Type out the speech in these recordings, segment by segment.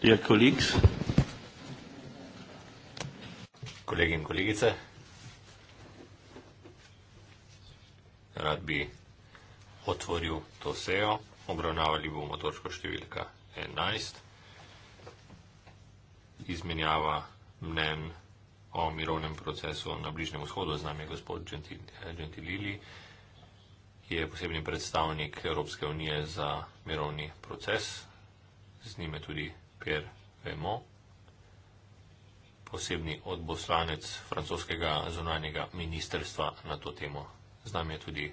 Dear ja, colleagues. Kolegi in kolegice. Rad bi otvoril to sejo. Obravnavali bomo točko številka 11. Izmenjava mnen o mirovnem procesu na Bližnem vzhodu. Z nami je gospod Gentilili, ki je posebni predstavnik Evropske unije za mirovni proces. Z njime tudi Pierre Vemo, posebni odboslanec francoskega zunanjega ministrstva na to temo. Z nami je tudi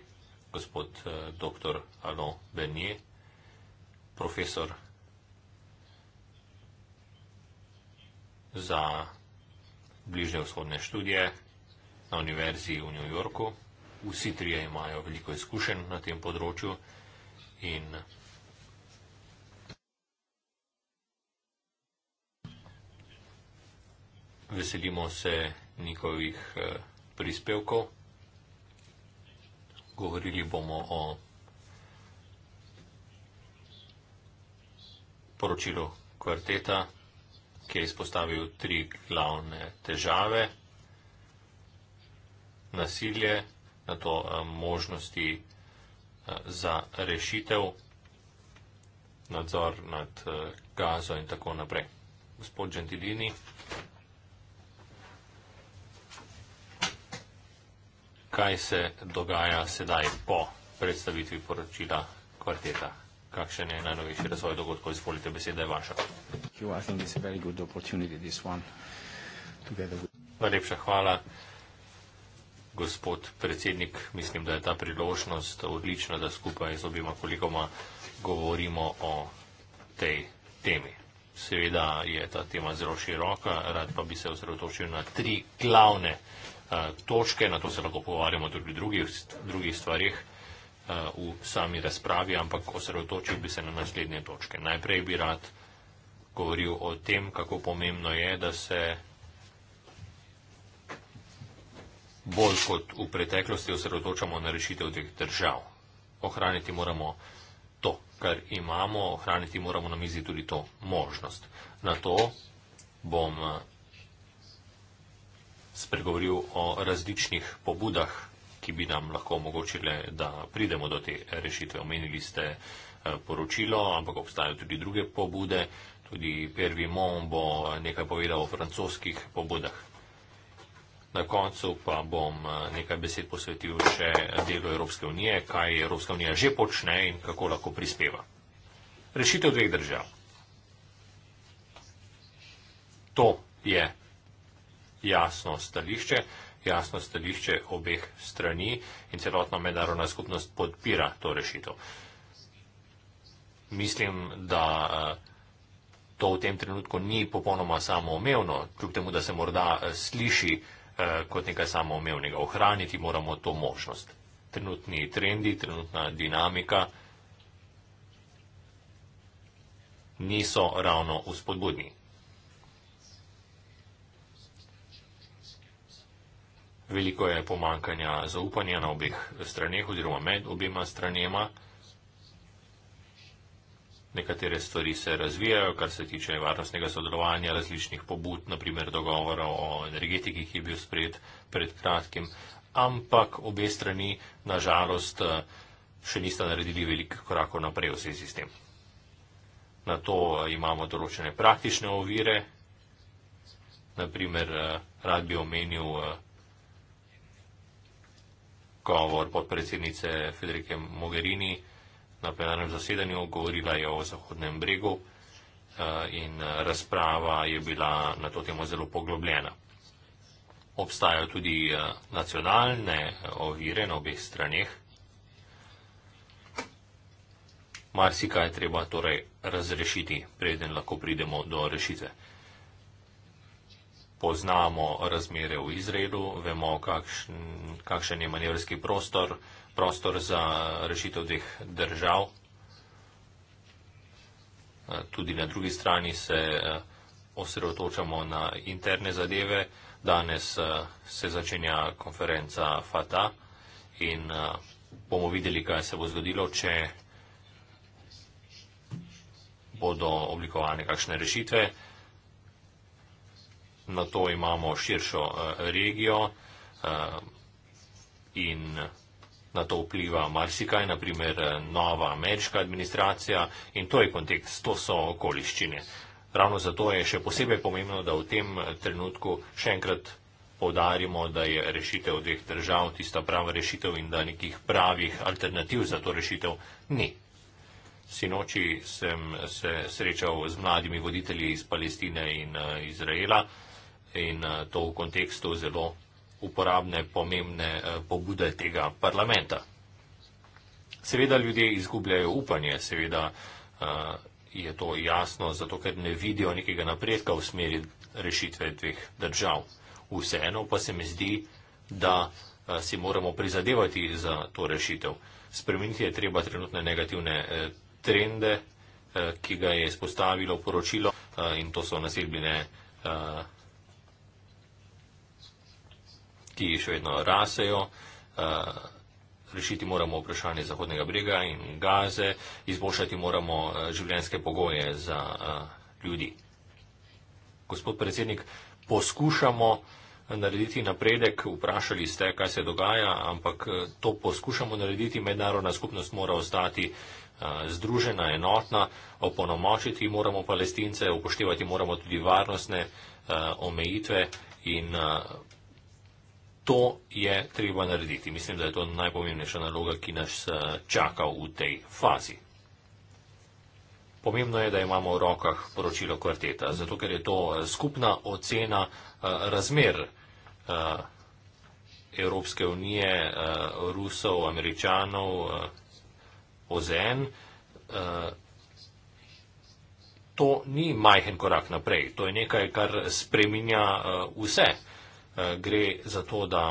gospod eh, dr. Alain Bernier, profesor za bližnje vzhodne študije na Univerzi v New Yorku. Vsi trije imajo veliko izkušenj na tem področju in veselimo se njihovih eh, prispevkov. Govorili bomo o poročilu kvarteta, ki je izpostavil tri glavne težave. Nasilje, na to eh, možnosti eh, za rešitev, nadzor nad gazo in tako naprej. Gospod Gentilini. kaj se dogaja sedaj po predstavitvi poročila kvarteta. Kakšen je najnovejši razvoj dogodkov? Izvolite, beseda je vaša. Najlepša hvala, gospod predsednik. Mislim, da je ta priložnost odlična, da skupaj z obima kolegoma govorimo o tej temi. Seveda je ta tema zelo široka, rad pa bi se osredotočil na tri glavne Eh, točke, na to se lahko pogovarjamo tudi o drugih, drugih stvarih eh, v sami razpravi, ampak osredotočil bi se na naslednje točke. Najprej bi rad govoril o tem, kako pomembno je, da se bolj kot v preteklosti osredotočamo na rešitev teh držav. Ohraniti moramo to, kar imamo, ohraniti moramo na mizi tudi to možnost. Na to bom eh, spregovoril o različnih pobudah, ki bi nam lahko omogočile, da pridemo do te rešitve. Omenili ste eh, poročilo, ampak obstajajo tudi druge pobude. Tudi prvi Mon bo nekaj povedal o francoskih pobudah. Na koncu pa bom eh, nekaj besed posvetil še delu Evropske unije, kaj Evropska unija že počne in kako lahko prispeva. Rešitev dveh držav. To je jasno stališče, jasno stališče obeh strani in celotna mednarodna skupnost podpira to rešitev. Mislim, da eh, to v tem trenutku ni popolnoma samoumevno, kljub temu, da se morda eh, sliši eh, kot nekaj samoumevnega. Ohraniti moramo to možnost. Trenutni trendi, trenutna dinamika niso ravno uspodbudni. veliko je pomankanja zaupanja na obeh straneh oziroma med obema stranema. Nekatere stvari se razvijajo, kar se tiče varnostnega sodelovanja, različnih pobud, naprimer dogovora o energetiki, ki je bil sprejet pred kratkim. Ampak obe strani, nažalost, še nista naredili velikih korakov naprej v zvezi s tem. Na to imamo določene praktične ovire. Naprimer, eh, rad bi omenil eh, govor podpredsednice Federike Mogherini na plenarnem zasedanju, govorila je o Zahodnem bregu eh, in eh, razprava je bila na to temo zelo poglobljena. Obstajajo tudi eh, nacionalne ovire na obeh straneh. Marsika je treba torej razrešiti, preden lahko pridemo do rešitve poznamo razmere v Izraelu, vemo, kakšen, kakšen je manevrski prostor, prostor za rešitev dveh držav. Tudi na drugi strani se osredotočamo na interne zadeve. Danes se začenja konferenca FATA in bomo videli, kaj se bo zgodilo, če bodo oblikovane kakšne rešitve na to imamo širšo eh, regijo eh, in na to vpliva marsikaj, naprimer eh, nova ameriška administracija in to je kontekst, to so okoliščine. Ravno zato je še posebej pomembno, da v tem trenutku še enkrat podarimo, da je rešitev dveh držav tista prava rešitev in da nekih pravih alternativ za to rešitev ni. Sinoči sem se srečal z mladimi voditelji iz Palestine in Izraela in eh, to v kontekstu zelo uporabne, pomembne eh, pobude tega parlamenta. Seveda ljudje izgubljajo upanje, seveda eh, je to jasno, zato ker ne vidijo nekega napredka v smeri rešitve dveh držav. Vseeno pa se mi zdi, da si moramo prizadevati za to rešitev. Spremeniti je treba trenutne negativne trende, ki ga je izpostavilo poročilo in to so naseljbine ki še vedno rasejo. Eh, rešiti moramo vprašanje Zahodnega brega in gaze, izboljšati moramo eh, življenjske pogoje za eh, ljudi. Gospod predsednik, poskušamo narediti napredek, vprašali ste, kaj se dogaja, ampak to poskušamo narediti, mednarodna skupnost mora ostati združena, enotna, oponomočiti moramo palestince, upoštevati moramo tudi varnostne omejitve in to je treba narediti. Mislim, da je to najpomembnejša naloga, ki nas eh, čaka v tej fazi. Pomembno je, da imamo v rokah poročilo kvarteta, zato ker je to eh, skupna ocena eh, razmer Evropske unije, Rusov, Američanov, OZN. To ni majhen korak naprej, to je nekaj, kar spreminja vse. Eh, gre za to, da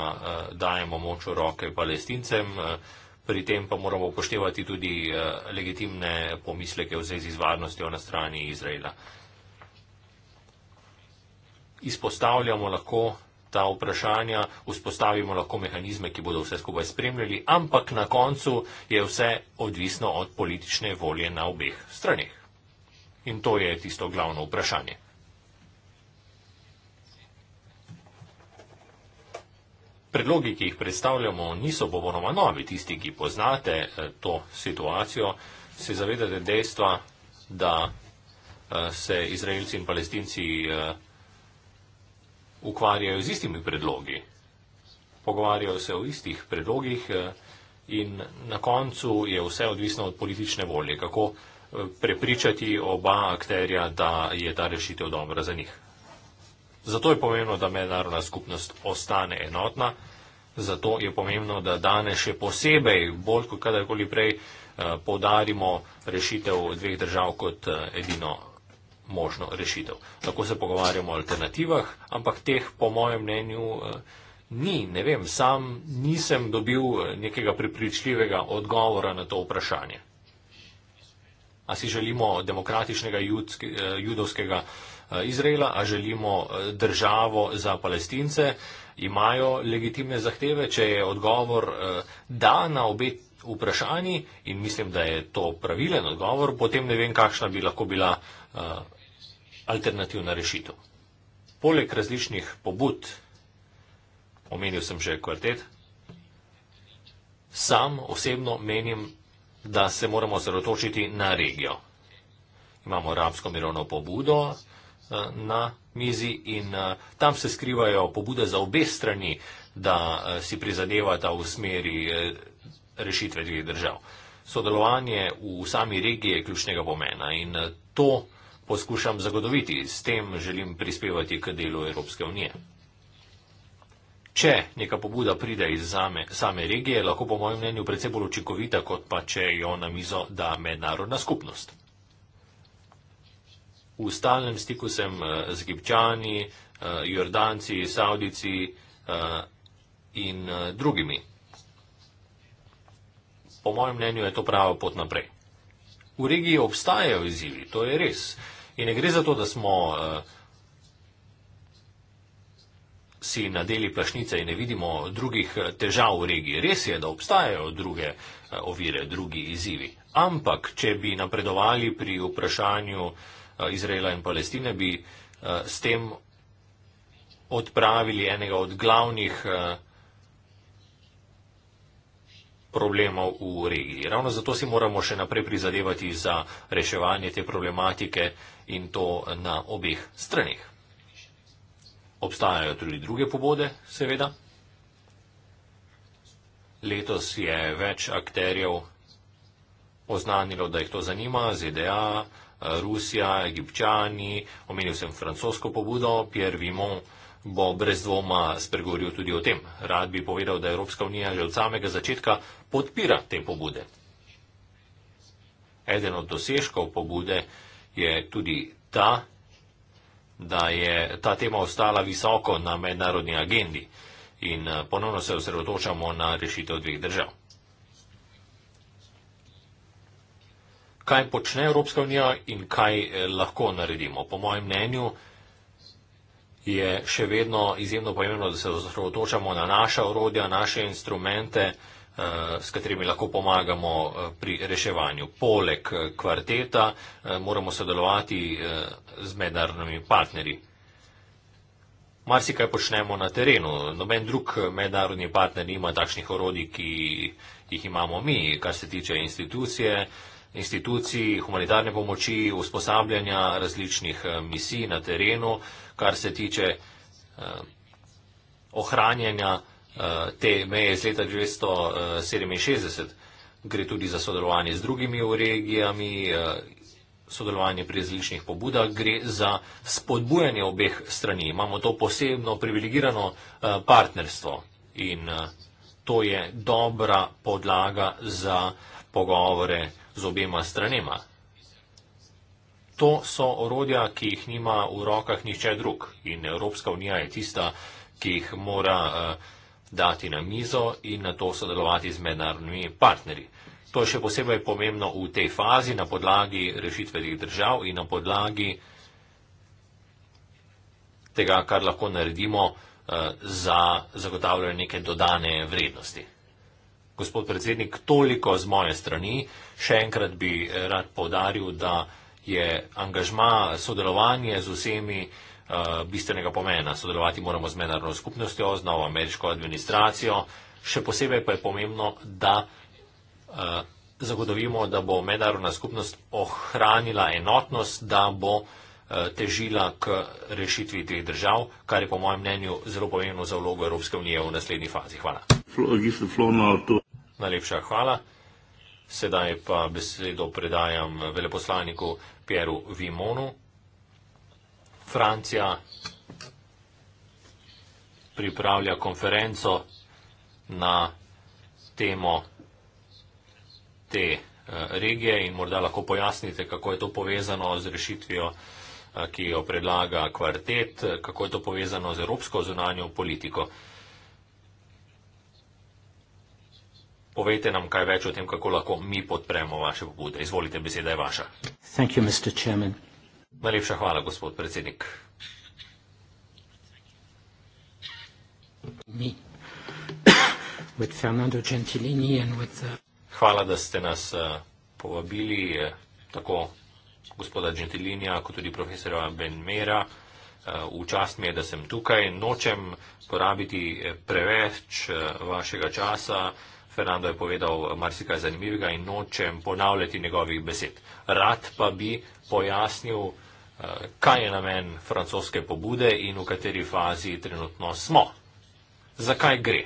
eh, dajemo moč v roke palestincem, eh, pri tem pa moramo upoštevati tudi legitimne pomisleke v zvezi z varnostjo na strani Izraela. Izpostavljamo lahko ta vprašanja, vzpostavimo lahko mehanizme, ki bodo vse skupaj spremljali, ampak na koncu je vse odvisno od politične volje na obeh stranih. In to je tisto glavno vprašanje. Predlogi, ki jih predstavljamo, niso popolnoma novi. Tisti, ki poznate eh, to situacijo, se zavedate dejstva, da eh, se Izraelci in Palestinci eh, ukvarjajo z istimi predlogi. Pogovarjajo se o istih predlogih in na koncu je vse odvisno od politične volje, kako prepričati oba akterja, da je ta rešitev dobra za njih. Zato je pomembno, da mednarodna skupnost ostane enotna, zato je pomembno, da danes še posebej, bolj kot kadarkoli prej, eh, podarimo rešitev dveh držav kot eh, edino možno rešitev. Lahko se pogovarjamo o alternativah, ampak teh, po mojem mnenju, eh, ni. Ne vem, sam nisem dobil nekega prepričljivega odgovora na to vprašanje. A si želimo demokratičnega judovskega Eh, Izraela, a želimo eh, državo za palestince, imajo legitimne zahteve, če je odgovor eh, da na obe vprašanji in mislim, da je to pravilen odgovor, potem ne vem, kakšna bi lahko bila alternativna rešitev. Poleg različnih pobud, omenil sem že kvartet, sam osebno menim, da se moramo zarotočiti na regijo. Imamo arabsko mirovno pobudo, Eh, na mizi in eh, tam se skrivajo pobude za obe strani, da eh, si prizadevata v smeri rešitve dveh držav. Sodelovanje v sami regiji je ključnega pomena in to poskušam zagotoviti. S tem želim prispevati k delu Evropske unije. Če neka pobuda pride iz zame, same regije, lahko po mojem mnenju predvsem bolj učinkovita, kot pa če jo na mizo da mednarodna skupnost v stalnem stiku sem eh, z Egipčani, eh, Jordanci, Saudici eh, in drugimi. Po mojem mnenju je to prava pot naprej. V regiji obstajajo izzivi, to je res. In ne gre za to, da smo si nadeli plašnice in ne vidimo drugih težav v regiji. Res je, da obstajajo druge ovire, drugi izzivi. Ampak, če bi napredovali pri vprašanju uh, Eh, Izraela in Palestine, bi eh, s tem odpravili enega od glavnih eh, problemov v regiji. Ravno zato si moramo še naprej prizadevati za reševanje te problematike in to na obeh stranih. Obstajajo tudi druge pobode, seveda. Letos je več akterjev oznanilo, da jih to zanima, ZDA, Rusija, Egipčani, omenil sem francosko pobudo, Pierre Vimon bo brez dvoma spregovoril tudi o tem. Rad bi povedal, da Evropska unija že od samega začetka podpira te pobude. Eden od dosežkov pobude je tudi ta, da je ta tema ostala visoko na mednarodni agendi in eh, ponovno se osredotočamo na rešitev dveh držav. kaj počne Evropska unija in kaj eh, lahko naredimo. Po mojem mnenju je še vedno izjemno pomembno, da se osredotočamo na naša orodja, naše instrumente, eh, s katerimi lahko pomagamo eh, pri reševanju. Poleg kvarteta moramo sodelovati z mednarodnimi partnerji. Marsikaj počnemo na terenu. Noben drug mednarodni partner nima takšnih orodij, ki jih imamo mi, kar se tiče institucije institucij, humanitarne pomoči, usposabljanja različnih eh, misij na terenu, kar se tiče eh, ohranjanja eh, te meje iz leta 1967. Gre tudi za sodelovanje z drugimi regijami, sodelovanje pri različnih pobudah, gre za spodbujanje obeh strani. Imamo to posebno privilegirano partnerstvo in to je dobra podlaga za pogovore z obema stranema. To so orodja, ki jih nima v rokah nihče drug in Evropska unija je tista, ki jih mora eh, dati na mizo in na to sodelovati z mednarodnimi partnerji. To je še posebej pomembno v tej fazi na podlagi rešitvenih držav in na podlagi tega, kar lahko naredimo eh, za zagotavljanje neke dodane vrednosti gospod predsednik, toliko z moje strani. Še enkrat bi eh, rad povdaril, da je angažma sodelovanje z vsemi uh, bistvenega pomena. Sodelovati moramo z mednarodno skupnostjo, z novo ameriško administracijo. Še posebej pa je pomembno, da uh, zagotovimo, da bo mednarodna skupnost ohranila enotnost, da bo težila k rešitvi teh držav, kar je po mojem mnenju zelo pomembno za vlogo Evropske unije v naslednji fazi. Hvala. Flo, Najlepša hvala. Sedaj pa besedo predajam veleposlaniku Pieru Vimonu. Francija pripravlja konferenco na temo te eh, regije in morda lahko pojasnite, kako je to povezano z rešitvijo, eh, ki jo predlaga kvartet, eh, kako je to povezano z evropsko zunanjo politiko. Povejte nam kaj več o tem, kako lahko mi podpremo vaše pobude. Izvolite, beseda je vaša. You, Najlepša hvala, gospod predsednik. Uh, hvala, da ste nas uh, povabili, eh, tako gospoda Gentilinija, kot tudi profesora Benmera. Eh, v čast mi je, da sem tukaj. Nočem porabiti eh, preveč vašega časa. Fernando je povedal marsikaj zanimivega in nočem ponavljati njegovih besed. Rad pa bi pojasnil, eh, kaj je namen francoske pobude in v kateri fazi trenutno smo. Zakaj gre?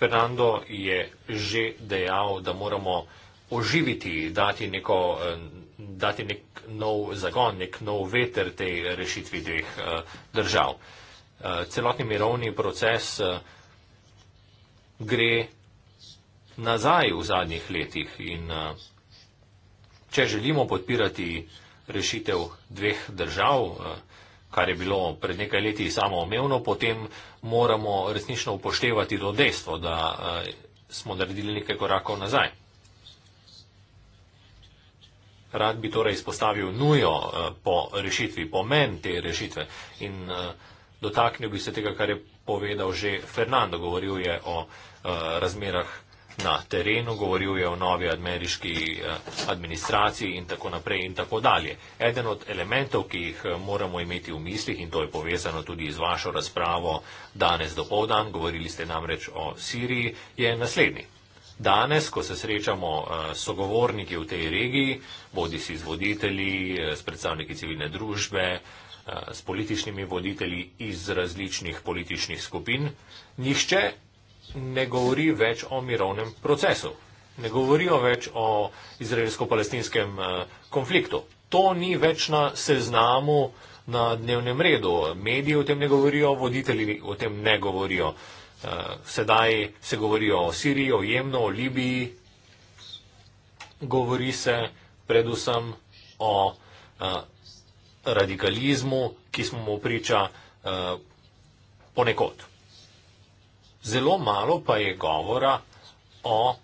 Fernando je že dejal, da moramo oživiti, dati, neko, eh, dati nek nov zagon, nek nov veter tej rešitvi dveh eh, držav. Celotni mirovni proces gre nazaj v zadnjih letih. In eh, če želimo podpirati rešitev dveh držav, eh, kar je bilo pred nekaj leti samoomevno, potem moramo resnično upoštevati to dejstvo, da eh, smo naredili nekaj korakov nazaj. Rad bi torej izpostavil nujo po rešitvi, pomen te rešitve in dotaknil bi se tega, kar je povedal že Fernando. Govoril je o uh, razmerah na terenu, govoril je o novi ameriški uh, administraciji in tako naprej in tako dalje. Eden od elementov, ki jih eh, moramo imeti v mislih in to je povezano tudi z vašo razpravo danes do povdan, govorili ste namreč o Siriji, je naslednji. Danes, ko se srečamo s sogovorniki v tej regiji, bodi si z voditelji, s predstavniki civilne družbe, Eh, s političnimi voditelji iz različnih političnih skupin, nišče ne govori več o mirovnem procesu. Ne govorijo več o izraelsko-palestinskem eh, konfliktu. To ni več na seznamu na dnevnem redu. Mediji o tem ne govorijo, voditelji o tem ne govorijo. Eh, sedaj se govorijo o Siriji, o Jemnu, o Libiji. Govori se predvsem o radikalizmu, ki smo mu priča eh, ponekod. Zelo malo pa je govora o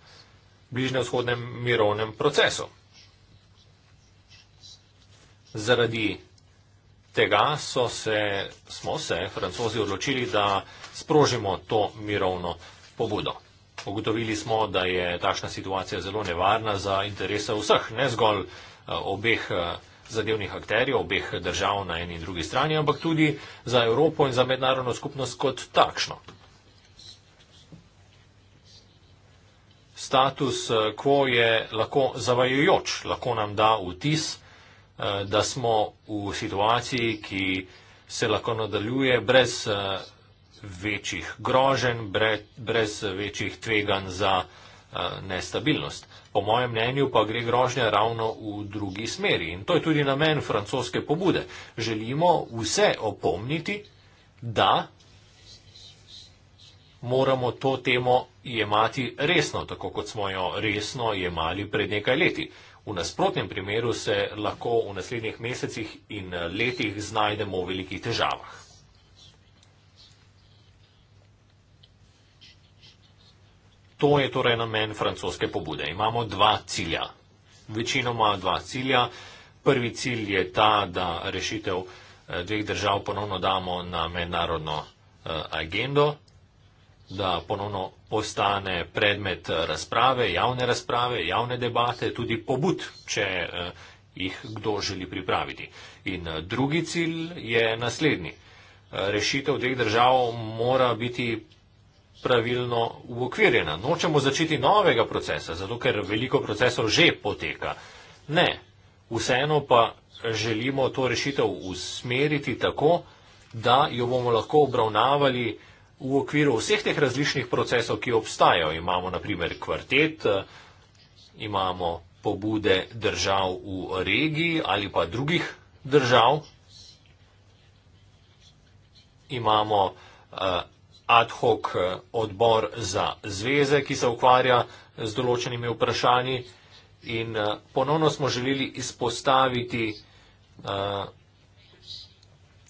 bližnjevzhodnem mirovnem procesu. Zaradi tega se, smo se francozi odločili, da sprožimo to mirovno pobudo. Ugotovili smo, da je takšna situacija zelo nevarna za interese vseh, ne zgolj eh, obeh eh, zadevnih akterjev obeh držav na eni in drugi strani, ampak tudi za Evropo in za mednarodno skupnost kot takšno. Status eh, quo je lahko zavajajoč, lahko nam da vtis, eh, da smo v situaciji, ki se lahko nadaljuje brez eh, večjih groženj, brez večjih tveganj za nestabilnost. Po mojem mnenju pa gre grožnja ravno v drugi smeri in to je tudi namen francoske pobude. Želimo vse opomniti, da moramo to temo jemati resno, tako kot smo jo resno jemali pred nekaj leti. V nasprotnem primeru se lahko v naslednjih mesecih in letih znajdemo v velikih težavah. To je torej namen francoske pobude. Imamo dva cilja. Večinoma dva cilja. Prvi cilj je ta, da rešitev eh, dveh držav ponovno damo na mednarodno eh, agendo, da ponovno postane predmet eh, razprave, javne razprave, javne debate, tudi pobud, če jih kdo želi pripraviti. In drugi cilj je naslednji. Rešitev dveh držav mora biti pravilno uokvirjena. Nočemo začeti novega procesa, zato ker veliko procesov že poteka. Ne, vseeno pa želimo to rešitev usmeriti tako, da jo bomo lahko obravnavali v okviru vseh teh različnih procesov, ki obstajajo. Imamo naprimer kvartet, imamo pobude držav v regiji ali pa drugih držav, imamo eh, ad hoc eh, odbor za zveze, ki se ukvarja z določenimi vprašanji in eh, ponovno smo želeli izpostaviti uh,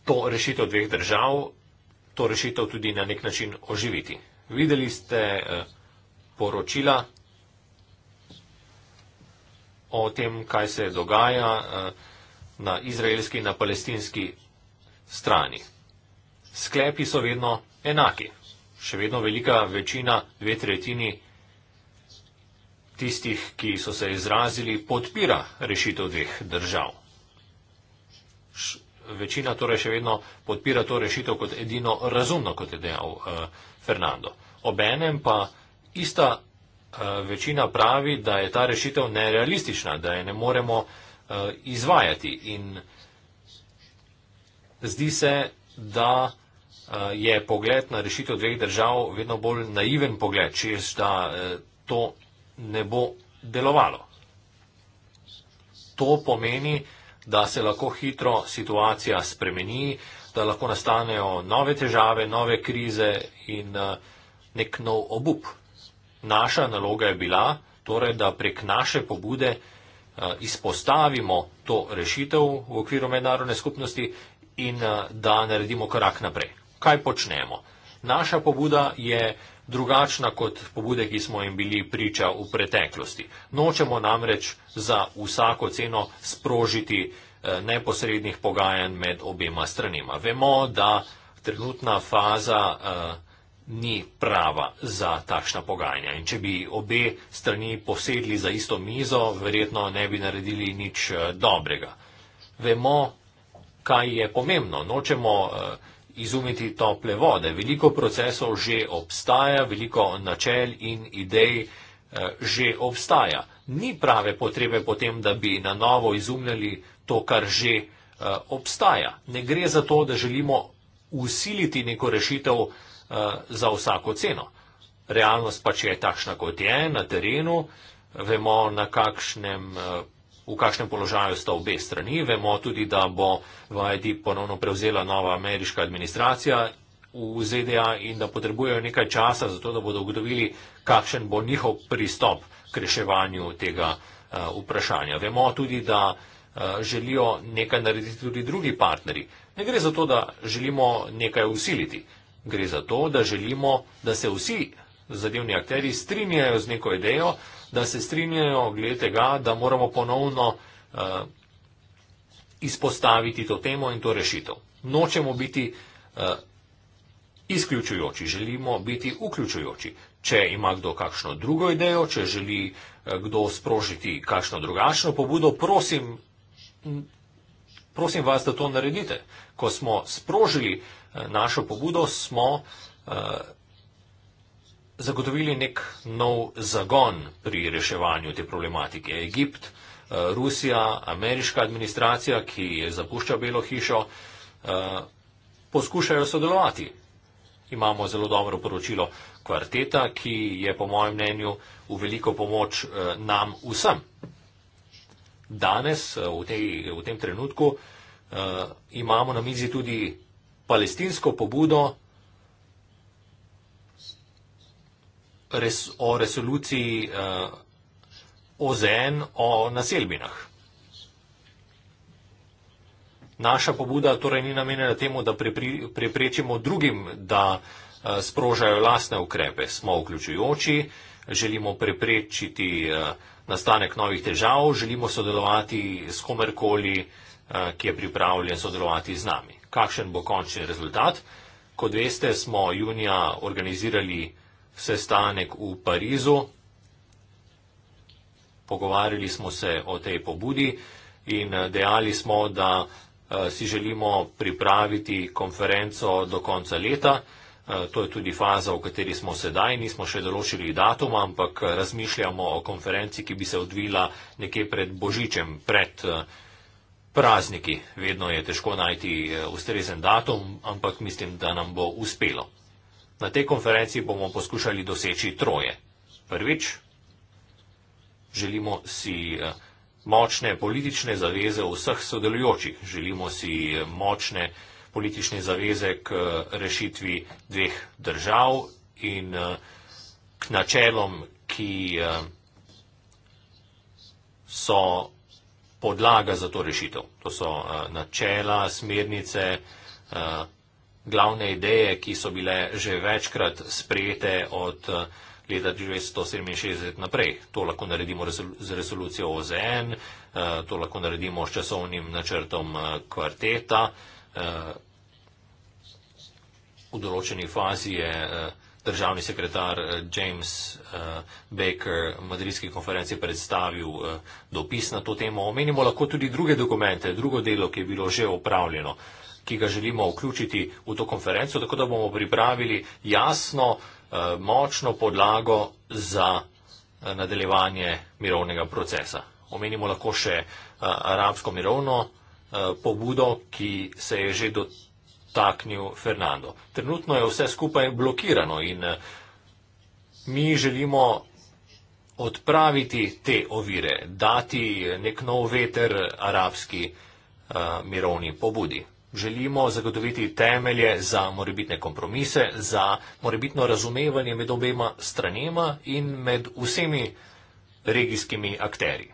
to rešitev dveh držav, to rešitev tudi na nek način oživiti. Videli ste poročila o tem, kaj se dogaja na izraelski in na palestinski strani. Sklepi so vedno enaki. Še vedno velika večina, dve tretjini tistih, ki so se izrazili, podpira rešitev dveh držav. Š, večina torej še vedno podpira to rešitev kot edino razumno, kot je dejal eh, Fernando. Obenem pa ista eh, večina pravi, da je ta rešitev nerealistična, da je ne moremo eh, izvajati in zdi se, da je pogled na rešitev dveh držav vedno bolj naiven pogled, če je, da e, to ne bo delovalo. To pomeni, da se lahko hitro situacija spremeni, da lahko nastanejo nove težave, nove krize in e, nek nov obup. Naša naloga je bila, torej, da prek naše pobude e, izpostavimo to rešitev v okviru mednarodne skupnosti in da naredimo korak naprej kaj počnemo. Naša pobuda je drugačna kot pobude, ki smo jim bili priča v preteklosti. Nočemo namreč za vsako ceno sprožiti eh, neposrednih pogajanj med obema stranima. Vemo, da trenutna faza eh, ni prava za takšna pogajanja. In če bi obe strani posedli za isto mizo, verjetno ne bi naredili nič eh, dobrega. Vemo, kaj je pomembno. Nočemo uh, izumiti tople vode. Veliko procesov že obstaja, veliko načel in idej eh, že obstaja. Ni prave potrebe potem, da bi na novo izumljali to, kar že eh, obstaja. Ne gre za to, da želimo usiliti neko rešitev eh, za vsako ceno. Realnost pač je takšna, kot je na terenu, vemo na kakšnem v kakšnem položaju sta obe strani. Vemo tudi, da bo v ID ponovno prevzela nova ameriška administracija v ZDA in da potrebujejo nekaj časa za to, da bodo ugotovili, kakšen bo njihov pristop k reševanju tega uh, vprašanja. Vemo tudi, da uh, želijo nekaj narediti tudi drugi partnerji. Ne gre za to, da želimo nekaj usiliti. Gre za to, da želimo, da se vsi zadevni akteri strinjajo z neko idejo, da se strinjajo glede tega, da moramo ponovno uh, izpostaviti to temo in to rešitev. Nočemo biti uh, izključujoči, želimo biti vključujoči. Če ima kdo kakšno drugo idejo, če želi eh, kdo sprožiti kakšno drugačno pobudo, prosim, prosim vas, da to naredite. Ko smo sprožili našo pobudo, smo zagotovili nek nov zagon pri reševanju te problematike. Egipt, eh, Rusija, ameriška administracija, ki zapušča Belo hišo, eh, poskušajo sodelovati. Imamo zelo dobro poročilo kvarteta, ki je po mojem mnenju v veliko pomoč eh, nam vsem. Danes, v, tej, v tem trenutku, imamo na mizi tudi palestinsko pobudo res, o resoluciji uh, eh, OZN o naselbinah. Naša pobuda torej ni namenjena temu, da preprečimo drugim, da uh, sprožajo lastne ukrepe. Smo vključujoči, želimo preprečiti uh, nastanek novih težav, želimo sodelovati s komerkoli, uh, ki je pripravljen sodelovati z nami. Kakšen bo končni rezultat? Kot veste, smo junija organizirali uh, sestanek v Parizu. Pogovarjali smo se o tej pobudi in eh, dejali smo, da eh, si želimo pripraviti konferenco do konca leta. Eh, to je tudi faza, v kateri smo sedaj. Nismo še določili datum, ampak razmišljamo o konferenci, ki bi se odvila nekje pred Božičem, pred prazniki. Vedno je težko najti ustrezen datum, ampak mislim, da nam bo uspelo. Na tej konferenci bomo poskušali doseči troje. Prvič, želimo si eh, močne politične zaveze vseh sodelujočih. Želimo si eh, močne politične zaveze k eh, rešitvi dveh držav in k načelom, ki so podlaga za to rešitev. To so načela, smernice, glavne ideje, ki so bile že večkrat sprejete od eh, leta 1967 naprej. To lahko naredimo z resolucijo OZN, eh, to lahko naredimo s časovnim načrtom eh, kvarteta. V določeni fazi je državni sekretar James Baker Madridski konferenci predstavil dopis na to temo. Omenimo lahko tudi druge dokumente, drugo delo, ki je bilo že opravljeno ki ga želimo vključiti v to konferenco, tako da bomo pripravili jasno, eh, močno podlago za eh, nadaljevanje mirovnega procesa. Omenimo lahko še eh, arabsko mirovno pobudo, ki se je že dotaknil Fernando. Trenutno je vse skupaj blokirano in mi želimo odpraviti te ovire, dati nek nov veter arabski mirovni pobudi želimo zagotoviti temelje za morebitne kompromise, za morebitno razumevanje med obema stranema in med vsemi regijskimi akteri.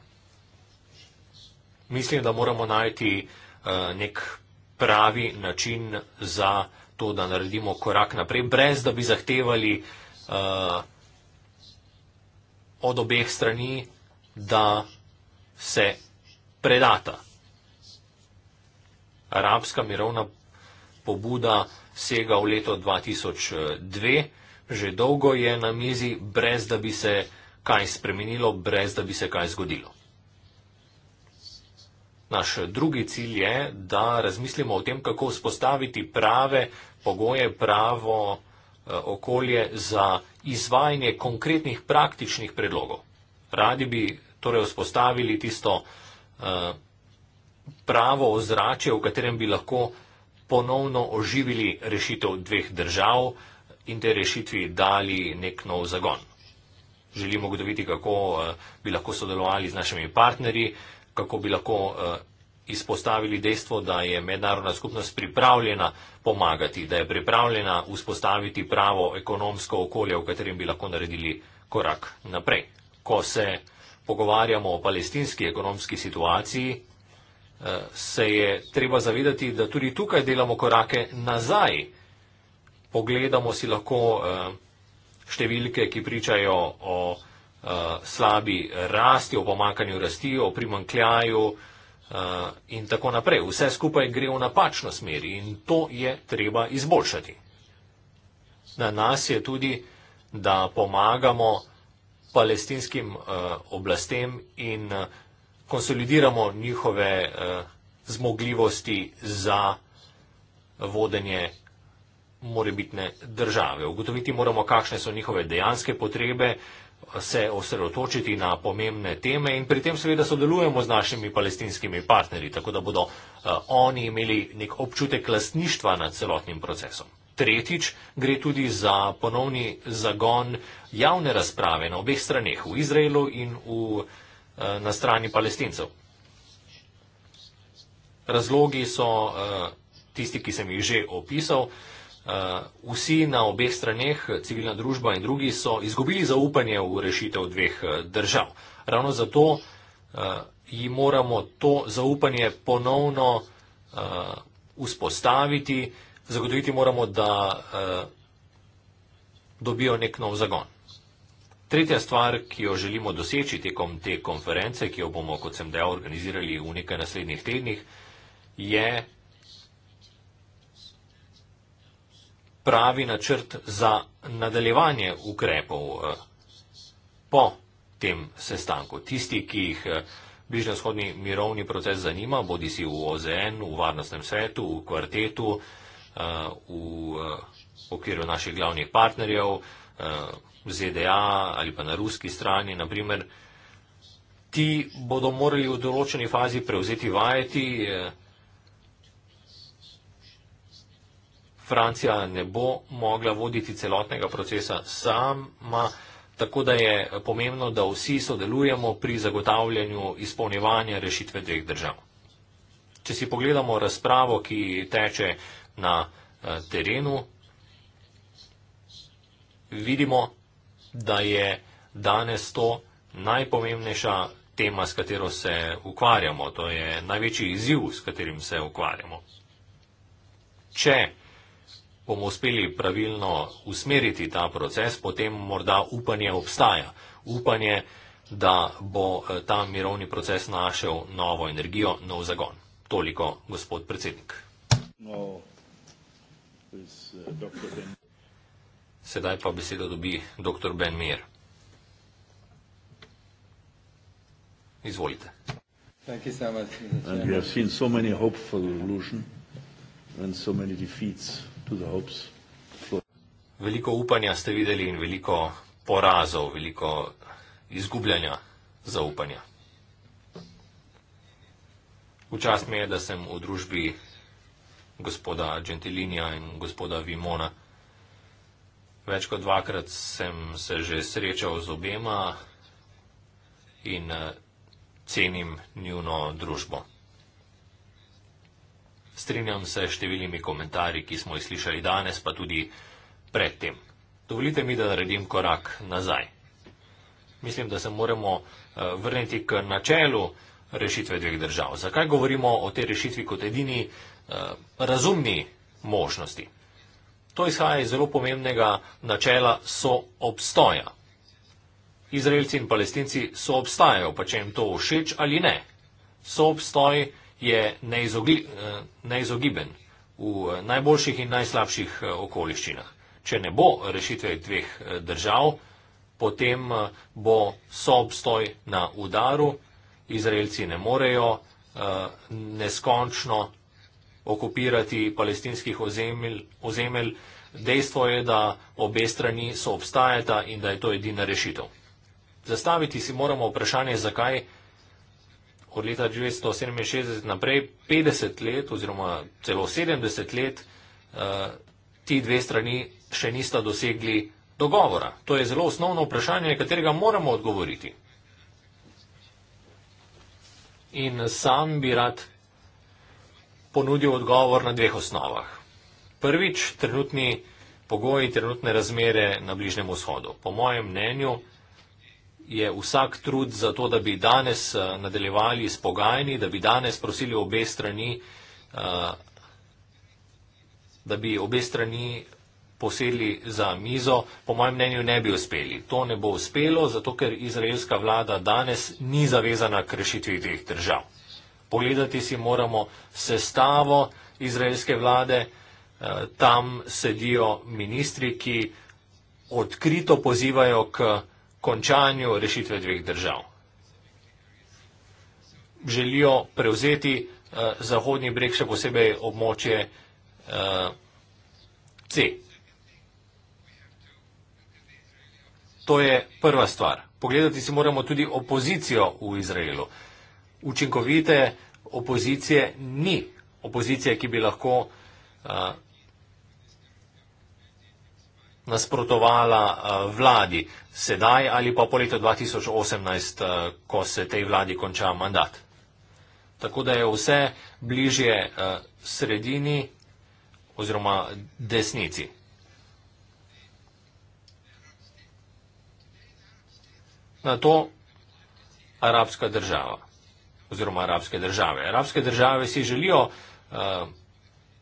Mislim, da moramo najti eh, nek pravi način za to, da naredimo korak naprej, brez da bi zahtevali eh, od obeh strani, da se predata arabska mirovna pobuda sega v leto 2002, že dolgo je na mizi, brez da bi se kaj spremenilo, brez da bi se kaj zgodilo. Naš drugi cilj je, da razmislimo o tem, kako vzpostaviti prave pogoje, pravo eh, okolje za izvajanje konkretnih praktičnih predlogov. Radi bi torej vzpostavili tisto uh, pravo ozračje, v katerem bi lahko ponovno oživili rešitev dveh držav in te rešitvi dali nek nov zagon. Želimo ugotoviti, kako eh, bi lahko sodelovali z našimi partnerji, kako bi lahko eh, izpostavili dejstvo, da je mednarodna skupnost pripravljena pomagati, da je pripravljena vzpostaviti pravo ekonomsko okolje, v katerem bi lahko naredili korak naprej. Ko se pogovarjamo o palestinski ekonomski situaciji, se je treba zavedati, da tudi tukaj delamo korake nazaj. Pogledamo si lahko eh, številke, ki pričajo o eh, slabi rasti, o pomankanju rasti, o primankljaju eh, in tako naprej. Vse skupaj gre v napačno smer in to je treba izboljšati. Na nas je tudi, da pomagamo palestinskim oblastem in konsolidiramo njihove eh, zmogljivosti za vodenje morebitne države. Ugotoviti moramo, kakšne so njihove dejanske potrebe, se osredotočiti na pomembne teme in pri tem seveda sodelujemo z našimi palestinskimi partnerji, tako da bodo eh, oni imeli nek občutek lastništva nad celotnim procesom. Tretjič, gre tudi za ponovni zagon javne razprave na obeh straneh, v Izraelu in v eh, Eh, na strani palestincev. Razlogi so eh, tisti, ki sem jih že opisal. Eh, vsi na obeh straneh, civilna družba in drugi, so izgubili zaupanje v rešitev dveh držav. Ravno zato jim moramo to zaupanje ponovno vzpostaviti, zagotoviti moramo, da dobijo nek nov zagon. Tretja stvar, ki jo želimo doseči tekom te konference, ki jo bomo, kot sem dejal, organizirali v nekaj naslednjih tednih, je pravi načrt za nadaljevanje ukrepov eh, po tem sestanku. Tisti, ki jih eh, bližnjavzhodni mirovni proces zanima, bodi si v OZN, v Varnostnem svetu, v kvartetu, eh, v okviru naših glavnih partnerjev, v ZDA ali pa na ruski strani, naprimer, ti bodo morali v določeni fazi prevzeti vajeti. Eh, Francija ne bo mogla voditi celotnega procesa sama, tako da je pomembno, da vsi sodelujemo pri zagotavljanju izpolnjevanja rešitve dveh držav. Če si pogledamo razpravo, ki teče na eh, terenu, vidimo, da je danes to najpomembnejša tema, s katero se ukvarjamo. To je največji izziv, s katerim se ukvarjamo. Če bomo uspeli pravilno usmeriti ta proces, potem morda upanje obstaja. Upanje, da bo eh, ta mirovni proces našel novo energijo, nov zagon. Toliko, gospod predsednik. No, please, uh, Sedaj pa besedo dobi dr. Ben Mir. Izvolite. So so veliko upanja ste videli in veliko porazov, veliko izgubljanja zaupanja. Včasih mi je, da sem v družbi gospoda Gentilinija in gospoda Vimona. Več kot dvakrat sem se že srečal z obema in eh, cenim njuno družbo. Strinjam se s številnimi komentarji, ki smo jih slišali danes, pa tudi predtem. Dovolite mi, da naredim korak nazaj. Mislim, da se moramo eh, vrniti k načelu rešitve dveh držav. Zakaj govorimo o tej rešitvi kot edini eh, razumni možnosti? To izhaja iz zelo pomembnega načela soobstoja. Izraelci in palestinci soobstajajo, pa če jim to všeč ali ne. Soobstoj je neizogli, eh, neizogiben v eh, najboljših in najslabših eh, okoliščinah. Če ne bo rešitve dveh držav, potem bo soobstoj na udaru. Izraelci ne morejo neskončno okupirati palestinskih ozemelj. Dejstvo je, da obe strani so obstajata in da je to edina rešitev. Zastaviti si moramo vprašanje, zakaj od leta 1967 naprej 50 let oziroma celo 70 let eh, ti dve strani še nista dosegli dogovora. To je zelo osnovno vprašanje, katerega moramo odgovoriti. In sam bi rad ponudil odgovor na dveh osnovah. Prvič, trenutni pogoji, trenutne razmere na Bližnjem vzhodu. Po mojem mnenju je vsak trud za to, da bi danes eh, nadaljevali s pogajanji, da bi danes prosili obe strani, eh, da bi obe strani posedli za mizo, po mojem mnenju ne bi uspeli. To ne bo uspelo, zato ker izraelska vlada danes ni zavezana k rešitvi teh držav pogledati si moramo sestavo izraelske vlade. Eh, tam sedijo ministri, ki odkrito pozivajo k končanju rešitve dveh držav. Želijo prevzeti eh, zahodni breg, še posebej območje eh, C. To je prva stvar. Pogledati si moramo tudi opozicijo v Izraelu učinkovite opozicije ni. Opozicije, ki bi lahko nasprotovala vladi sedaj ali pa po letu 2018, ko se tej vladi konča mandat. Tako da je vse bližje sredini oziroma desnici. Na to arabska država oziroma arabske države. Arabske države si želijo, eh,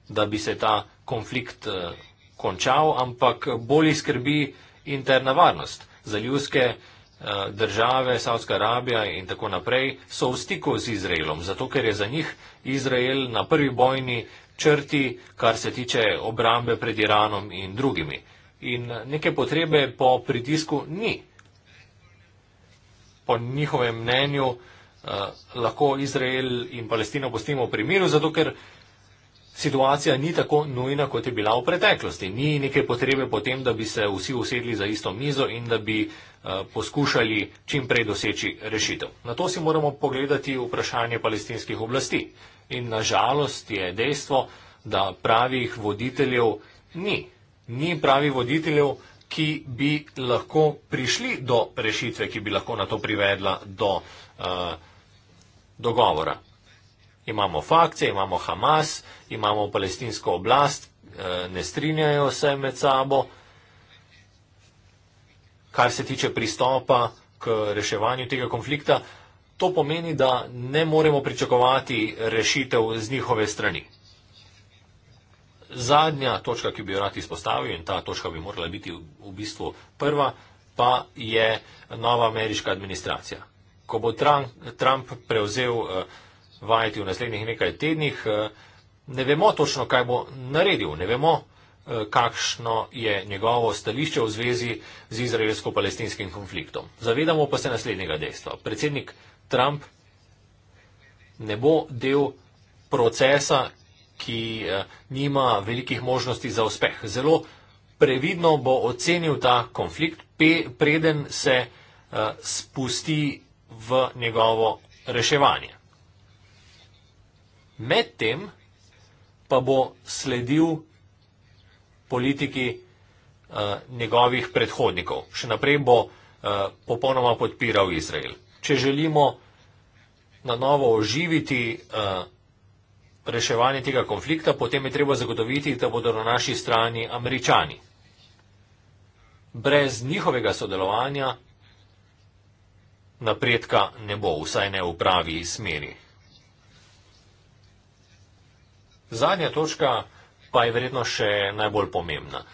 da bi se ta konflikt eh, končal, ampak bolj skrbi interna varnost. Zaljuske eh, države, Saudska Arabija in tako naprej so v stiku z Izraelom, zato ker je za njih Izrael na prvi bojni črti, kar se tiče obrambe pred Iranom in drugimi. In neke potrebe po pritisku ni. Po njihovem mnenju, Eh, lahko Izrael in Palestino pustimo v primeru, zato ker situacija ni tako nujna, kot je bila v preteklosti. Ni neke potrebe potem, da bi se vsi usedli za isto mizo in da bi uh, poskušali čim prej doseči rešitev. Na to si moramo pogledati vprašanje palestinskih oblasti. In na žalost je dejstvo, da pravih voditeljev ni. Ni pravih voditeljev, ki bi lahko prišli do rešitve, ki bi lahko na to privedla do. Uh, dogovora. Imamo fakcije, imamo Hamas, imamo palestinsko oblast, eh, ne strinjajo se med sabo, kar se tiče pristopa k reševanju tega konflikta. To pomeni, da ne moremo pričakovati rešitev z njihove strani. Zadnja točka, ki bi jo rad izpostavil, in ta točka bi morala biti v bistvu prva, pa je nova ameriška administracija ko bo Trump, Trump prevzel uh, vajeti v naslednjih nekaj tednih, uh, ne vemo točno, kaj bo naredil, ne vemo, uh, kakšno je njegovo stališče v zvezi z izraelsko-palestinskim konfliktom. Zavedamo pa se naslednjega dejstva. Predsednik Trump ne bo del procesa, ki uh, nima velikih možnosti za uspeh. Zelo previdno bo ocenil ta konflikt, pe, preden se uh, spusti v njegovo reševanje. Medtem pa bo sledil politiki eh, njegovih predhodnikov. Še naprej bo eh, popolnoma podpiral Izrael. Če želimo na novo oživiti eh, reševanje tega konflikta, potem je treba zagotoviti, da bodo na naši strani američani. Brez njihovega sodelovanja napredka ne bo, vsaj ne v pravi smeri. Zadnja točka pa je verjetno še najbolj pomembna.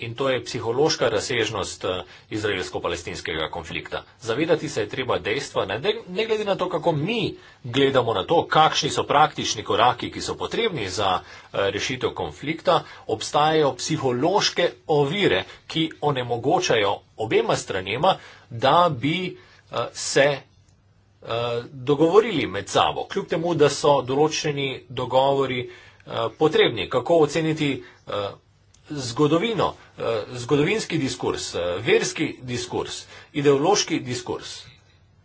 In to je psihološka razsežnost eh, izraelsko-palestinskega konflikta. Zavedati se je treba dejstva, ne, ne glede na to, kako mi gledamo na to, kakšni so praktični koraki, ki so potrebni za eh, rešitev konflikta, obstajajo psihološke ovire, ki onemogočajo obema stranema, da bi uh, Eh, se eh, dogovorili med sabo, kljub temu, da so določeni dogovori eh, potrebni. Kako oceniti zgodovino, zgodovinski diskurs, verski diskurs, ideološki diskurs?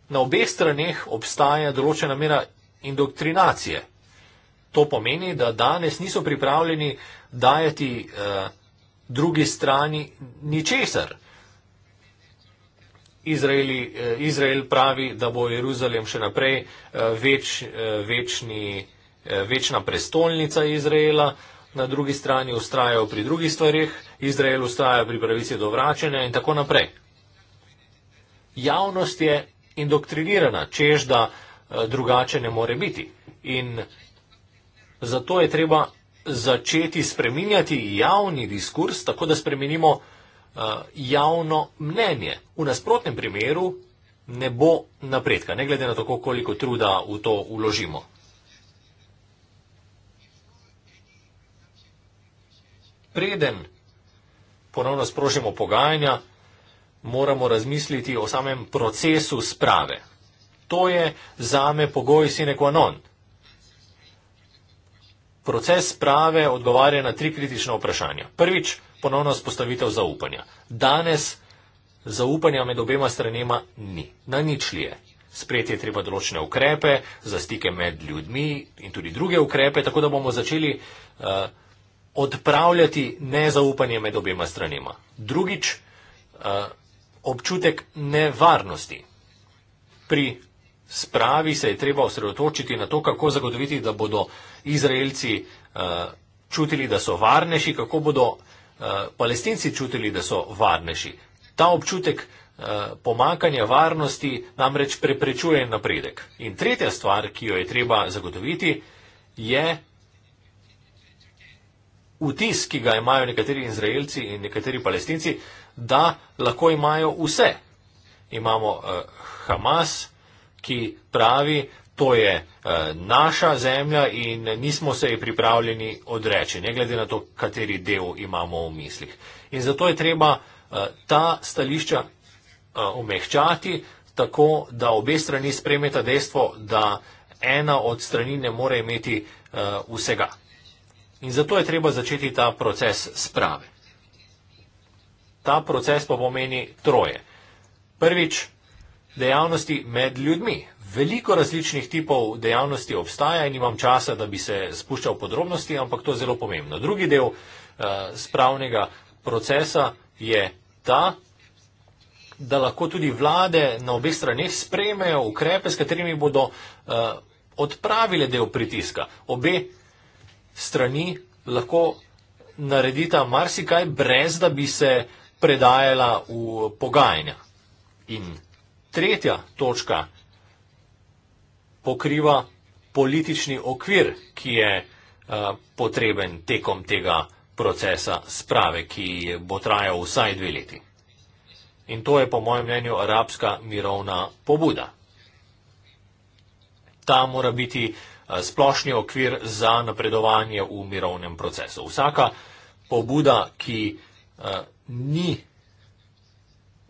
Na obeh straneh obstaja določena mera indoktrinacije. To pomeni, da danes niso pripravljeni dajati eh, drugi strani ničesar. Izraeli, eh, Izrael pravi, da bo Jeruzalem še naprej eh, več, eh, večni, večna prestolnica Izraela, na drugi strani ustrajajo pri drugih stvarih, Izrael ustraja pri pravici do vračanja in tako naprej. Javnost je indoktrinirana, čež da drugače ne more biti. In zato je treba začeti spreminjati javni diskurs, tako da spremenimo. Eh, javno mnenje. V nasprotnem primeru ne bo napredka, ne glede na to, koliko truda v to uložimo. Preden ponovno sprožimo pogajanja, moramo razmisliti o samem procesu sprave. To je zame pogoj sine qua non. Proces sprave odgovarja na tri kritična vprašanja. Prvič, ponovno spostavitev zaupanja. Danes zaupanja med obema stranema ni, na ničli je. Sprejeti je treba določene ukrepe za stike med ljudmi in tudi druge ukrepe, tako da bomo začeli uh, odpravljati nezaupanje med obema stranema. Drugič, uh, občutek nevarnosti. Pri spravi se je treba osredotočiti na to, kako zagotoviti, da bodo Izraelci uh, čutili, da so varnejši, kako bodo Eh, palestinci čutili, da so varnejši. Ta občutek eh, pomakanja varnosti namreč preprečuje napredek. In tretja stvar, ki jo je treba zagotoviti, je vtis, ki ga imajo nekateri izraelci in nekateri palestinci, da lahko imajo vse. Imamo eh, Hamas, ki pravi, to je eh, naša zemlja in nismo se ji pripravljeni odreči, ne glede na to, kateri del imamo v mislih. In zato je treba eh, ta stališča eh, omehčati tako, da obe strani spremeta dejstvo, da ena od strani ne more imeti vsega. In zato je treba začeti ta proces sprave. Ta proces pa pomeni troje. Prvič, dejavnosti med ljudmi, Veliko različnih tipov dejavnosti obstaja in imam časa, da bi se spuščal v podrobnosti, ampak to je zelo pomembno. Drugi del uh, spravnega procesa je ta, da lahko tudi vlade na obeh straneh sprejmejo ukrepe, s katerimi bodo uh, odpravile del pritiska. Obe strani lahko naredita marsikaj, brez da bi se predajala v pogajanja. In tretja točka pokriva politični okvir, ki je eh, potreben tekom tega procesa sprave, ki bo trajal vsaj dve leti. In to je, po mojem mnenju, arabska mirovna pobuda. Ta mora biti eh, splošni okvir za napredovanje v mirovnem procesu. Vsaka pobuda, ki eh, ni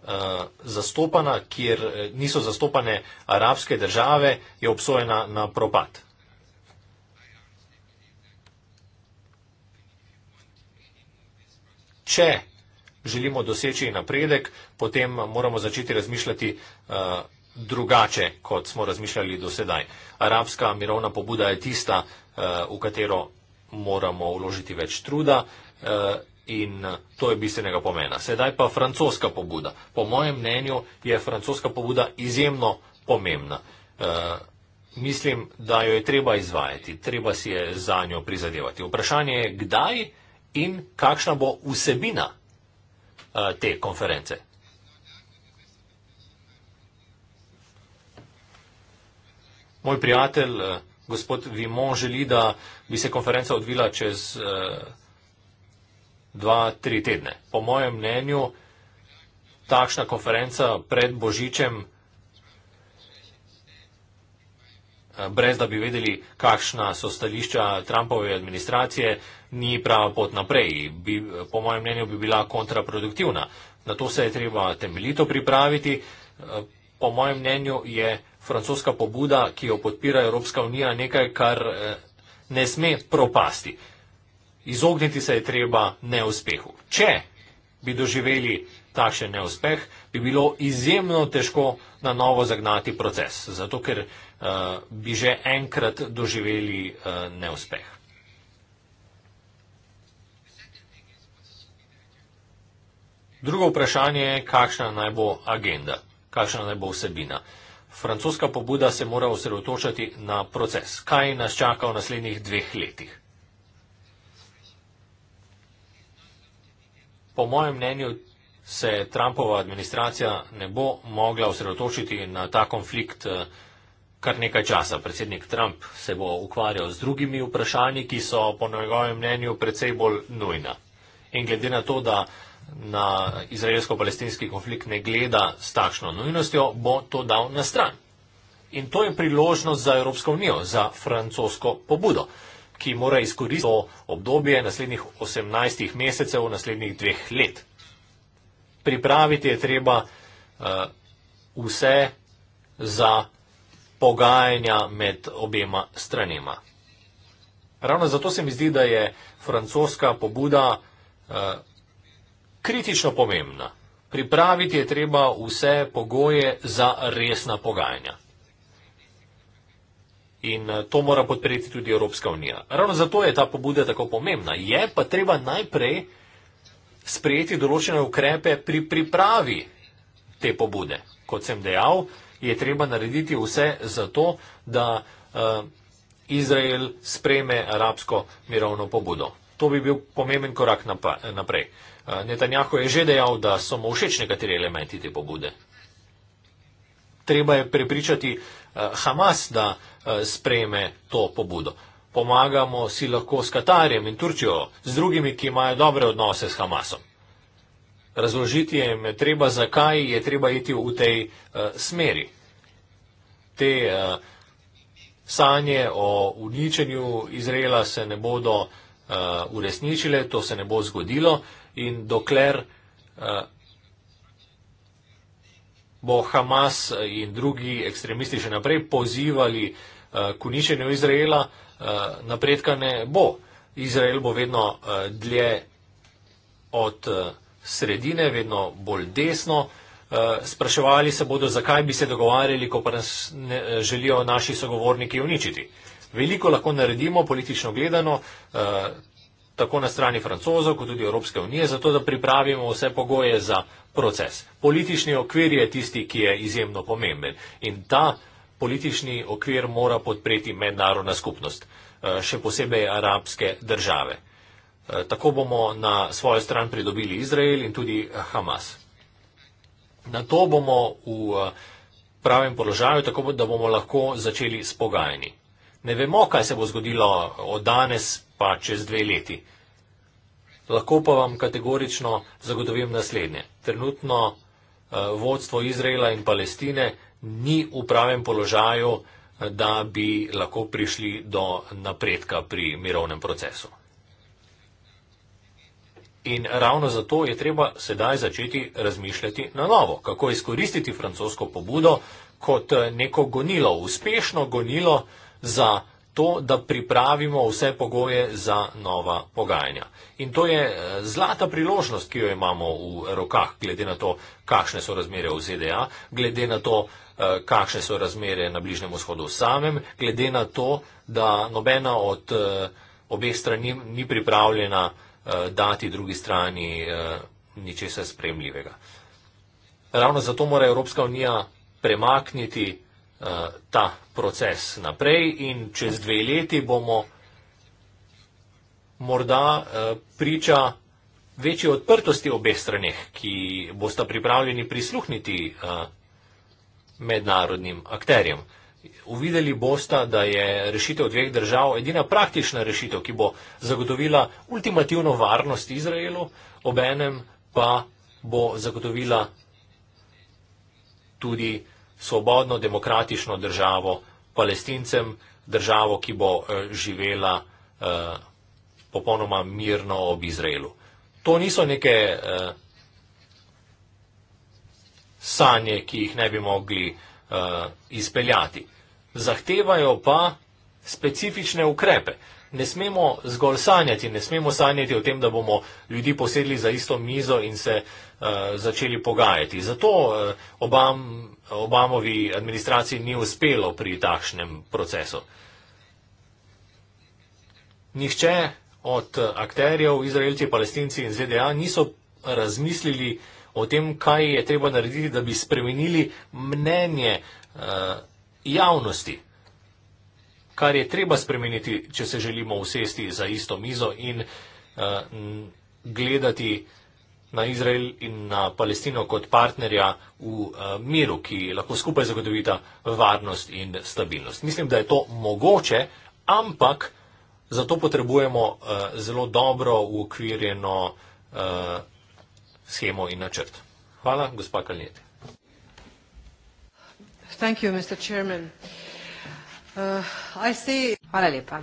Eh, zastopana, kjer eh, niso zastopane arabske države, je obsojena na propad. Če želimo doseči napredek, potem moramo začeti razmišljati eh, drugače, kot smo razmišljali do sedaj. Arabska mirovna pobuda je tista, v katero moramo vložiti več truda in eh, to je bistvenega pomena. Sedaj pa francoska pobuda. Po mojem mnenju je francoska pobuda izjemno pomembna. E, mislim, da jo je treba izvajati, treba si je za njo prizadevati. Vprašanje je, kdaj in kakšna bo vsebina e, te konference. Moj prijatelj, gospod Vimon, želi, da bi se konferenca odvila čez 2-3 tedne. Po mojem mnenju, takšna konferenca pred Božičem, eh, brez da bi vedeli, kakšna so stališča Trumpove administracije, ni prava pot naprej. Bi, po mojem mnenju bi bila kontraproduktivna. Na to se je treba temeljito pripraviti. Eh, po mojem mnenju je francoska pobuda, ki jo podpira Evropska unija, nekaj, kar eh, ne sme propasti. Izogniti se je treba neuspehu. Če bi doživeli takšen neuspeh, bi bilo izjemno težko na novo zagnati proces, zato ker uh, bi že enkrat doživeli uh, neuspeh. Drugo vprašanje je, kakšna naj bo agenda, kakšna naj bo vsebina. Francoska pobuda se mora osredotočati na proces, kaj nas čaka v naslednjih dveh letih. Po mojem mnenju se Trumpova administracija ne bo mogla osredotočiti na ta konflikt eh, kar nekaj časa. Predsednik Trump se bo ukvarjal z drugimi vprašanji, ki so po njegovem mnenju predvsej bolj nujna. In glede na to, da na izraelsko-palestinski konflikt ne gleda s takšno nujnostjo, bo to dal na stran. In to je priložnost za Evropsko unijo, za francosko pobudo ki mora izkoristiti obdobje naslednjih 18 mesecev, naslednjih dveh let. Pripraviti je treba uh, vse za pogajanja med obema stranima. Ravno zato se mi zdi, da je francoska pobuda uh, kritično pomembna. Pripraviti je treba vse pogoje za resna pogajanja. In eh, to mora podpreti tudi Evropska unija. Ravno zato je ta pobuda tako pomembna. Je pa treba najprej sprejeti določene ukrepe pri pripravi te pobude. Kot sem dejal, je treba narediti vse za to, da uh, Izrael spreme arabsko mirovno pobudo. To bi bil pomemben korak naprej. Eh, Netanjahu je že dejal, da so mu všeč nekateri elementi te pobude. Treba je prepričati Hamas, da Eh, sprejme to pobudo. Pomagamo si lahko s Katarjem in Turčijo, z drugimi, ki imajo dobre odnose s Hamasom. Razložiti jim je treba, zakaj je treba iti v tej uh, smeri. Te uh, sanje o uničenju Izraela se ne bodo uh, uresničile, to se ne bo zgodilo in dokler uh, bo Hamas in drugi ekstremisti še naprej pozivali uh, Eh, kuničenju Izraela eh, napredka ne bo. Izrael bo vedno eh, dlje od sredine, vedno bolj desno. Spraševali se bodo, zakaj bi se dogovarjali, ko pa nas ne, želijo naši sogovorniki uničiti. Veliko lahko naredimo politično gledano, tako na strani francozov, kot tudi Evropske unije, zato da pripravimo vse pogoje za proces. Politični okvir je tisti, ki je izjemno pomemben. In ta politični okvir mora podpreti mednarodna skupnost, eh, še posebej arabske države. Eh, tako bomo na svojo stran pridobili Izrael in tudi Hamas. Na to bomo v eh, pravem položaju, tako da bomo lahko začeli s pogajanji. Ne vemo, kaj se bo zgodilo od danes pa čez dve leti. Lahko pa vam kategorično zagotovim naslednje. Trenutno vodstvo Izraela in Palestine ni v pravem položaju, da bi lahko prišli do napredka pri mirovnem procesu. In ravno zato je treba sedaj začeti razmišljati na novo, kako izkoristiti francosko pobudo kot neko gonilo, uspešno gonilo za to, da pripravimo vse pogoje za nova pogajanja. In to je eh, zlata priložnost, ki jo imamo v rokah, glede na to, kakšne so razmere v ZDA, glede na to, Eh, kakšne so razmere na Bližnem vzhodu samem, glede na to, da nobena od eh, obeh strani ni pripravljena eh, dati drugi strani ničesar spremljivega. Ravno zato mora Evropska unija premakniti ta proces naprej in čez dve leti bomo morda priča večji odprtosti obeh straneh, ki bosta pripravljeni prisluhniti mednarodnim akterjem. Uvideli boste, da je rešitev dveh držav edina praktična rešitev, ki bo zagotovila ultimativno varnost Izraelu, obenem pa bo zagotovila tudi svobodno, demokratično državo palestincem, državo, ki bo eh, živela eh, popolnoma mirno ob Izraelu. To niso neke eh, sanje, ki jih ne bi mogli uh, izpeljati. Zahtevajo pa specifične ukrepe. Ne smemo zgolj sanjati, ne smemo sanjati o tem, da bomo ljudi posedli za isto mizo in se uh, začeli pogajati. Zato uh, Obam, Obamovi administraciji ni uspelo pri takšnem procesu. Nihče od akterjev, izraelci, palestinci in ZDA niso razmislili, uh, o tem, kaj je treba narediti, da bi spremenili mnenje uh, javnosti, kar je treba spremeniti, če se želimo usesti za isto mizo in uh, gledati na Izrael in na Palestino kot partnerja v uh, miru, ki lahko skupaj zagotovita varnost in stabilnost. Mislim, da je to mogoče, ampak zato potrebujemo uh, zelo dobro ukvirjeno uh, schemo in načrt. Hvala, gospa Kalnjeti. Uh, Hvala lepa.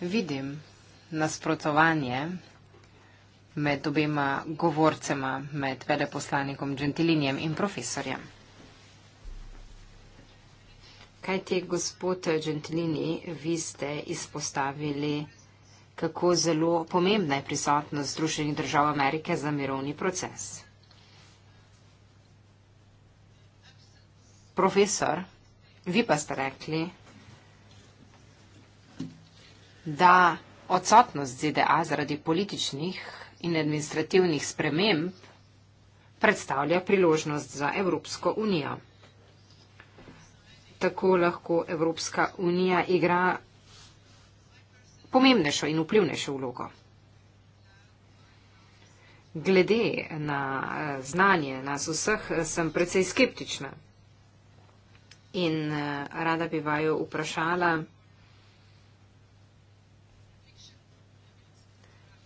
Vidim nasprotovanje med obema govorcema, med veleposlanikom Džentilinjem in profesorjem. Kaj ti, gospod Džentilini, vi ste izpostavili? kako zelo pomembna je prisotnost Združenih držav Amerike za mirovni proces. Profesor, vi pa ste rekli, da odsotnost ZDA zaradi političnih in administrativnih sprememb predstavlja priložnost za Evropsko unijo. Tako lahko Evropska unija igra pomembnejšo in vplivnejšo vlogo. Glede na eh, znanje nas vseh eh, sem precej skeptična in eh, rada bi vaju vprašala,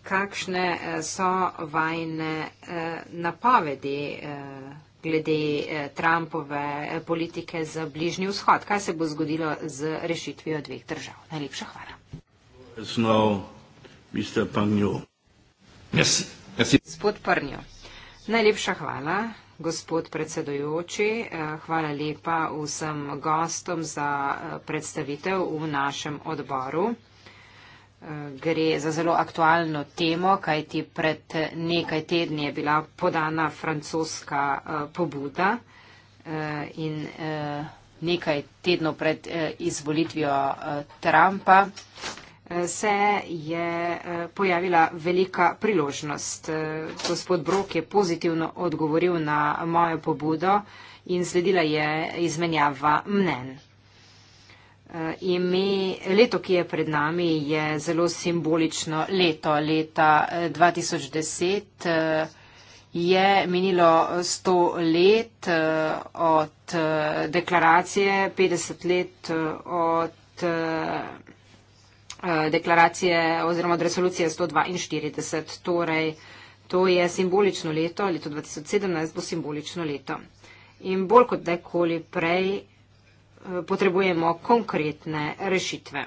kakšne so vajne napovedi glede Trumpove politike za bližnji vzhod. Kaj se bo zgodilo z rešitvijo dveh držav? Najlepša hvala. Yes, now, Mr. Pagnu. Yes, yes. Gospod Pagnu, najlepša hvala. Gospod predsedojoči, eh, hvala lepa vsem gostom za eh, predstavitev v našem odboru. Eh, gre za zelo aktualno temo, kajti pred nekaj tedni je bila podana francoska pobuda in nekaj tednov pred izvolitvijo Trumpa se je eh, pojavila velika priložnost. Eh, gospod Brok je pozitivno odgovoril na mojo pobudo in sledila je izmenjava mnenj. Eh, ime, leto, ki je pred nami, je zelo simbolično leto. Leta 2010 je minilo 100 let od deklaracije, 50 let od Eh, deklaracije oziroma od resolucije 142. Torej, to je simbolično leto, leto 2017 bo simbolično leto. In bolj kot dekoli prej eh, potrebujemo konkretne rešitve.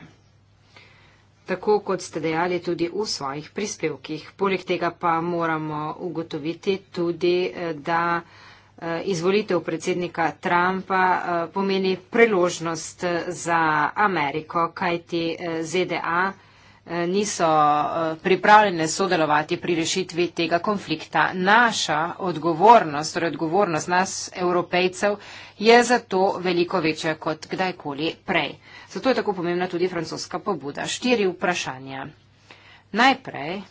Tako kot ste dejali tudi v svojih prispevkih. Poleg tega pa moramo ugotoviti tudi, eh, da. Eh, izvolitev predsednika Trumpa eh, pomeni preložnost eh, za Ameriko, kajti ZDA niso pripravljene sodelovati pri rešitvi tega konflikta. Naša odgovornost, torej odgovornost nas, evropejcev, je zato veliko večja kot kdajkoli prej. Zato je tako pomembna tudi francoska pobuda. Štiri vprašanja. Najprej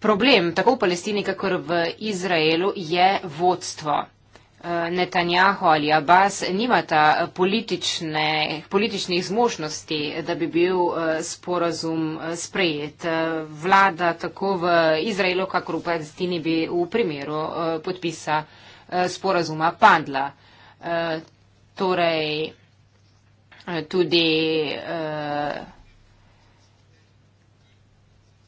Problem tako v Palestini, kakor v Izraelu je vodstvo. Eh, Netanjahu ali Abbas nimata politične, političnih zmožnosti, da bi bil eh, sporazum eh, sprejet. Vlada tako v Izraelu, kakor v Palestini, bi v primeru podpisa sporazuma padla. Torej, tudi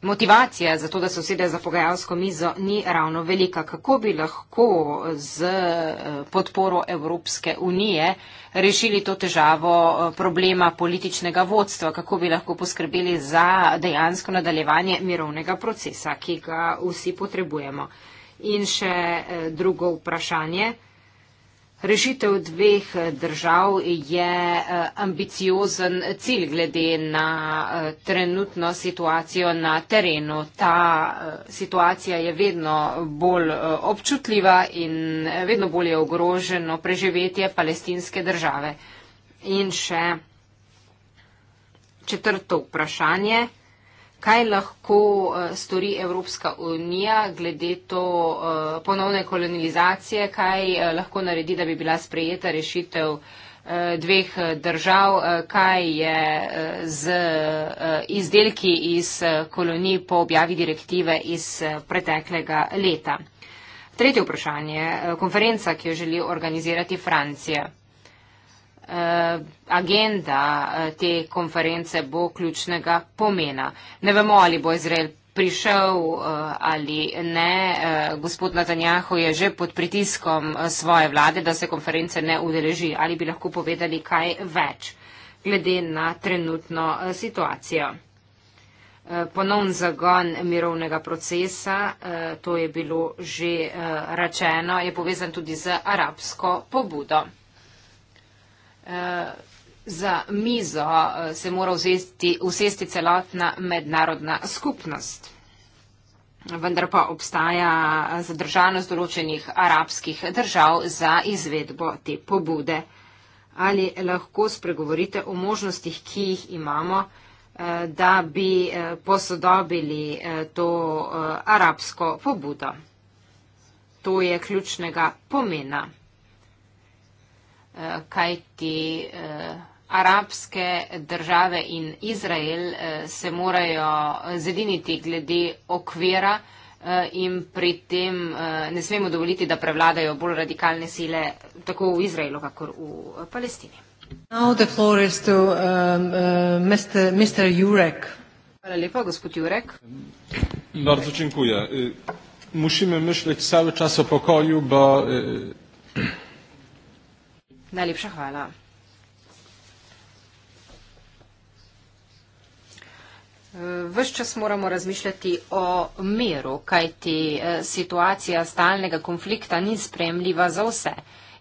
Motivacija za to, da se usede za pogajalsko mizo, ni ravno velika. Kako bi lahko z eh, podporo Evropske unije rešili to težavo eh, problema političnega vodstva? Kako bi lahko poskrbeli za dejansko nadaljevanje mirovnega procesa, ki ga vsi potrebujemo? In še eh, drugo vprašanje. Rešitev dveh držav je eh, ambiciozen cilj glede na eh, trenutno situacijo na terenu. Ta eh, situacija je vedno bolj občutljiva in vedno bolj je ogroženo preživetje palestinske države. In še četrto vprašanje kaj lahko eh, stori Evropska unija glede to eh, ponovne kolonizacije, kaj eh, lahko naredi, da bi bila sprejeta rešitev dveh držav, kaj je z izdelki iz kolonij po objavi direktive iz preteklega leta. Tretje vprašanje. Konferenca, ki jo želi organizirati Francija. Eh, agenda eh, te konference bo ključnega pomena. Ne vemo, ali bo Izrael prišel eh, ali ne. Gospod Netanjahu je že pod pritiskom svoje vlade, da se konference ne udeleži. Ali bi lahko povedali kaj več glede na trenutno situacijo? Ponovn zagon mirovnega procesa, to je bilo že rečeno, je povezan tudi z arabsko pobudo. Eh, za mizo eh, se mora vzesti, vsesti celotna mednarodna skupnost. Vendar pa obstaja zadržanost določenih arabskih držav za izvedbo te pobude. Ali lahko spregovorite o možnostih, ki jih imamo, eh, da bi posodobili to arabsko pobudo? To je ključnega pomena. Eh, kaj ti eh, arabske države in Izrael eh, se morajo zediniti glede okvira in pri tem ne smemo dovoliti, da prevladajo bolj radikalne sile tako v Izraelu, kakor v Palestini. To, um, uh, uh, Mr. Mr. Hvala lepa, gospod Jurek. Bardzo dziękuję. Musimy myśleć cały czas o pokoju, bo Najlepša hvala. Ves čas moramo razmišljati o miru, kajti eh, situacija stalnega konflikta ni spremljiva za vse.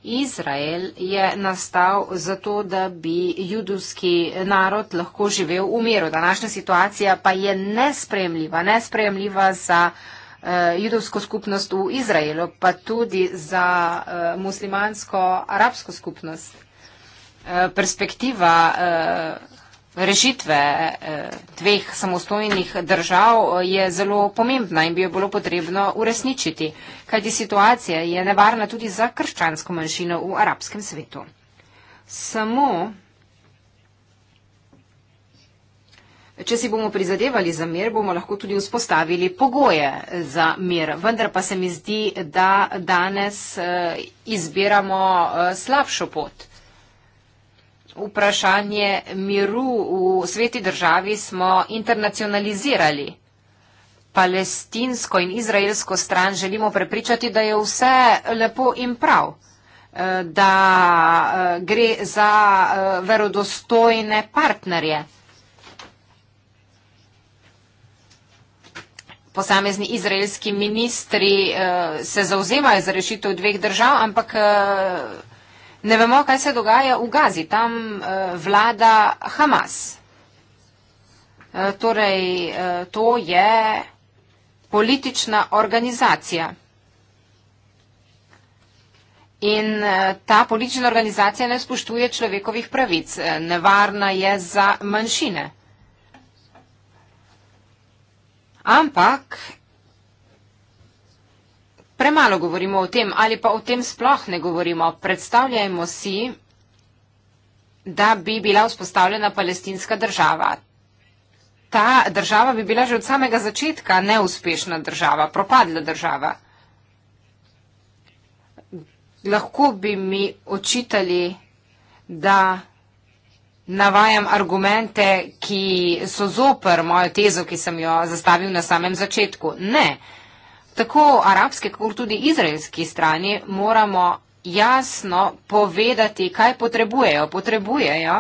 Izrael je nastal zato, da bi judovski narod lahko živel v miru. Današnja situacija pa je nespremljiva, nespremljiva za vse. Eh, judovsko skupnost v Izraelu, pa tudi za eh, muslimansko-arabsko skupnost. Eh, perspektiva rešitve dveh samostojnih držav je zelo pomembna in bi jo bilo potrebno uresničiti, kajti situacija je nevarna tudi za krščansko manjšino v arabskem svetu. Samo Če si bomo prizadevali za mir, bomo lahko tudi vzpostavili pogoje za mir. Vendar pa se mi zdi, da danes eh, izbiramo eh, slabšo pot. Vprašanje miru v sveti državi smo internacionalizirali. Palestinsko in izraelsko stran želimo prepričati, da je vse lepo in prav eh, da gre za verodostojne partnerje. posamezni izraelski ministri uh, se zauzemajo za rešitev dveh držav, ampak uh, ne vemo, kaj se dogaja v Gazi. Tam uh, vlada Hamas. Uh, torej, uh, to je politična organizacija. In ta politična organizacija ne spoštuje človekovih pravic, nevarna je za manjšine. Ampak premalo govorimo o tem ali pa o tem sploh ne govorimo. Predstavljajmo si, da bi bila vzpostavljena palestinska država. Ta država bi bila že od samega začetka neuspešna država, propadla država. Lahko bi mi očitali, da navajam argumente, ki so zoper mojo tezo, ki sem jo zastavil na samem začetku. Ne. Tako arabske, kot tudi izraelski strani moramo jasno povedati, kaj potrebujejo. Potrebujejo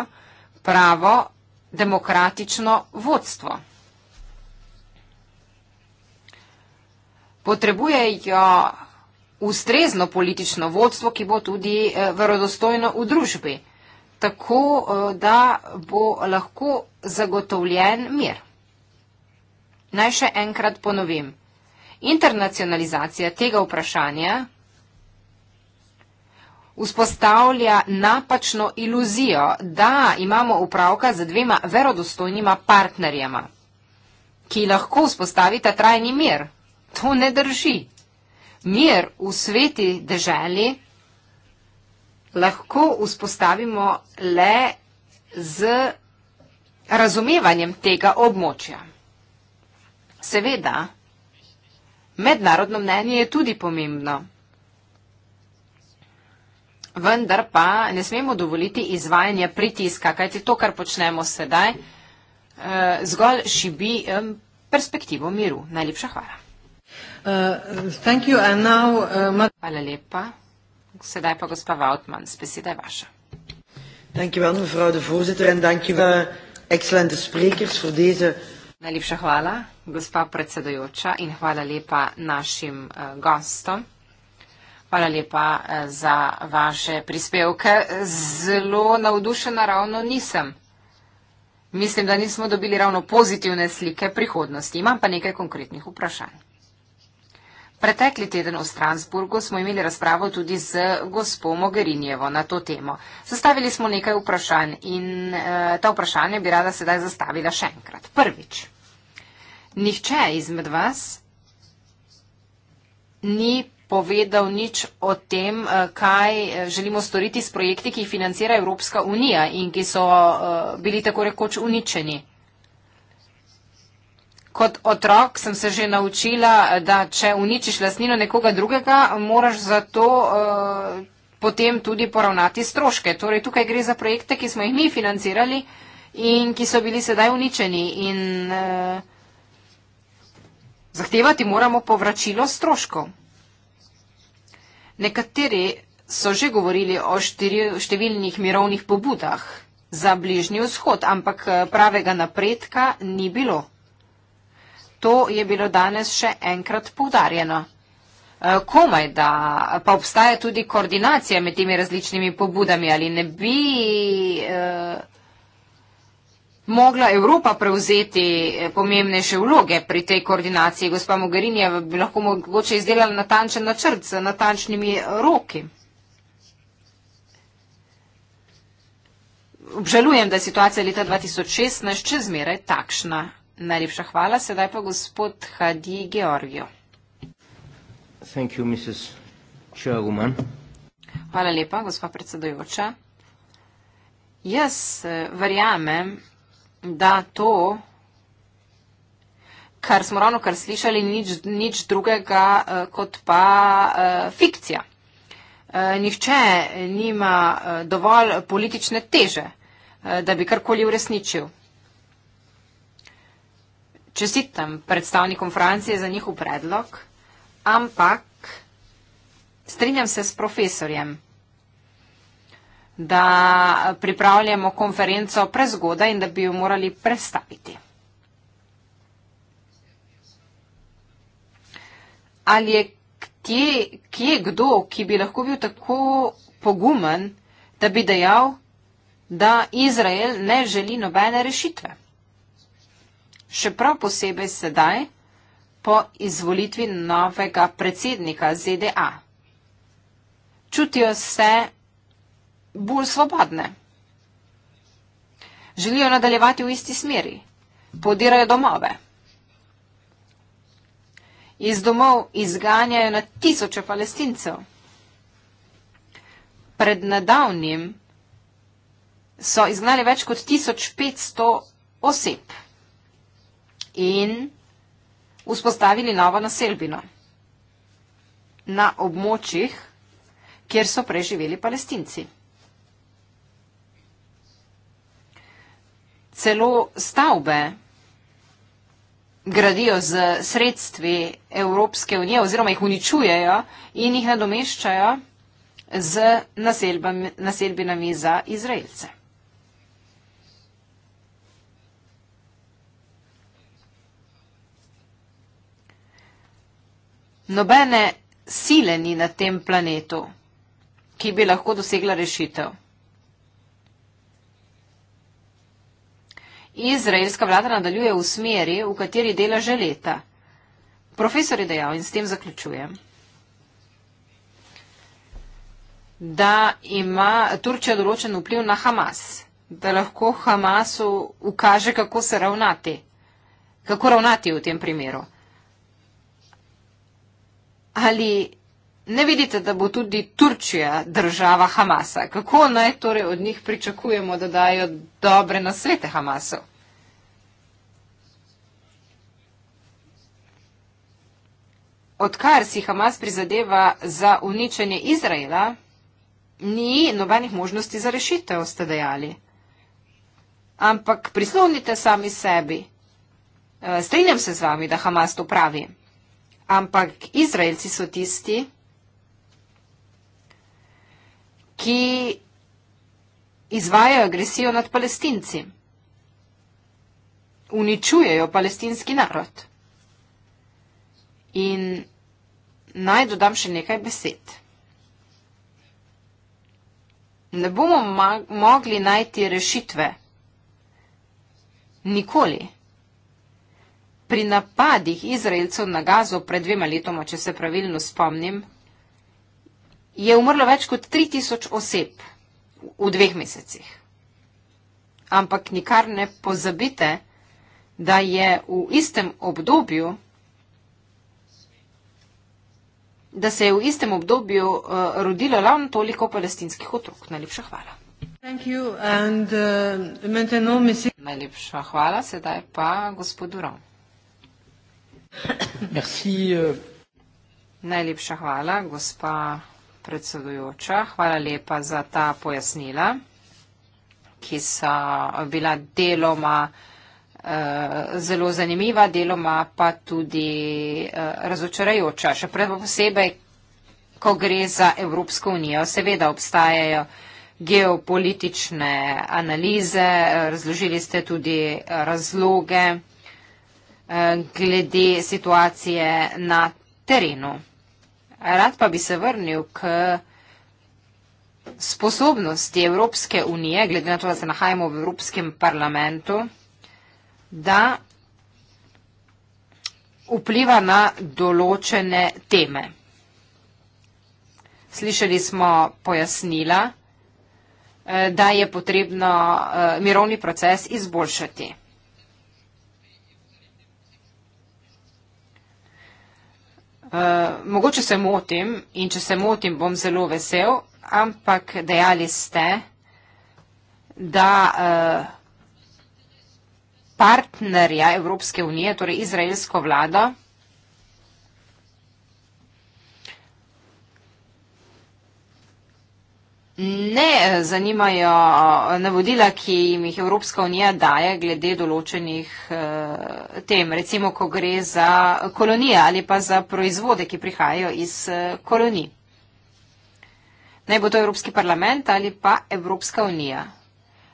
pravo demokratično vodstvo. Potrebujejo ustrezno politično vodstvo, ki bo tudi eh, verodostojno v družbi tako eh, da bo lahko zagotovljen mir. Naj še enkrat ponovim. Internacionalizacija tega vprašanja vzpostavlja napačno iluzijo, da imamo upravka z dvema verodostojnima partnerjema, ki lahko vzpostavita trajni mir. To ne drži. Mir v sveti deželi lahko vzpostavimo le z razumevanjem tega območja. Seveda, mednarodno mnenje je tudi pomembno, vendar pa ne smemo dovoliti izvajanja pritiska, kajti to, kar počnemo sedaj, eh, zgolj šibi perspektivo miru. Najlepša hvala. Uh, thank you and now uh, Hvala lepa. Sedaj pa gospa Vautman, speseda je vaša. Dankjewel, mevrouw de voorzitter, en dankjewel, excellente sprekers, voor deze. Najlepša hvala, gospa predsedojoča, in hvala lepa našim uh, gostom. Hvala lepa uh, za vaše prispevke. Zelo navdušena ravno nisem. Mislim, da nismo dobili ravno pozitivne slike prihodnosti. Imam pa nekaj konkretnih vprašanj. Pretekli teden v Strasburgu smo imeli razpravo tudi z gospo Mogherinjevo na to temo. Zastavili smo nekaj vprašanj in e, ta vprašanja bi rada sedaj zastavila še enkrat. Prvič, nihče izmed vas ni povedal nič o tem, eh, kaj eh, želimo storiti s projekti, ki jih financira Evropska unija in ki so e, bili tako rekoč uničeni. Kot otrok sem se že naučila, da če uničiš lasnino nekoga drugega, moraš za to uh, potem tudi poravnati stroške. Torej, tukaj gre za projekte, ki smo jih mi financirali in ki so bili sedaj uničeni. In uh, zahtevati moramo povračilo stroškov. Nekateri so že govorili o številnih mirovnih pobudah za bližnji vzhod, ampak eh, pravega napredka ni bilo. To je bilo danes še enkrat povdarjeno. Eh, komaj da, pa obstaja tudi koordinacija med temi različnimi pobudami, ali ne bi eh, mogla Evropa prevzeti eh, pomembnejše vloge pri tej koordinaciji. Gospa Mogherini bi lahko mogoče izdelala natančen načrt z natančnimi roki. Obžalujem, da je situacija leta 2016 čezmeraj takšna. Najlepša hvala. Sedaj pa gospod Hadi Georgijo. Hvala lepa, gospa predsedojoča. Jaz eh, verjamem, da to, kar smo ravno kar slišali, nič, nič drugega eh, kot pa eh, fikcija. Nihče nima dovolj politične teže, da bi karkoli uresničil čestitam predstavnikom Francije za njihov predlog, ampak strinjam se s profesorjem, da pripravljamo konferenco prezgoda in da bi jo morali predstaviti. Ali je kje, kje kdo, ki bi lahko bil tako pogumen, da bi dejal, da Izrael ne želi nobene rešitve? še prav posebej sedaj po izvolitvi novega predsednika ZDA. Čutijo se bolj svobodne. Želijo nadaljevati v isti smeri. Podirajo domove. Iz domov izganjajo na tisoče palestincev. Pred nedavnim so izgnali več kot 1500 oseb in vzpostavili novo naselbino na območjih, kjer so preživeli palestinci. Celo stavbe gradijo z sredstvi Evropske unije oziroma jih uničujejo in jih nadomeščajo z naselbinami za Izraelce. nobene sile ni na tem planetu, ki bi lahko dosegla rešitev. Izraelska vlada nadaljuje v smeri, v kateri dela že leta. Profesor je dejal in s tem zaključujem, da ima Turčija določen vpliv na Hamas, da lahko Hamasu ukaže, kako se ravnati, kako ravnati v tem primeru. Ali ne vidite, da bo tudi Turčija država Hamasa? Kako naj torej od njih pričakujemo, da dajo dobre nasvete Hamasu? Odkar si Hamas prizadeva za uničenje Izraela, ni nobenih možnosti za rešitev, ste dejali. Ampak prislovnite sami sebi. E, strinjam se z vami, da Hamas to pravi ampak Izraelci so tisti, ki izvajajo agresijo nad palestinci, uničujejo palestinski narod. In naj dodam še nekaj besed. Ne bomo mogli najti rešitve. Nikoli pri napadih Izraelcev na gazo pred dvema letoma, če se pravilno spomnim, je umrlo več kot 3000 oseb v dveh mesecih. Ampak nikar ne pozabite, da je v istem obdobju da se je v istem obdobju uh, rodilo ravno toliko palestinskih otrok. Najlepša hvala. And, uh, Najlepša hvala, sedaj pa gospodu Ravn. Merci. Euh. Najlepša hvala, gospa predsedujoča. Hvala lepa za ta pojasnila, ki so bila deloma eh, zelo zanimiva, deloma pa tudi eh, razočarajoča. Še pred posebej, ko gre za Evropsko unijo, seveda obstajajo geopolitične analize, eh, razložili ste tudi razloge glede situacije na terenu. Rad pa bi se vrnil k sposobnosti Evropske unije, glede na to, da se nahajamo v Evropskem parlamentu, da vpliva na določene teme. Slišali smo pojasnila, eh, da je potrebno eh, mirovni proces izboljšati. Eh, mogoče se motim in če se motim, bom zelo vesel, ampak dejali ste, da uh, partnerja Evropske unije, torej izraelsko vlado, ne zanimajo eh, navodila, ki jim jih Evropska unija daje glede določenih eh, tem, recimo, ko gre za kolonije ali pa za proizvode, ki prihajajo iz eh, kolonij. Naj bo to Evropski parlament ali pa Evropska unija.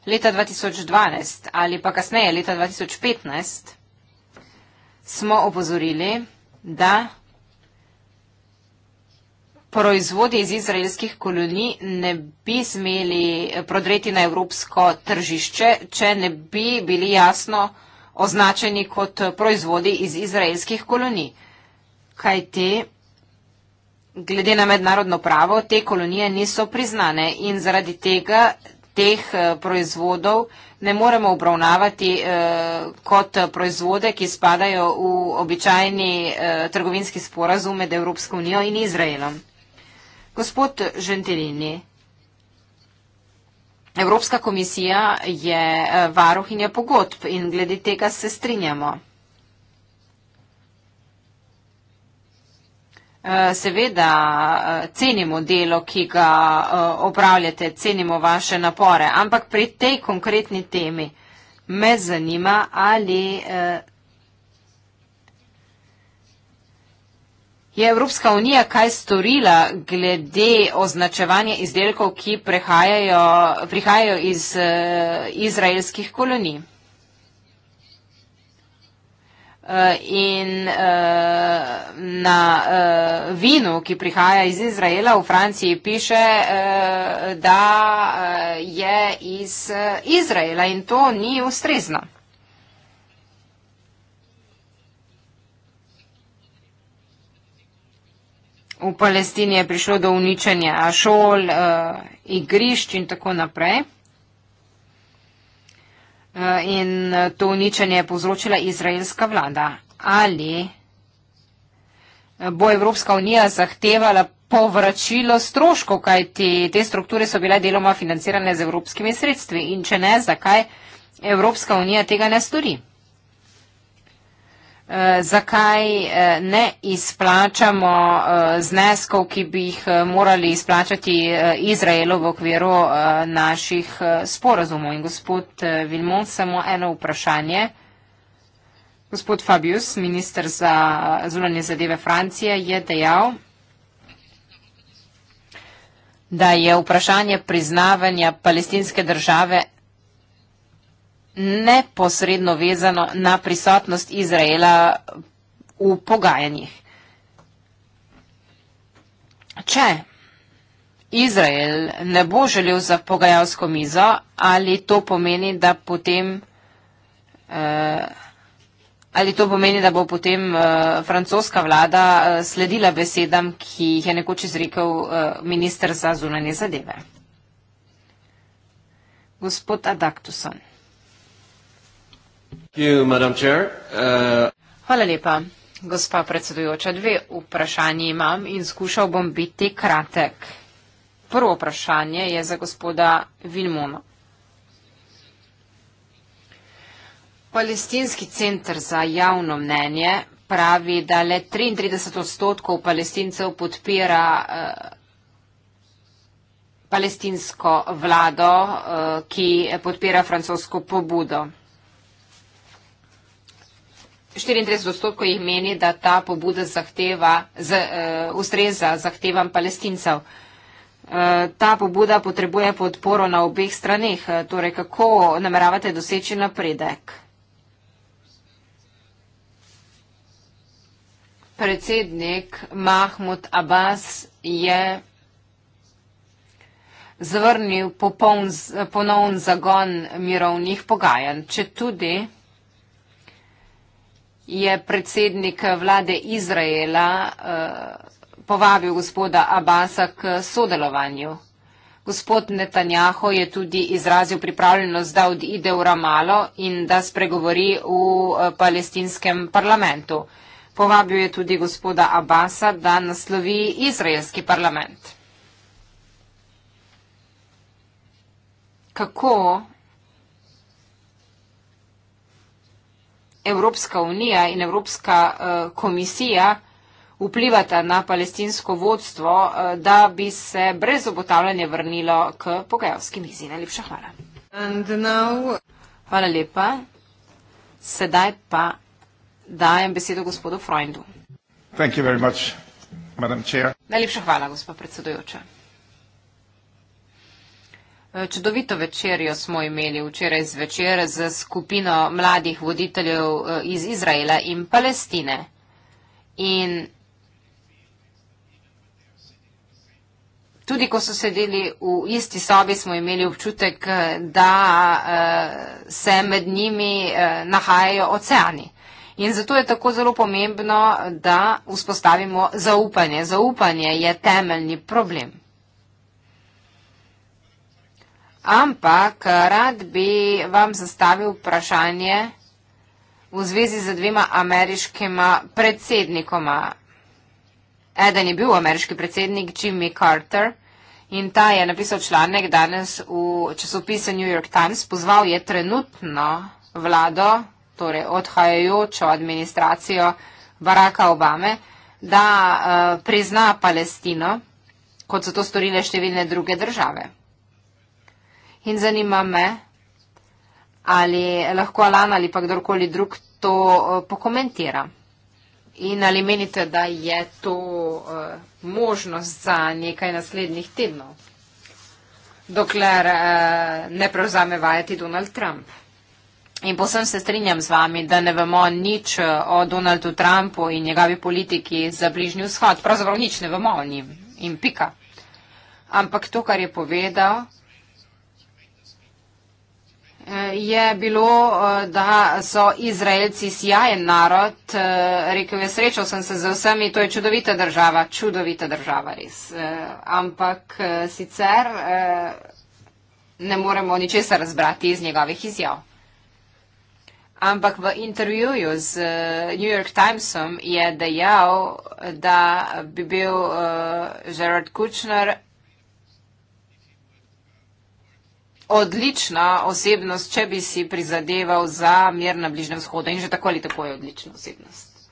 Leta 2012 ali pa kasneje, leta 2015, smo opozorili, da proizvodi iz izraelskih kolonij ne bi smeli eh, prodreti na evropsko tržišče, če ne bi bili jasno označeni kot eh, proizvodi iz izraelskih kolonij. Kaj te, glede na mednarodno pravo, te kolonije niso priznane in zaradi tega teh eh, proizvodov ne moremo obravnavati kot proizvode, ki spadajo v običajni trgovinski sporazum med Evropsko unijo in Izraelom. Gospod Gentilini, Evropska komisija je eh, varuhinja pogodb in glede tega se strinjamo. Eh, seveda eh, cenimo delo, ki ga opravljate, cenimo vaše napore, ampak pri tej konkretni temi me zanima, ali Je Evropska unija kaj storila glede označevanja izdelkov, ki prehajajo, prihajajo iz uh, izraelskih kolonij? Uh, in uh, na uh, vinu, ki prihaja iz Izraela v Franciji, piše, uh, da uh, je iz uh, Izraela in to ni ustrezno. v Palestini je prišlo do uničenja šol, eh, igrišč in tako naprej. Eh, in eh, to uničenje je povzročila izraelska vlada. Ali bo Evropska unija zahtevala povračilo stroškov, kajti te strukture so bile deloma financirane z evropskimi sredstvi. In če ne, zakaj Evropska unija tega ne stori? Eh, zakaj eh, ne izplačamo eh, zneskov, ki bi jih morali izplačati Izraelu v okviru naših sporazumov. In gospod Vilmon, samo eno vprašanje. Gospod Fabius, minister za zunanje zadeve Francije, je dejal, da je vprašanje priznavanja palestinske države neposredno vezano na prisotnost Izraela v pogajanjih. Če Izrael ne bo želel za pogajalsko mizo, ali to pomeni, da potem. Uh, Ali to pomeni, da bo potem uh, francoska vlada uh, sledila besedam, ki jih je nekoč izrekel uh, minister za zunanje zadeve? Gospod Adaktuson. Uh, Hvala lepa. Gospa predsedujoča, dve vprašanje imam in skušal bom biti kratek. Prvo vprašanje je za gospoda Vilmono. Palestinski centr za javno mnenje pravi, da le 33 odstotkov palestincev podpira eh, palestinsko vlado, eh, ki podpira francosko pobudo. 34 odstotkov jih meni, da ta pobuda zahteva, z, uh, ustreza zahtevam palestincev. Eh, ta pobuda potrebuje podporo na obeh straneh. Eh, torej, kako nameravate doseči napredek? Predsednik Mahmud Abbas je zavrnil popoln, ponovn zagon mirovnih pogajanj, če tudi je predsednik vlade Izraela eh, povabil gospoda Abasa k sodelovanju. Gospod Netanjaho je tudi izrazil pripravljenost, da odide v Ramalo in da spregovori v eh, palestinskem parlamentu. Povabil je tudi gospoda Abasa, da naslovi izraelski parlament. Kako Evropska unija in Evropska eh, komisija vplivata na palestinsko vodstvo, eh, da bi se brez obotavljanja vrnilo k pogajalski mizi. Najlepša hvala. Now... Hvala lepa. Sedaj pa dajem besedo gospodu Freundu. Najlepša hvala, gospod predsedujoča. Čudovito večerjo smo imeli včeraj zvečer z skupino mladih voditeljev eh, iz Izraela in Palestine. In tudi ko so sedeli v isti sobi, smo imeli občutek, da eh, se med njimi eh, nahajajo oceani. In zato je tako zelo pomembno, da vzpostavimo zaupanje. Zaupanje je temeljni problem. Ampak eh, rad bi vam zastavil vprašanje v zvezi z dvema ameriškima predsednikoma. Eden je bil ameriški predsednik Jimmy Carter in ta je napisal članek danes v časopise New York Times. Pozval je trenutno vlado, torej odhajajočo administracijo Baracka Obame, da uh, prizna Palestino, kot so to storile številne druge države. In zanima me, ali lahko Alan ali pa kdorkoli drug to eh, pokomentira. In ali menite, da je to eh, možnost za nekaj naslednjih tednov, dokler eh, ne prevzame vajeti Donald Trump. In posem se strinjam z vami, da ne vemo nič o Donaldu Trumpu in njegovi politiki za bližnji vzhod. Pravzaprav nič ne vemo o njim. In pika. Ampak to, kar je povedal, je bilo, eh, da so Izraelci sjajen narod. Eh, rekel je, srečal sem se z vsemi, to je čudovita država, čudovita država res. Eh, ampak sicer ne moremo ničesar razbrati iz njegovih izjav. Ampak v intervjuju z New York Timesom je dejal, da bi bil uh, Gerard Kučner odlična osebnost, če bi si prizadeval za mir na Bližnem vzhodu in že tako ali tako je odlična osebnost.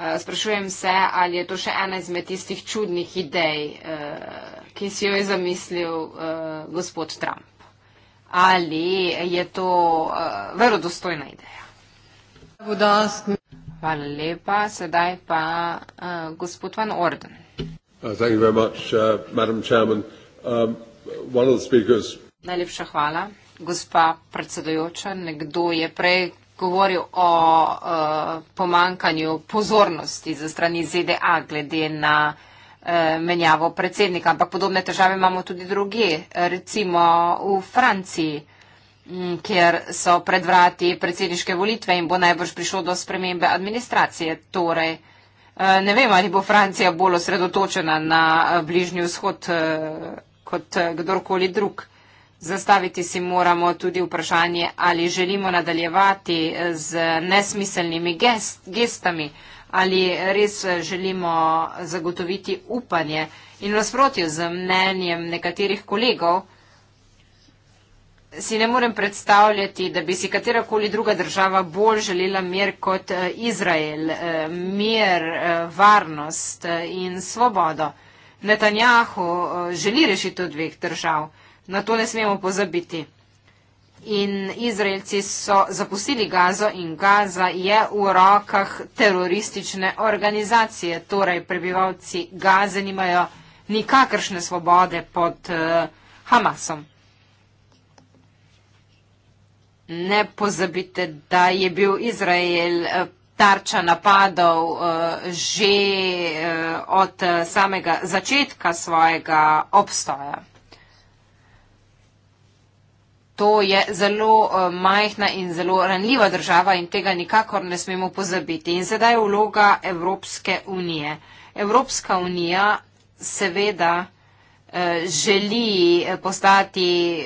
Eh, sprašujem se, ali je to še ena izmed tistih čudnih idej, eh, ki si jo je zamislil eh, gospod Trump. Ali je to verodostojna ideja? Hvala lepa. Sedaj pa gospod Van Orden. Hvala lepa, gospod predsednik. Um, Najlepša hvala, gospa predsedojoča. Nekdo je prej govoril o uh, pomankanju pozornosti za strani ZDA glede na uh, menjavo predsednika, ampak podobne težave imamo tudi druge, recimo v Franciji, m, mm, kjer so pred vrati predsedniške volitve in bo najbrž prišlo do spremembe administracije. Torej, uh, ne vem, ali bo Francija bolj osredotočena na uh, bližnji vzhod. Uh, kot eh, kdorkoli drug. Zastaviti si moramo tudi vprašanje, ali želimo nadaljevati eh, z nesmiselnimi gest, gestami, ali res eh, želimo zagotoviti upanje in nasprotju z mnenjem nekaterih kolegov. Si ne morem predstavljati, da bi si katerakoli druga država bolj želela mir kot Izrael, mir, varnost in svobodo. Netanjahu eh, želi rešitev dveh držav. Na to ne smemo pozabiti. In Izraelci so zapustili Gazo in Gaza je v rokah teroristične organizacije. Torej, prebivalci Gaze nimajo nikakršne svobode pod uh, Hamasom. Ne pozabite, da je bil Izrael eh, tarča napadov eh, že eh, od samega začetka svojega obstoja. To je zelo eh, majhna in zelo ranljiva država in tega nikakor ne smemo pozabiti. In sedaj je vloga Evropske unije. Evropska unija seveda želi postati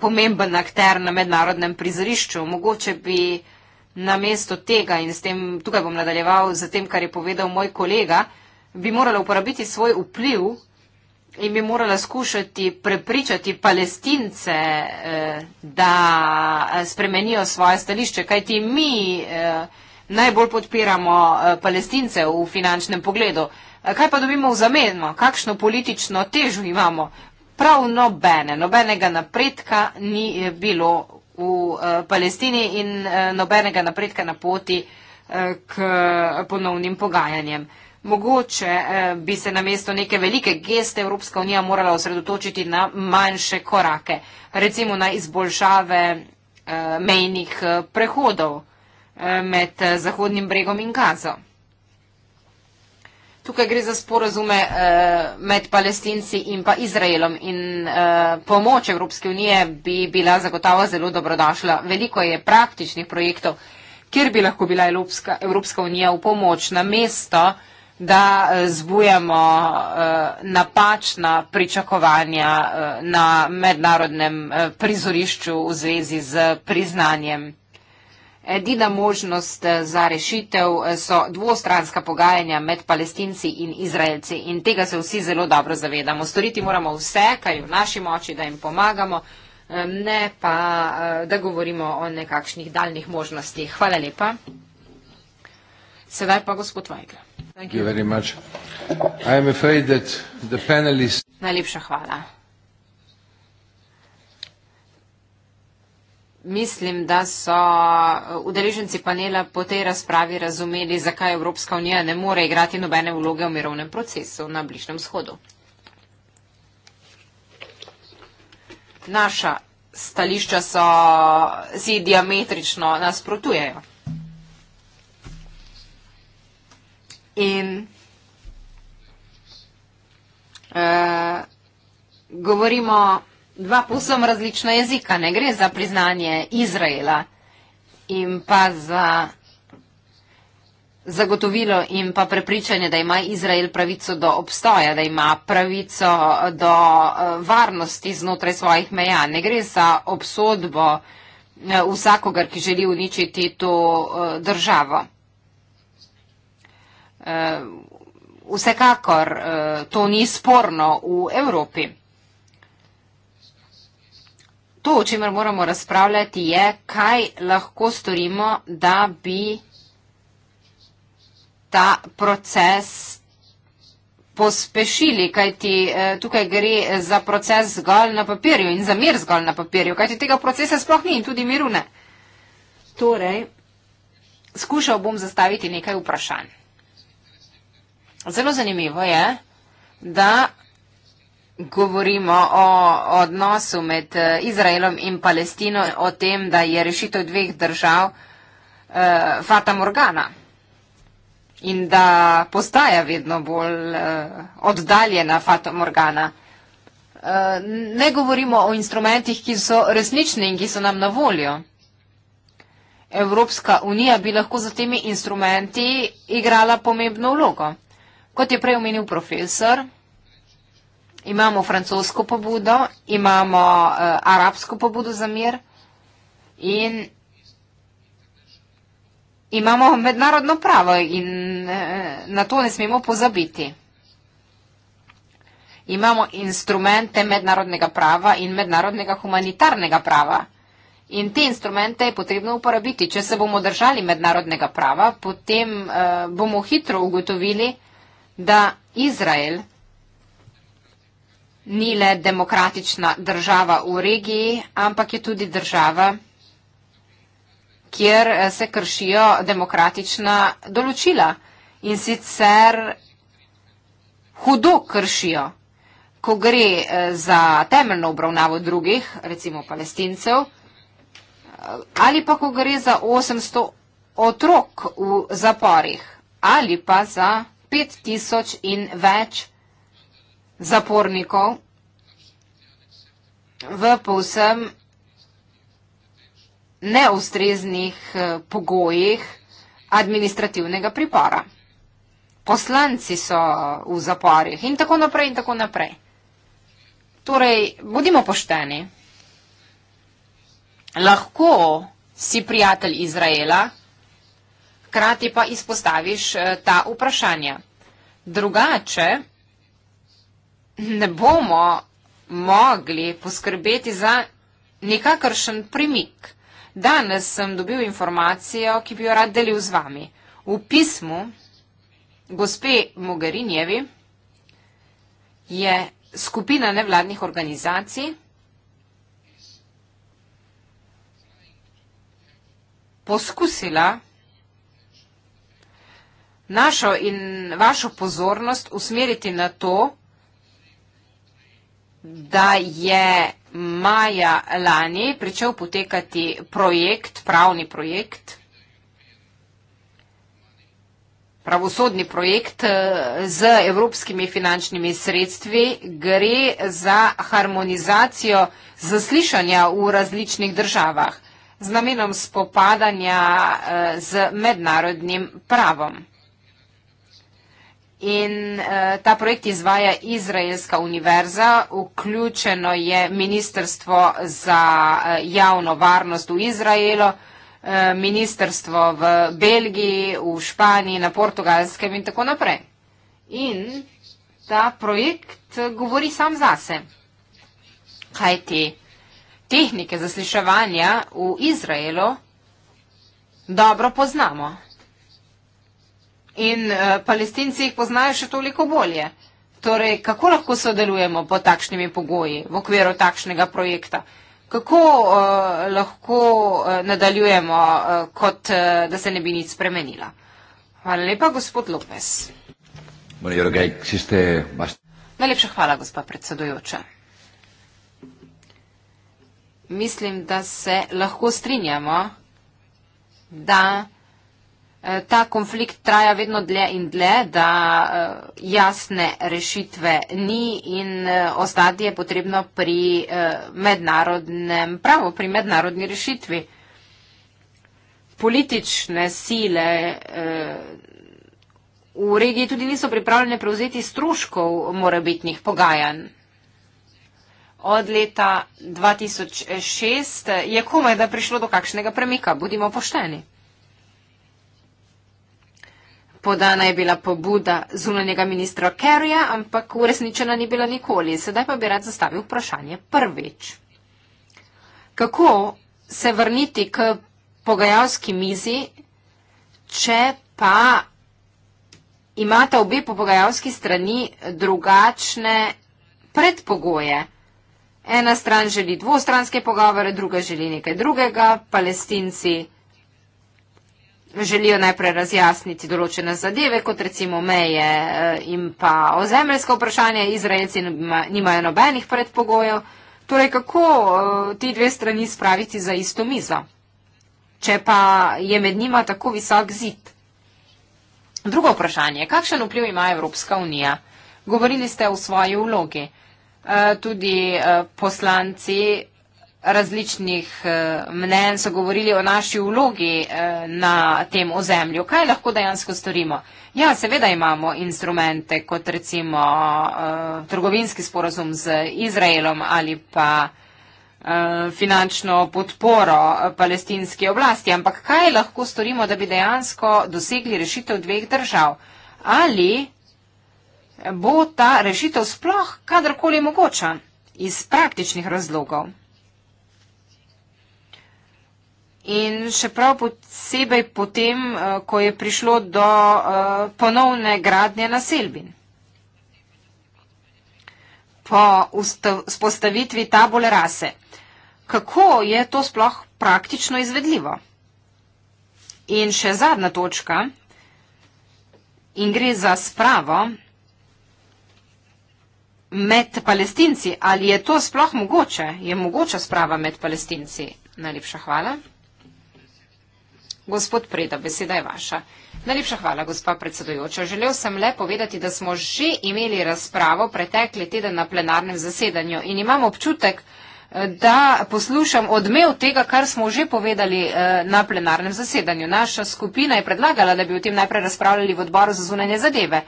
pomemben akter na mednarodnem prizorišču. Mogoče bi namesto tega in tem, tukaj bom nadaljeval z tem, kar je povedal moj kolega, bi morala uporabiti svoj vpliv in bi morala skušati prepričati palestince, eh, da eh, spremenijo svoje stališče, kajti mi eh, najbolj podpiramo palestince v finančnem pogledu. Kaj pa dobimo v zameno? Kakšno politično težo imamo? Prav nobene, nobenega napredka ni bilo v eh, Palestini in eh, nobenega napredka na poti eh, k ponovnim pogajanjem. Mogoče bi se na mesto neke velike geste Evropska unija morala osredotočiti na manjše korake, recimo na izboljšave mejnih prehodov med Zahodnim bregom in Gazo. Tukaj gre za sporazume uh, med palestinci in pa Izraelom in uh, pomoč Evropske unije bi bila zagotovo zelo dobrodošla. Veliko je praktičnih projektov, kjer bi lahko bila Evropska, Evropska unija v pomoč na mesto, da eh, zbujamo uh, napačna pričakovanja uh, na mednarodnem uh, prizorišču v zvezi z priznanjem. Edina možnost eh, za rešitev eh, so dvostranska pogajanja med palestinci in izraelci in tega se vsi zelo dobro zavedamo. Storiti moramo vse, kaj je v naši moči, da jim pomagamo, eh, ne pa, da govorimo o nekakšnih daljnih možnostih. Hvala lepa. Sedaj pa gospod Vajgla. Najlepša hvala. mislim, da so uh, udeleženci panela po tej razpravi razumeli, zakaj Evropska unija ne more igrati nobene vloge v mirovnem procesu na Bližnjem shodu. Naša stališča so, si diametrično nasprotujejo. In uh, govorimo dva povsem različna jezika. Ne gre za priznanje Izraela in pa za zagotovilo in pa prepričanje, da ima Izrael pravico do obstoja, da ima pravico do eh, varnosti znotraj svojih meja. Ne gre za obsodbo eh, vsakogar, ki želi uničiti to eh, državo. Vsekakor to ni sporno v Evropi to, o čemer moramo razpravljati, je, kaj lahko storimo, da bi ta proces pospešili, kajti eh, tukaj gre za proces zgolj na papirju in za mir zgolj na papirju, kajti tega procesa sploh ni in tudi miru ne. Torej, skušal bom zastaviti nekaj vprašanj. Zelo zanimivo je, da govorimo o odnosu med eh, Izraelom in Palestino, o tem, da je rešitev dveh držav uh, Fata Morgana in da postaja vedno bolj uh, oddaljena Fata Morgana. Uh, ne govorimo o instrumentih, ki so resnični in ki so nam na voljo. Evropska unija bi lahko za temi instrumenti igrala pomembno vlogo. Kot je prej omenil profesor, imamo francosko pobudo, imamo uh, arabsko pobudo za mir in imamo mednarodno pravo in uh, na to ne smemo pozabiti. Imamo instrumente mednarodnega prava in mednarodnega humanitarnega prava. In te instrumente je potrebno uporabiti. Če se bomo držali mednarodnega prava, potem uh, bomo hitro ugotovili, da Izrael ni le demokratična država v regiji, ampak je tudi država, kjer eh, se kršijo demokratična določila in sicer hudo kršijo, ko gre eh, za temeljno obravnavo drugih, recimo palestincev, eh, ali pa ko gre za 800 otrok v zaporih, ali pa za 5000 in več otrok zapornikov v povsem neustreznih eh, pogojih administrativnega pripora. Poslanci so eh, v zaporih in tako naprej in tako naprej. Torej, bodimo pošteni. Lahko si prijatelj Izraela, krati pa izpostaviš eh, ta vprašanja. Drugače, ne bomo mogli poskrbeti za nekakršen premik. Danes sem dobil informacijo, ki bi jo rad delil z vami. V pismu gospe Mogarinjevi je skupina nevladnih organizacij poskusila našo in vašo pozornost usmeriti na to, da je maja lani pričel potekati projekt, pravni projekt, pravosodni projekt eh, z evropskimi finančnimi sredstvi. Gre za harmonizacijo zaslišanja v različnih državah z namenom spopadanja eh, z mednarodnim pravom. In uh, ta projekt izvaja Izraelska univerza, vključeno je Ministrstvo za uh, javno varnost v Izraelu, uh, Ministrstvo v Belgiji, v Španiji, na Portugalskem in tako naprej. In ta projekt govori sam zase, kaj te tehnike zasliševanja v Izraelu dobro poznamo in uh, palestinci jih poznajo še toliko bolje. Torej, kako lahko sodelujemo pod takšnimi pogoji v okviru takšnega projekta? Kako uh, lahko uh, nadaljujemo, uh, kot uh, da se ne bi nič spremenila? Hvala lepa, gospod Lopes. Najlepša hvala, gospa predsedujoča. Mislim, da se lahko strinjamo, da Eh, ta konflikt traja vedno dlje in dlje, da eh, jasne rešitve ni in eh, ostati je potrebno pri mednarodnem pravu, pri mednarodni rešitvi. Politične sile v regiji tudi niso pripravljene prevzeti stroškov morebitnih pogajanj. Od leta 2006 je komaj da prišlo do kakšnega premika, budimo pošteni podana je bila pobuda zunanjega ministra Kerrija, ampak uresničena ni bila nikoli. Sedaj pa bi rad zastavil vprašanje prvič. Kako se vrniti k pogajalski mizi, če pa imata obe po pogajalski strani drugačne predpogoje? Ena stran želi dvostranske pogovore, druga želi nekaj drugega, palestinci želijo najprej razjasniti določene zadeve, kot recimo meje eh, in pa ozemeljska vprašanja. Izraelci nimajo nobenih predpogojev. Torej, kako eh, ti dve strani spraviti za isto mizo, če pa je med njima tako visok zid? Drugo vprašanje, kakšen vpliv ima Evropska unija? Govorili ste o svoji vlogi. Eh, tudi poslanci različnih eh, mnen so govorili o naši vlogi eh, na tem ozemlju. Kaj lahko dejansko storimo? Ja, seveda imamo instrumente, kot recimo eh, trgovinski sporozum z Izraelom ali pa finančno podporo palestinski oblasti, ampak kaj lahko storimo, da bi dejansko dosegli rešitev dveh držav? Ali bo ta rešitev sploh kadarkoli mogoča? Iz praktičnih razlogov. In še prav posebej potem, eh, ko je prišlo do eh, ponovne gradnje naselbin. Po spostavitvi tabule rase. Kako je to sploh praktično izvedljivo? In še zadnja točka in gre za spravo med palestinci. Ali je to sploh mogoče? Je mogoča sprava med palestinci? Najlepša hvala. Gospod Preda, beseda je vaša. Najlepša hvala, gospa predsedujoča. Želel sem le povedati, da smo že imeli razpravo pretekli teden na plenarnem zasedanju in imam občutek, eh, da poslušam odmev tega, kar smo že povedali eh, na plenarnem zasedanju. Naša skupina je predlagala, da bi o tem najprej razpravljali v odboru za zunanje zadeve.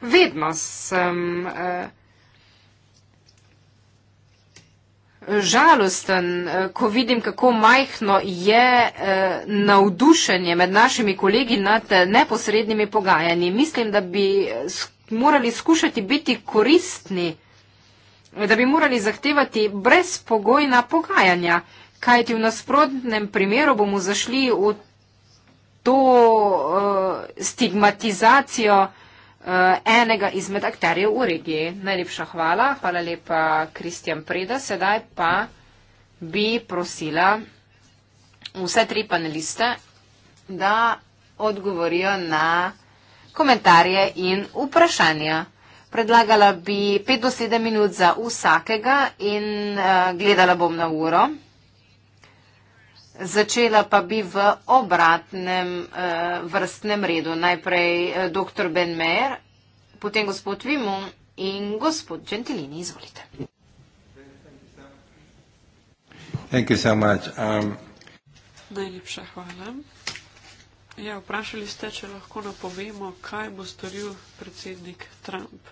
Vedno sem. Uh, žalosten, eh, ko vidim, kako majhno je eh, navdušenje med našimi kolegi nad eh, neposrednimi pogajanji. Mislim, da bi morali skušati biti koristni, da bi morali zahtevati brezpogojna pogajanja, kajti v nasprotnem primeru bomo zašli v to stigmatizacijo, Eh, enega izmed akterjev v regiji. Najlepša hvala, hvala lepa Kristjan Preda. Sedaj pa bi prosila vse tri paneliste, da odgovorijo na komentarje in vprašanja. Predlagala bi 5 do 7 minut za vsakega in uh, gledala bom na uro. Začela pa bi v obratnem uh, vrstnem redu. Najprej uh, eh, dr. Ben Meyer, potem gospod Vimu in gospod Gentilini. Izvolite. Um, Najlepša hvala. Ja, vprašali ste, če lahko napovemo, kaj bo storil predsednik Trump.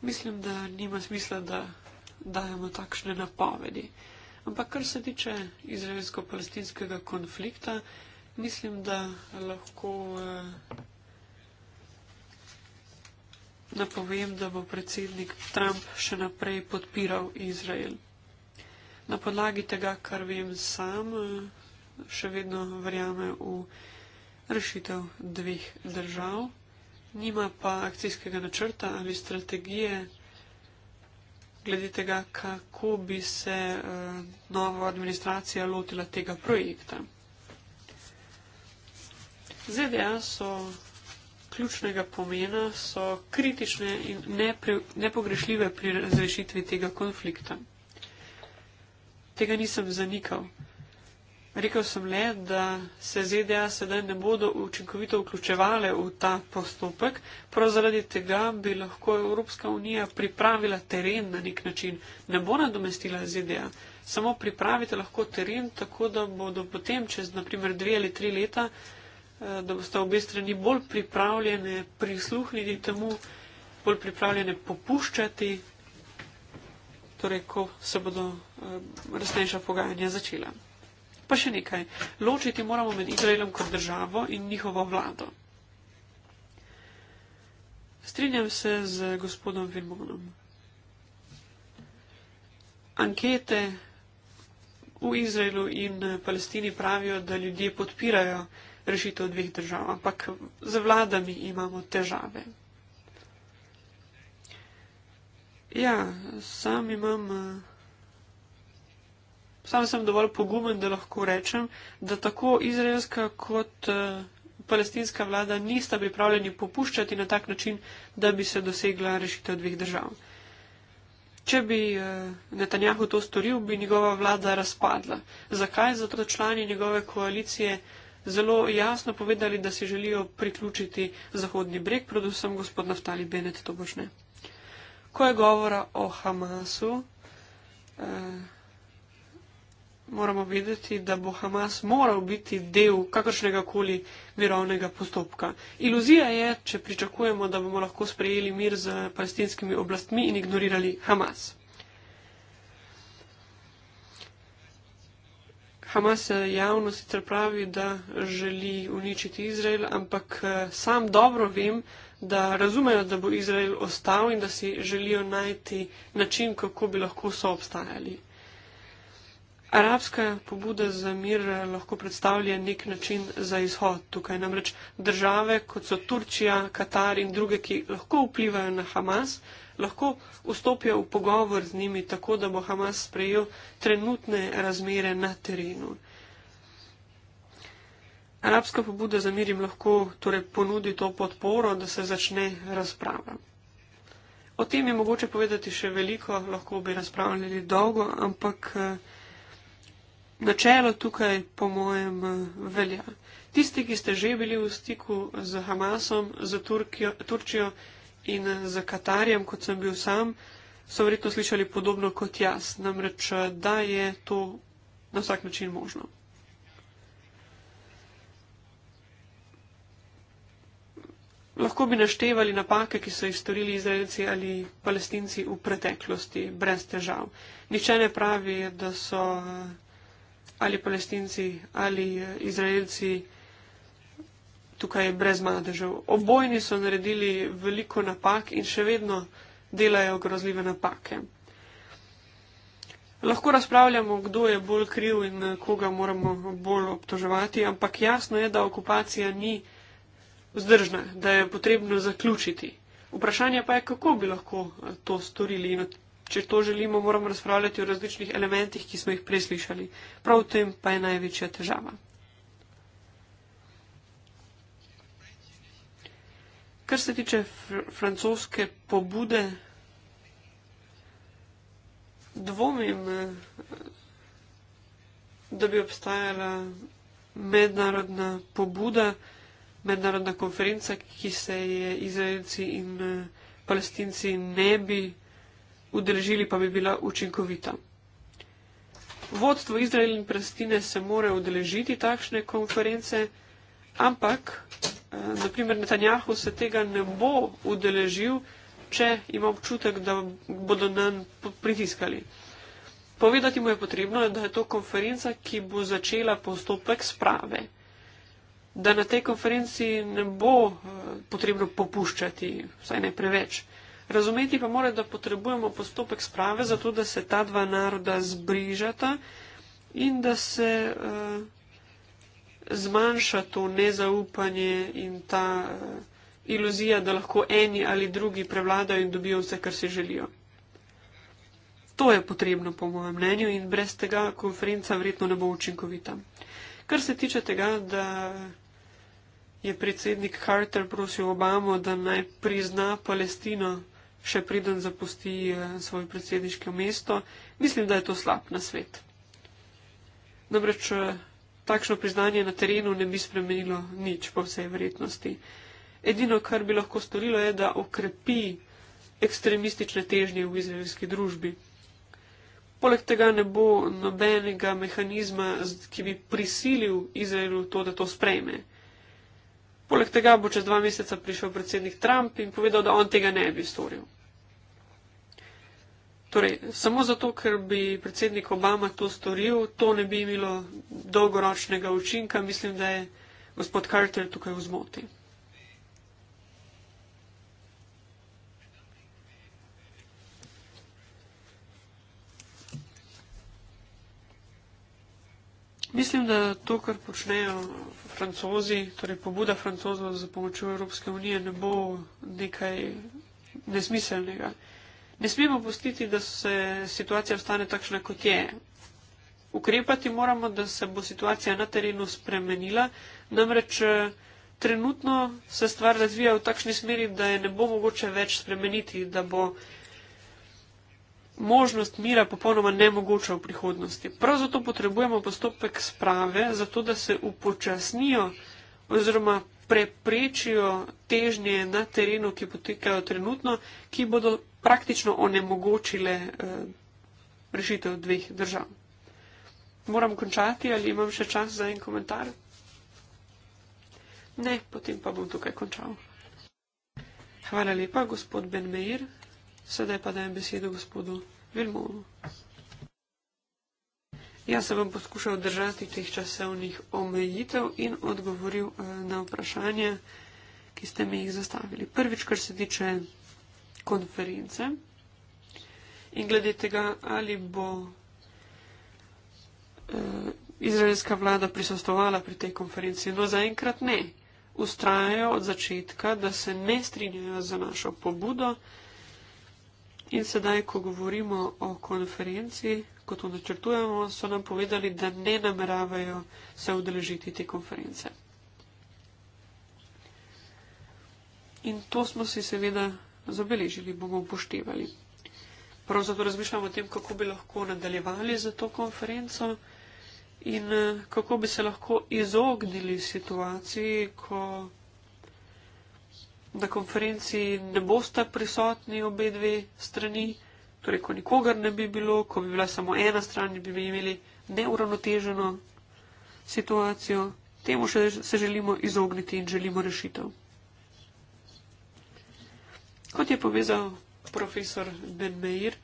Mislim, da nima smisla, da dajemo takšne napovedi. Uh, Ampak kar se tiče izraelsko-palestinskega konflikta, mislim, da lahko eh, napovem, da bo predsednik Trump še naprej podpiral Izrael. Na podlagi tega, kar vem sam, eh, še vedno verjame v rešitev dveh držav. Nima pa akcijskega načrta ali strategije glede tega, kako bi se uh, nova administracija lotila tega projekta. ZDA so ključnega pomena, so kritične in nepre, nepogrešljive pri razrešitvi tega konflikta. Tega nisem zanikal. Rekel sem le, da se ZDA sedaj ne bodo učinkovito vključevale v ta postopek, prav zaradi tega bi lahko Evropska unija pripravila teren na nek način. Ne bo nadomestila ZDA, samo pripravite lahko teren tako, da bodo potem čez naprimer dve ali tri leta, eh, da boste obe strani bolj pripravljene prisluhniti temu, bolj pripravljene popuščati, torej ko se bodo eh, resnejša pogajanja začela. Pa še nekaj, ločiti moramo med Izraelom kot državo in njihovo vlado. Strinjam se z gospodom Vimonom. Ankete v Izraelu in Palestini pravijo, da ljudje podpirajo rešitev dveh držav, ampak z vladami imamo težave. Ja, sam imam. Uh, Sam sem dovolj pogumen, da lahko rečem, da tako izraelska kot eh, palestinska vlada nista pripravljeni popuščati na tak način, da bi se dosegla rešitev dveh držav. Če bi eh, Netanjahu to storil, bi njegova vlada razpadla. Zakaj? Zato člani njegove koalicije zelo jasno povedali, da si želijo priključiti Zahodni breg, predvsem gospod Naftali Benet to božne. Ko je govora o Hamasu, eh, moramo vedeti, da bo Hamas moral biti del kakršnega koli mirovnega postopka. Iluzija je, če pričakujemo, da bomo lahko sprejeli mir z palestinskimi oblastmi in ignorirali Hamas. Hamas javno sicer pravi, da želi uničiti Izrael, ampak eh, sam dobro vem, da razumejo, da bo Izrael ostal in da si želijo najti način, kako bi lahko soobstajali. Arabska pobuda za mir eh, lahko predstavlja nek način za izhod. Tukaj namreč države, kot so Turčija, Katar in druge, ki lahko vplivajo na Hamas, lahko vstopijo v pogovor z njimi tako, da bo Hamas sprejel trenutne razmere na terenu. Arabska pobuda za mir jim lahko torej ponudi to podporo, da se začne razprava. O tem je mogoče povedati še veliko, lahko bi razpravljali dolgo, ampak. Eh, načelo tukaj, po mojem, velja. Tisti, ki ste že bili v stiku z Hamasom, z Turkijo, Turčijo in z Katarjem, kot sem bil sam, so verjetno slišali podobno kot jaz, namreč da je to na vsak način možno. Lahko bi naštevali napake, ki so jih storili izraelci ali palestinci v preteklosti, brez težav. Nihče ne pravi, da so ali palestinci ali izraelci, tukaj je brez madežev. Obojni so naredili veliko napak in še vedno delajo grozljive napake. Lahko razpravljamo, kdo je bolj kriv in koga moramo bolj obtoževati, ampak jasno je, da okupacija ni vzdržna, da je potrebno zaključiti. Vprašanje pa je, kako bi lahko to storili in od če to želimo, moramo razpravljati o različnih elementih, ki smo jih preslišali. Prav v tem pa je največja težava. Kar se tiče fr francoske pobude, dvomim, eh, da bi obstajala mednarodna pobuda, mednarodna konferenca, ki se je izraelci in eh, palestinci ne bi udeležili pa bi bila učinkovita. Vodstvo Izraela in Palestine se more udeležiti takšne konference, ampak eh, naprimer Netanjahu se tega ne bo udeležil, če ima občutek, da bodo na nj pritiskali. Povedati mu je potrebno, da je to konferenca, ki bo začela postopek sprave, da na tej konferenci ne bo eh, potrebno popuščati, vsaj ne preveč. Razumeti pa mora, da potrebujemo postopek sprave, zato da se ta dva naroda zbližata in da se uh, zmanjša to nezaupanje in ta uh, iluzija, da lahko eni ali drugi prevladajo in dobijo vse, kar si želijo. To je potrebno, po mojem mnenju, in brez tega konferenca verjetno ne bo učinkovita. Kar se tiče tega, da je predsednik Carter prosil Obamo, da naj prizna Palestino, še preden zapusti eh, svoje predsedniško mesto, mislim, da je to slab na svet. Namreč eh, takšno priznanje na terenu ne bi spremenilo nič po vsej vrednosti. Edino, kar bi lahko storilo, je, da okrepi ekstremistične težnje v izraelski družbi. Poleg tega ne bo nobenega mehanizma, ki bi prisilil Izraelu to, da to sprejme. Poleg tega bo čez dva meseca prišel predsednik Trump in povedal, da on tega ne bi storil. Torej, samo zato, ker bi predsednik Obama to storil, to ne bi imelo dolgoročnega učinka. Mislim, da je gospod Carter tukaj v zmoti. Mislim, da to, kar počnejo francozi, torej pobuda francozov za pomočjo Evropske unije ne bo nekaj nesmiselnega. Ne smemo pustiti, da se situacija ostane takšna, kot je. Ukrepati moramo, da se bo situacija na terenu spremenila, namreč eh, trenutno se stvar razvija v takšni smeri, da je ne bo mogoče več spremeniti, da bo možnost mira popolnoma nemogoča v prihodnosti. Prav zato potrebujemo postopek sprave, zato da se upočasnijo oziroma preprečijo težnje na terenu, ki potekajo trenutno, ki bodo praktično onemogočile eh, rešitev dveh držav. Moram končati ali imam še čas za en komentar? Ne, potem pa bom tukaj končal. Hvala lepa, gospod Ben Meir. Sedaj pa dajem besedo gospodu Vilmonu. Jaz se bom poskušal držati teh časovnih omejitev in odgovoril eh, na vprašanje, ki ste mi jih zastavili. Prvič, kar se tiče konference in glede tega, ali bo eh, izraelska vlada prisostovala pri tej konferenci. No, zaenkrat ne. Ustrajajo od začetka, da se ne strinjajo za našo pobudo, In sedaj, ko govorimo o konferenci, kot jo načrtujemo, so nam povedali, da ne nameravajo se udeležiti te konference. In to smo si seveda zabeležili, bomo upoštevali. Pravzaprav razmišljamo o tem, kako bi lahko nadaljevali za to konferenco in eh, kako bi se lahko izognili situaciji, ko na konferenci ne boste prisotni obe dve strani, torej ko nikogar ne bi bilo, ko bi bila samo ena stran, bi, bi imeli neuravnoteženo situacijo. Temu še, se želimo izogniti in želimo rešitev. Kot je povezal profesor Ben Meir,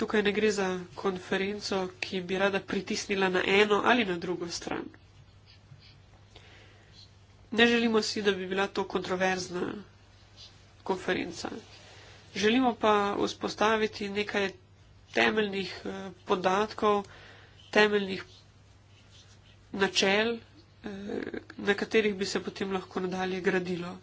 tukaj ne gre za konferenco, ki bi rada pritisnila na eno ali na drugo stran. Ne želimo si, da bi bila to kontroverzna konferenca. Želimo pa vzpostaviti nekaj temeljnih eh, podatkov, temeljnih načel, eh, na katerih bi se potem lahko nadalje gradilo.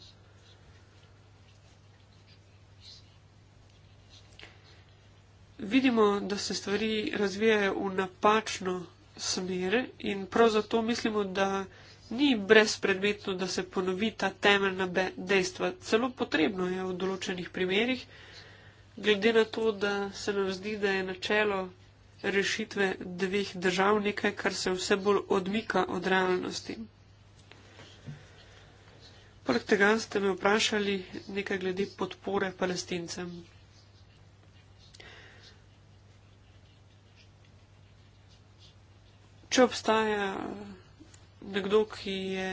Vidimo, da se stvari razvijajo v napačno smer in prav zato mislimo, da ni brezpredmetno, da se ponovi ta temeljna dejstva. Celo potrebno je v določenih primerjih, glede na to, da se nam zdi, da je načelo rešitve dveh držav nekaj, kar se vse bolj odmika od realnosti. Poleg tega ste me vprašali nekaj glede podpore palestincem. Če obstaja nekdo, ki je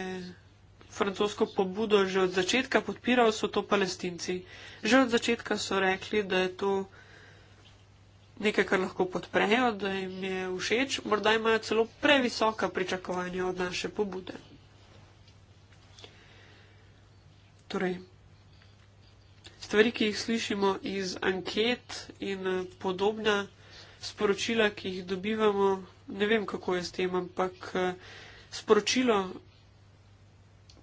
francosko pobudo že od začetka podpiral, so to palestinci. Že od začetka so rekli, da je to nekaj, kar lahko podprejo, da jim je všeč, morda imajo celo previsoka pričakovanja od naše pobude. Torej, stvari, ki jih slišimo iz anket in podobna sporočila, ki jih dobivamo, ne vem, kako je s tem, ampak. Sporočilo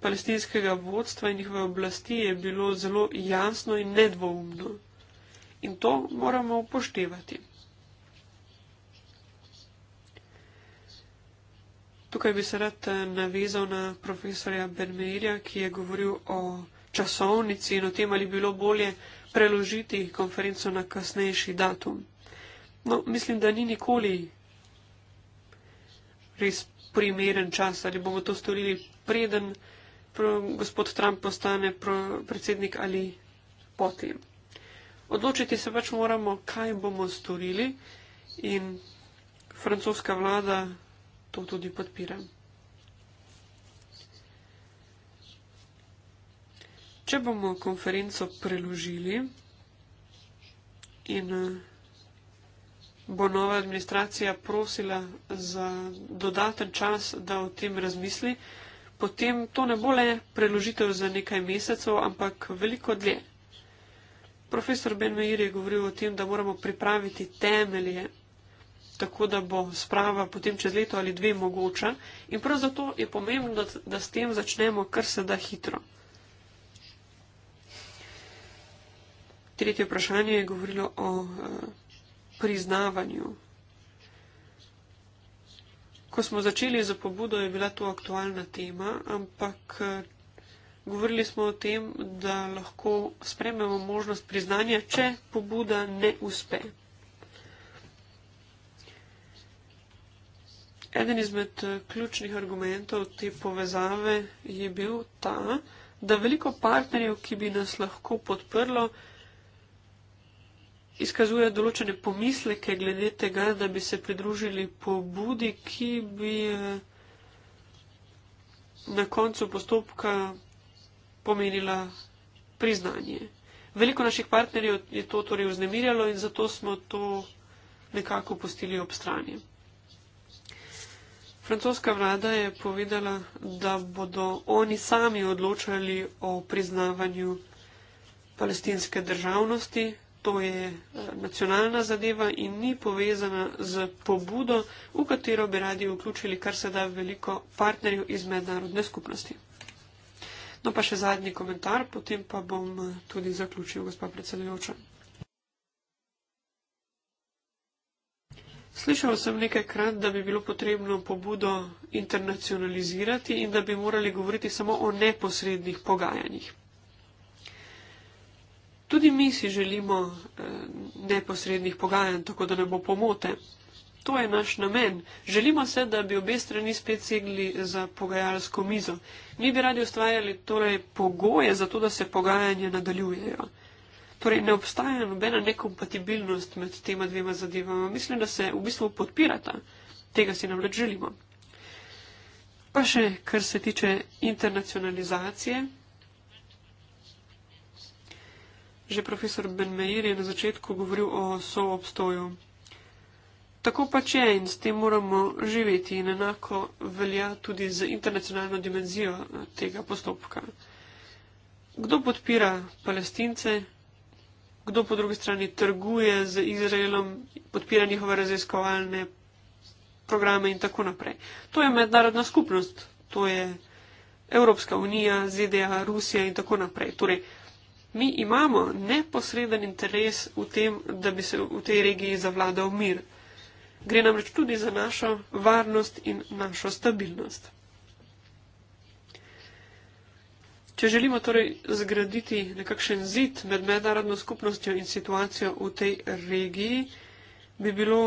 palestinskega vodstva in njihove oblasti je bilo zelo jasno in nedvoumno. In to moramo upoštevati. Tukaj bi se rad eh, navezal na profesorja Bermeirja, ki je govoril o časovnici in o tem, ali bilo bolje preložiti konferenco na kasnejši datum. No, mislim, da ni nikoli res primeren čas, ali bomo to storili preden gospod Trump postane predsednik ali potem. Odločiti se pač moramo, kaj bomo storili in francoska vlada to tudi podpira. Če bomo konferenco preložili in. Uh, bo nova administracija prosila za dodaten čas, da o tem razmisli, potem to ne bo le preložitev za nekaj mesecev, ampak veliko dlje. Profesor Ben Meir je govoril o tem, da moramo pripraviti temelje, tako da bo sprava potem čez leto ali dve mogoča in prav zato je pomembno, da, da s tem začnemo kar se da hitro. Tretje vprašanje je govorilo o eh, priznavanju. Ko smo začeli z pobudo, je bila to aktualna tema, ampak eh, govorili smo o tem, da lahko sprememo možnost priznanja, če pobuda ne uspe. Eden izmed eh, ključnih argumentov te povezave je bil ta, da veliko partnerjev, ki bi nas lahko podprlo, izkazuje določene pomisleke glede tega, da bi se pridružili pobudi, ki bi eh, na koncu postopka pomenila priznanje. Veliko naših partnerjev je to torej vznemirjalo in zato smo to nekako pustili ob strani. Francoska vlada je povedala, da bodo oni sami odločali o priznavanju palestinske državnosti, to je eh, nacionalna zadeva in ni povezana z pobudo, v katero bi radi vključili kar se da veliko partnerjev iz mednarodne skupnosti. No pa še zadnji komentar, potem pa bom eh, tudi zaključil, gospa predsedujoča. Slišal sem nekajkrat, da bi bilo potrebno pobudo internacionalizirati in da bi morali govoriti samo o neposrednih pogajanjih. Tudi mi si želimo eh, neposrednih pogajanj, tako da ne bo pomote. To je naš namen. Želimo se, da bi obe strani spet segli za pogajalsko mizo. Mi bi radi ustvarjali torej pogoje za to, da se pogajanja nadaljujejo. Torej ne obstaja nobena nekompatibilnost med tema dvema zadevama. Mislim, da se v bistvu podpirata. Tega si namreč želimo. Pa še, kar se tiče internacionalizacije. že profesor Ben Meir je na začetku govoril o soobstoju. Tako pač je in s tem moramo živeti in enako velja tudi z internacionalno dimenzijo eh, tega postopka. Kdo podpira palestince, kdo po drugi strani trguje z Izraelom, podpira njihove raziskovalne programe in tako naprej. To je mednarodna skupnost, to je Evropska unija, ZDA, Rusija in tako naprej. Torej, mi imamo neposreden interes v tem, da bi se v tej regiji zavladal mir. Gre namreč tudi za našo varnost in našo stabilnost. Če želimo torej zgraditi nekakšen zid med mednarodno skupnostjo in situacijo v tej regiji, bi bilo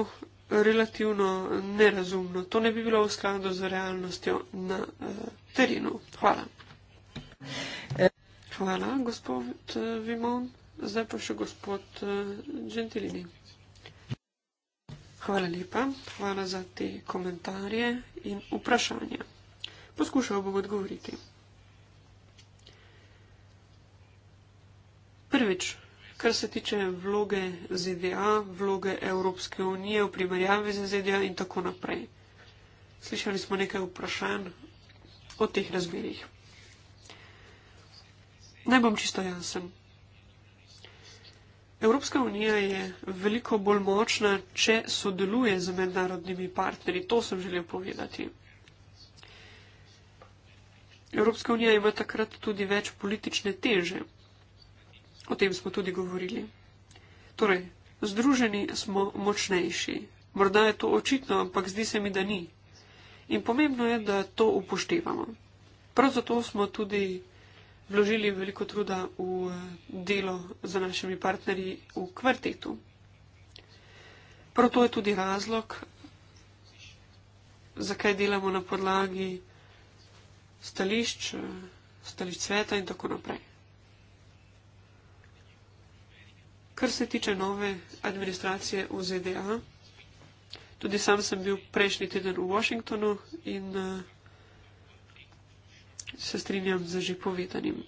relativno nerazumno. To ne bi bilo v skladu z realnostjo na eh, terenu. Hvala. Eh. Hvala, gospod eh, Vimon. Zdaj pa še gospod eh, Gentilini. Hvala lepa, hvala za te komentarje in vprašanja. Poskušal bom odgovoriti. Prvič, kar se tiče vloge ZDA, vloge Evropske unije v primerjavi z ZDA in tako naprej. Slišali smo nekaj vprašanj o teh razmerjih. Naj bom čisto jasen. Evropska unija je veliko bolj močna, če sodeluje z mednarodnimi partnerji. To sem želel povedati. Evropska unija ima takrat tudi več politične teže. O tem smo tudi govorili. Torej, združeni smo močnejši. Morda je to očitno, ampak zdi se mi, da ni. In pomembno je, da to upoštevamo. Prav zato smo tudi vložili veliko truda v eh, delo z našimi partnerji v kvartetu. Prav to je tudi razlog, zakaj delamo na podlagi stališč, eh, stališč sveta in tako naprej. Kar se tiče nove administracije v ZDA, tudi sam sem bil prejšnji teden v Washingtonu in uh, se strinjam z že povedanim.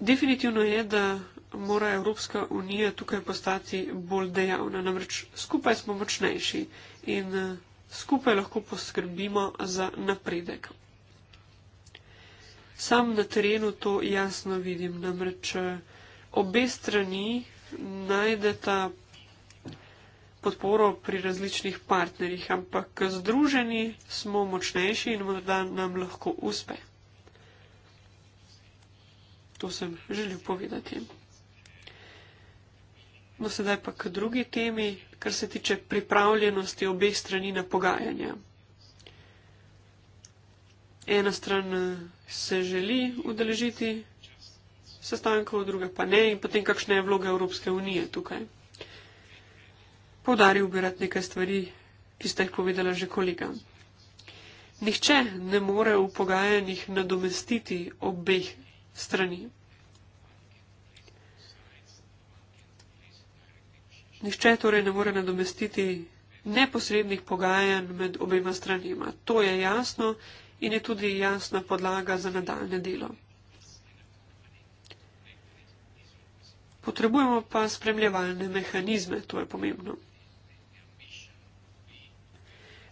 Definitivno je, da mora Evropska unija tukaj postati bolj dejavna, namreč skupaj smo močnejši in eh, skupaj lahko poskrbimo za napredek. Sam na terenu to jasno vidim, namreč eh, obe strani najdeta podporo pri različnih partnerjih, ampak združeni smo močnejši in morda nam lahko uspe. To sem želel povedati. No sedaj pa k drugi temi, kar se tiče pripravljenosti obeh strani na pogajanja. Ena stran eh, se želi udeležiti sestankov, druga pa ne in potem kakšna je vloga Evropske unije tukaj. Podaril bi rad nekaj stvari, ki ste jih povedala že kolega. Nihče ne more v pogajanjih nadomestiti obeh strani. Nihče torej ne more nadomestiti neposrednih pogajanj med obema stranima. To je jasno in je tudi jasna podlaga za nadaljne delo. Potrebujemo pa spremljevalne mehanizme, to je pomembno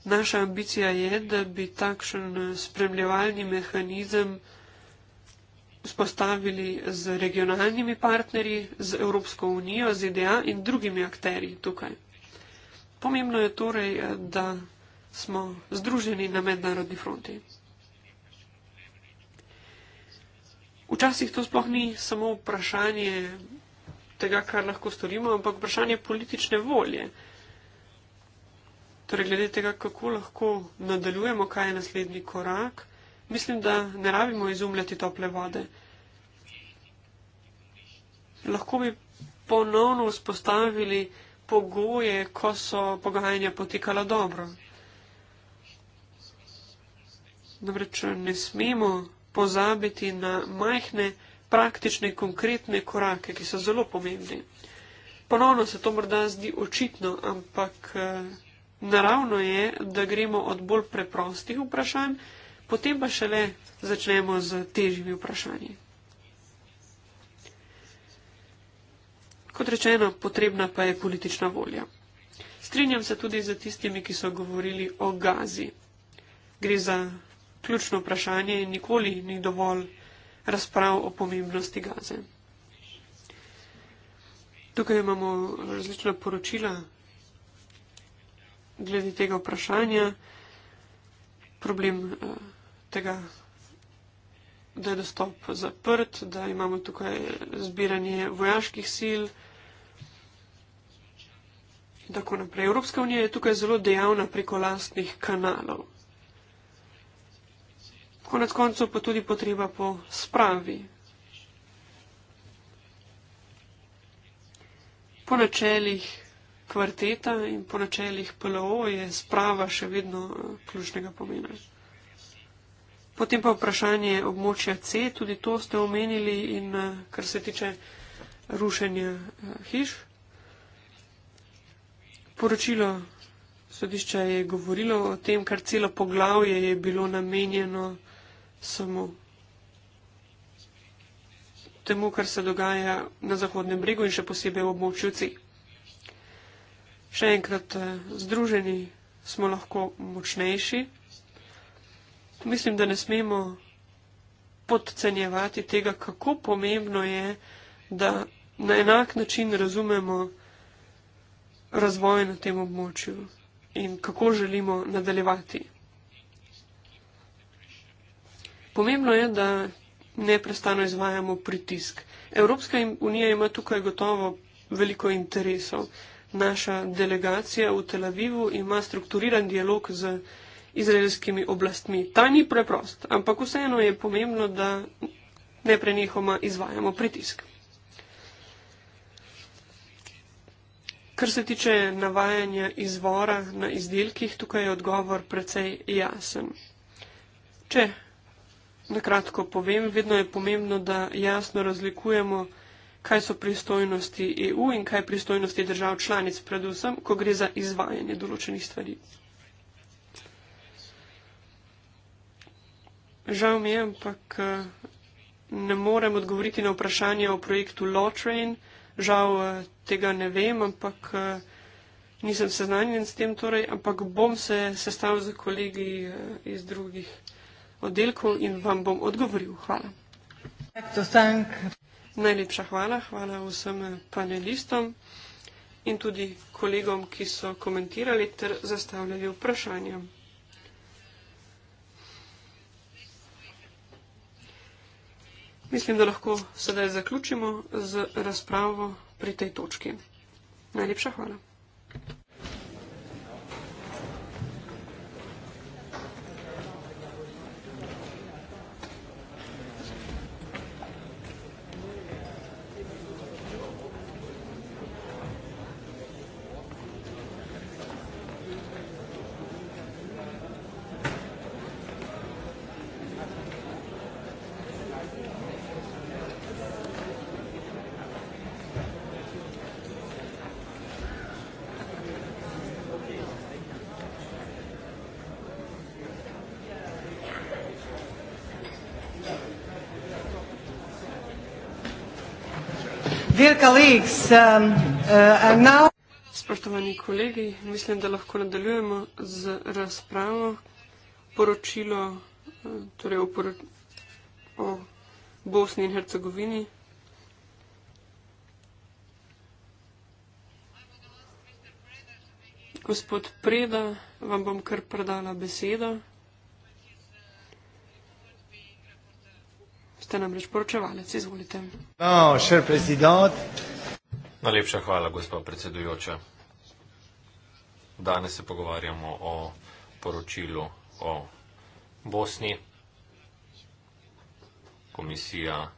naša ambicija je, da bi takšen spremljevalni mehanizem spostavili z regionalnimi partnerji, z Evropsko unijo, ZDA in drugimi akteri tukaj. Pomembno je torej, da smo združeni na mednarodni fronti. Včasih to sploh ni samo vprašanje tega, kar lahko storimo, ampak vprašanje politične volje. Torej, glede tega, kako lahko nadaljujemo, kaj je naslednji korak, mislim, da ne rabimo izumljati tople vode. Lahko bi ponovno vzpostavili pogoje, ko so pogajanja potekala dobro. Namreč ne smemo pozabiti na majhne, praktične, konkretne korake, ki so zelo pomembni. Ponovno se to morda zdi očitno, ampak. Eh, Naravno je, da gremo od bolj preprostih vprašanj, potem pa šele začnemo z težjimi vprašanji. Kot rečeno, potrebna pa je politična volja. Strinjam se tudi z tistimi, ki so govorili o gazi. Gre za ključno vprašanje in nikoli ni dovolj razprav o pomembnosti gaze. Tukaj imamo različna poročila glede tega vprašanja, problem eh, tega, da je dostop zaprt, da imamo tukaj zbiranje vojaških sil. Tako naprej. Evropska unija je tukaj zelo dejavna preko lastnih kanalov. Konec koncev pa tudi potreba po spravi. Po načelih kvarteta in po načeljih PLO je sprava še vedno eh, ključnega pomena. Potem pa vprašanje območja C, tudi to ste omenili in eh, kar se tiče rušenja eh, hiš. Poročilo sodišča je govorilo o tem, kar celo poglavje je bilo namenjeno samo temu, kar se dogaja na Zahodnem bregu in še posebej v območju C. Še enkrat, eh, združeni smo lahko močnejši. Mislim, da ne smemo podcenjevati tega, kako pomembno je, da na enak način razumemo razvoj na tem območju in kako želimo nadaljevati. Pomembno je, da neprestano izvajamo pritisk. Evropska unija ima tukaj gotovo veliko interesov naša delegacija v Tel Avivu ima strukturiran dialog z izraelskimi oblastmi. Ta ni preprost, ampak vseeno je pomembno, da ne prenehoma izvajamo pritisk. Kar se tiče navajanja izvora na izdelkih, tukaj je odgovor precej jasen. Če nakratko povem, vedno je pomembno, da jasno razlikujemo, kaj so pristojnosti EU in kaj pristojnosti držav članic, predvsem, ko gre za izvajanje določenih stvari. Žal mi je, ampak eh, ne morem odgovoriti na vprašanje o projektu Lawtrain. Žal eh, tega ne vem, ampak eh, nisem seznanjen s tem, torej, ampak bom se sestavil z kolegi iz drugih oddelkov in vam bom odgovoril. Hvala. Tak to stank. Najlepša hvala, hvala vsem panelistom in tudi kolegom, ki so komentirali ter zastavljali vprašanja. Mislim, da lahko sedaj zaključimo z razpravo pri tej točki. Najlepša hvala. Um, uh, Spoštovani kolegi, mislim, da lahko nadaljujemo z razpravo. Poročilo eh, torej o, poro o Bosni in Hercegovini. Gospod Preda, vam bom kar predala besedo. ste namreč poročevalec. Izvolite. No, Najlepša hvala, gospod predsedujoča. Danes se pogovarjamo o poročilu o Bosni. Komisija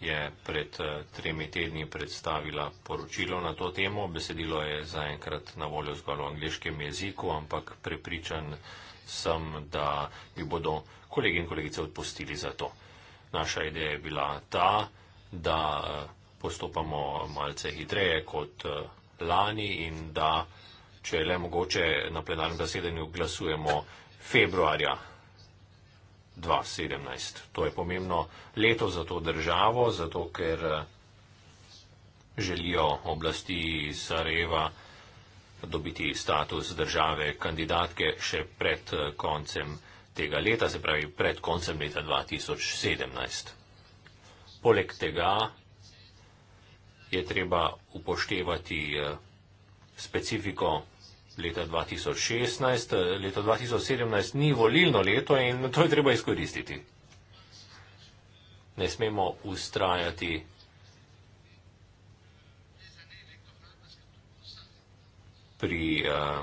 je pred eh, tremi tedni predstavila poročilo na to temo. Besedilo je zaenkrat na voljo zgolj v angliškem jeziku, ampak prepričan sem, da jih bodo kolegi in kolegice odpustili za to naša ideja je bila ta, da postopamo malce hitreje kot eh, lani in da, če le mogoče, na plenarnem zasedanju glasujemo februarja 2017. To je pomembno leto za to državo, zato ker eh, želijo oblasti Sarajeva dobiti status države kandidatke še pred eh, koncem leta tega leta, se pravi pred koncem leta 2017. Poleg tega je treba upoštevati eh, specifiko leta 2016. Leto 2017 ni volilno leto in to je treba izkoristiti. Ne smemo ustrajati pri uh,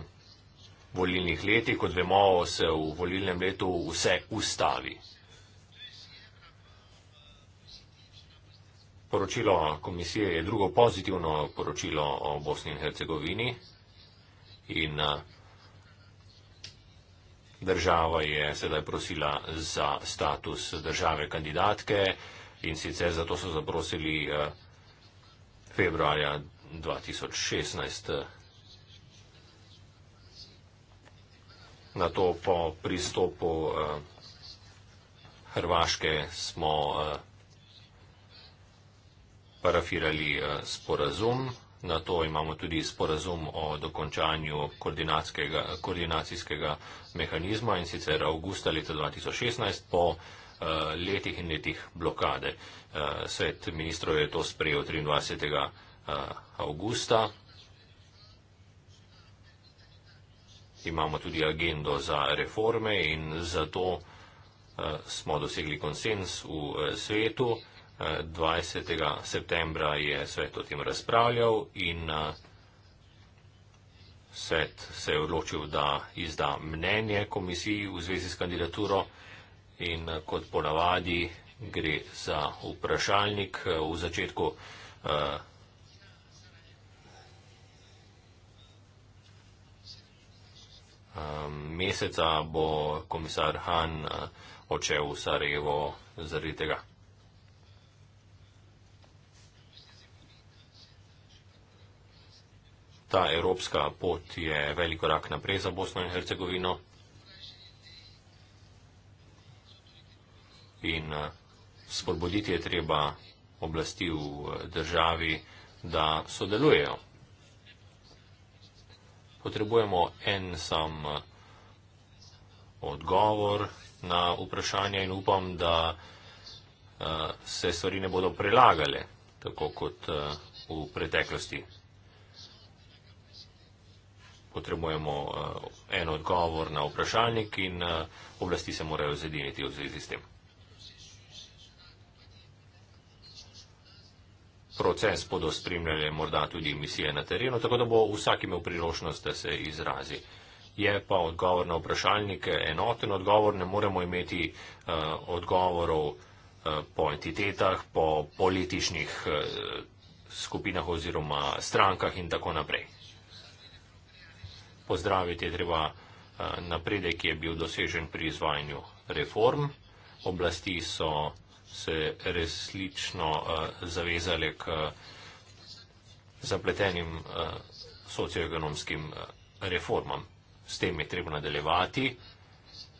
volilnih letih. Kot vemo, se v volilnem letu vse ustavi. Poročilo komisije je drugo pozitivno poročilo o Bosni in Hercegovini in eh, država je sedaj prosila za status države kandidatke in sicer zato so zaprosili eh, februarja 2016. na to po pristopu eh, Hrvaške smo eh, parafirali eh, sporazum, na to imamo tudi sporazum o dokončanju koordinacijskega mehanizma in sicer augusta leta 2016 po letih in letih blokade. Svet ministrov je to sprejel 23. augusta 2016. imamo tudi agendo za reforme in zato eh, smo dosegli konsens v eh, svetu. 20. Eh, septembra je svet o tem razpravljal in svet se je odločil, da izda mnenje komisiji v zvezi s kandidaturo in kot ponavadi gre za vprašalnik v začetku. um, meseca bo komisar Han uh, odšel v Sarajevo zaradi tega. Ta evropska pot je velik korak naprej za Bosno in Hercegovino. In eh, spodbuditi je treba oblasti v eh, državi, da sodelujejo potrebujemo en sam eh, odgovor na vprašanje in upam, da eh, se stvari ne bodo prelagale tako kot eh, v preteklosti. Potrebujemo en odgovor na vprašalnik in oblasti se morajo zediniti v zvezi s tem. proces bodo spremljale morda tudi misije na terenu, tako da bo vsak imel priložnost, da se izrazi. Je pa odgovor na vprašalnike enoten odgovor, ne moremo imeti uh, odgovorov uh, po entitetah, po političnih uh, skupinah oziroma strankah in tako naprej. Pozdraviti je treba uh, napredek, ki je bil dosežen pri izvajanju reform. Oblasti so se resnično uh, eh, zavezali k eh, zapletenim uh, socioekonomskim reformam. S tem je treba nadaljevati.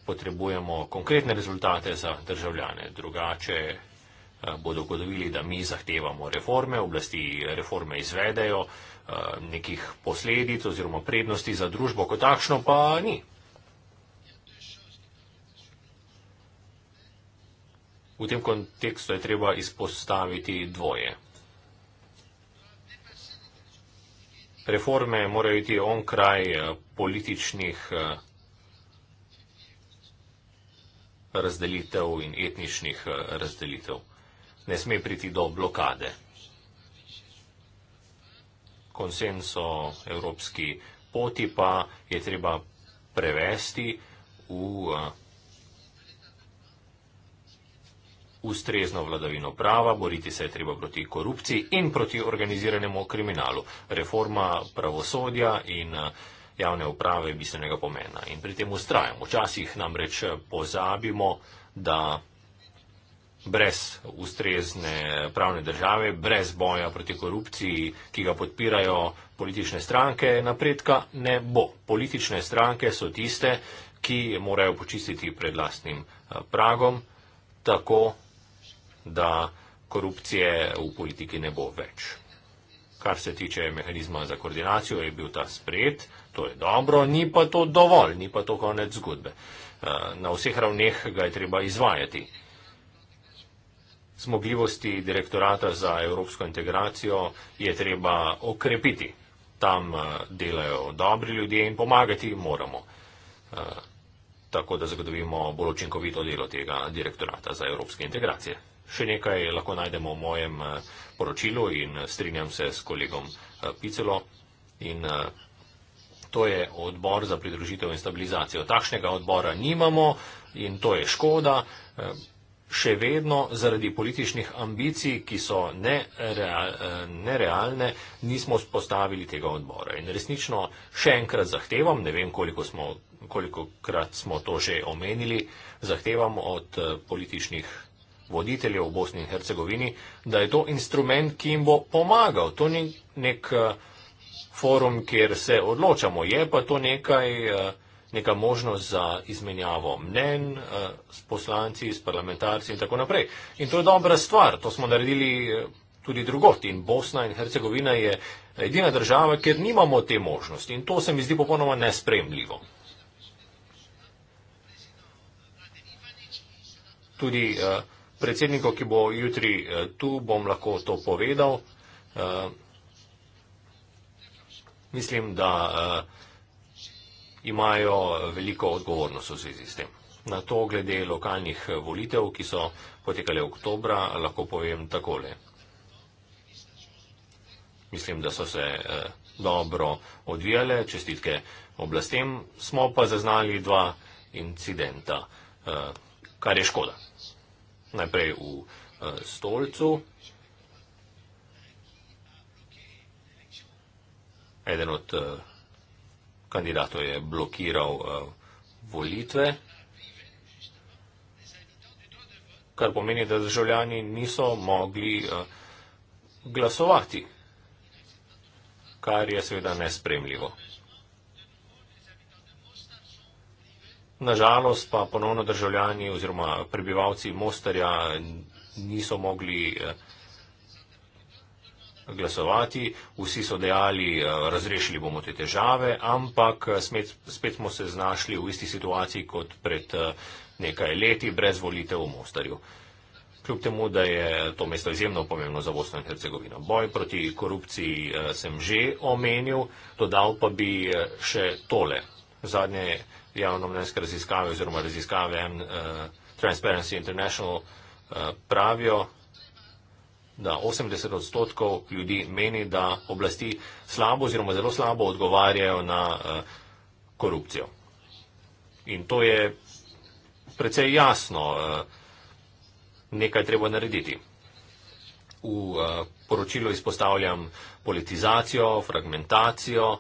Potrebujemo konkretne rezultate za državljane. Drugače bodo ugotovili, da mi zahtevamo reforme, oblasti reforme izvedejo, nekih posledic oziroma prednosti za družbo kot takšno pa ni. V tem kontekstu je treba izpostaviti dvoje. Reforme morajo iti on kraj eh, političnih eh, razdelitev in etničnih eh, razdelitev. Ne sme priti do blokade. Konsens o evropski poti pa je treba prevesti v. ustrezno vladavino prava, boriti se je treba proti korupciji in proti organiziranemu kriminalu. Reforma pravosodja in eh, javne uprave je bistvenega pomena. In pri tem ustrajamo. Včasih namreč pozabimo, da brez ustrezne pravne države, brez boja proti korupciji, ki ga podpirajo politične stranke, napredka ne bo. Politične stranke so tiste, ki morajo počistiti pred lastnim eh, pragom, tako da korupcije v politiki ne bo več. Kar se tiče mehanizma za koordinacijo, je bil ta sprejet, to je dobro, ni pa to dovolj, ni pa to konec zgodbe. Eh, na vseh ravneh ga je treba izvajati. Zmogljivosti direktorata za evropsko integracijo je treba okrepiti. Tam eh, delajo dobri ljudje in pomagati moramo, eh, tako da zagotovimo bolj očinkovito delo tega direktorata za evropske integracije. Še nekaj lahko najdemo v mojem eh, poročilu in eh, strinjam se s kolegom eh, Picelo. In to je odbor za pridružitev in stabilizacijo. Takšnega odbora nimamo in to je škoda. Še vedno zaradi političnih ambicij, ki so nerealne, nismo spostavili tega odbora. In resnično še enkrat zahtevam, ne vem, koliko, smo, koliko krat smo to že omenili, zahtevam od političnih voditelje v Bosni in Hercegovini, da je to instrument, ki jim bo pomagal. To ni nek eh, forum, kjer se odločamo, je pa to nekaj, eh, neka možnost za izmenjavo mnen eh, s poslanci, s parlamentarci in tako naprej. In to je dobra stvar, to smo naredili tudi drugot in Bosna in Hercegovina je edina država, kjer nimamo te možnosti in to se mi zdi popolnoma nespremljivo. Tudi uh, predsedniku, ki bo jutri eh, tu, bom lahko to povedal. Eh, mislim, da eh, imajo veliko odgovornost v zvezi s tem. Na to glede lokalnih volitev, ki so potekale oktobra, lahko povem takole. Mislim, da so se dobro odvijale, čestitke oblastem, smo pa zaznali dva incidenta, kar je škoda najprej v eh, stolcu. Eden od eh, kandidatov je blokiral eh, volitve, kar pomeni, da državljani niso mogli glasovati, kar je seveda nespremljivo. Nažalost pa ponovno državljani oziroma prebivalci Mostarja niso mogli eh, glasovati. Vsi so dejali, eh, razrešili bomo te težave, ampak eh, smet, spet smo se znašli v isti situaciji kot pred nekaj leti brez volitev v Mostarju. Kljub temu, da je to mesto izjemno pomembno za Bosno in Hercegovino. Boj proti korupciji sem že omenil, dodal pa bi še tole. Zadnje javnomnenjske raziskave oziroma raziskave uh, Transparency International uh, pravijo, da 80 odstotkov ljudi meni, da oblasti slabo oziroma zelo slabo odgovarjajo na uh, korupcijo. In to je precej jasno, nekaj treba narediti. V poročilu izpostavljam politizacijo, fragmentacijo,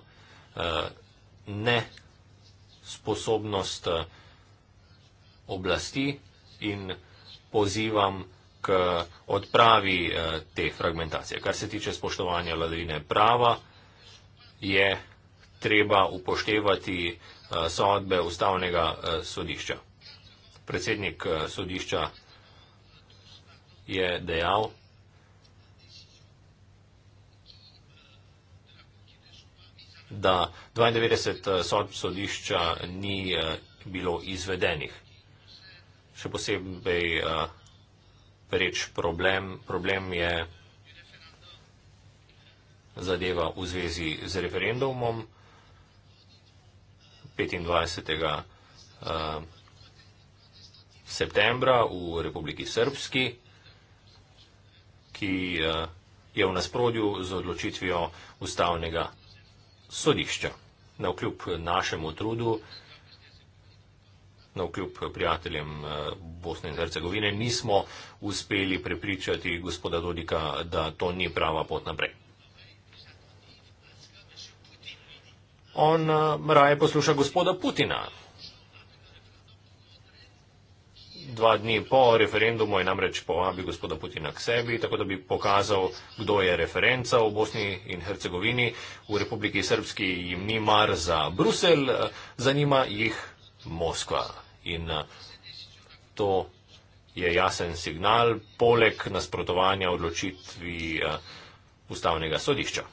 ne sposobnost eh, oblasti in pozivam k odpravi eh, te fragmentacije. Kar se tiče spoštovanja vladavine prava, je treba upoštevati eh, sodbe ustavnega sodišča. Predsednik sodišča je dejal, da 92 eh, sodb sodišča ni eh, bilo izvedenih. Še posebej eh, reč problem, problem je zadeva v zvezi z referendumom 25. septembra v Republiki Srbski, ki je v nasprodju z odločitvijo ustavnega sodišča. Na vkljub našemu trudu, na vkljub prijateljem eh, Bosne in Hercegovine, nismo uspeli prepričati gospoda Dodika, da to ni prava pot naprej. On eh, raje posluša gospoda Putina. dva dni po referendumu je namreč povabil gospoda Putina k sebi, tako da bi pokazal, kdo je referenca v Bosni in Hercegovini. V Republiki Srpski jim ni mar za Brusel, zanima jih Moskva. In to je jasen signal poleg nasprotovanja odločitvi ustavnega sodišča.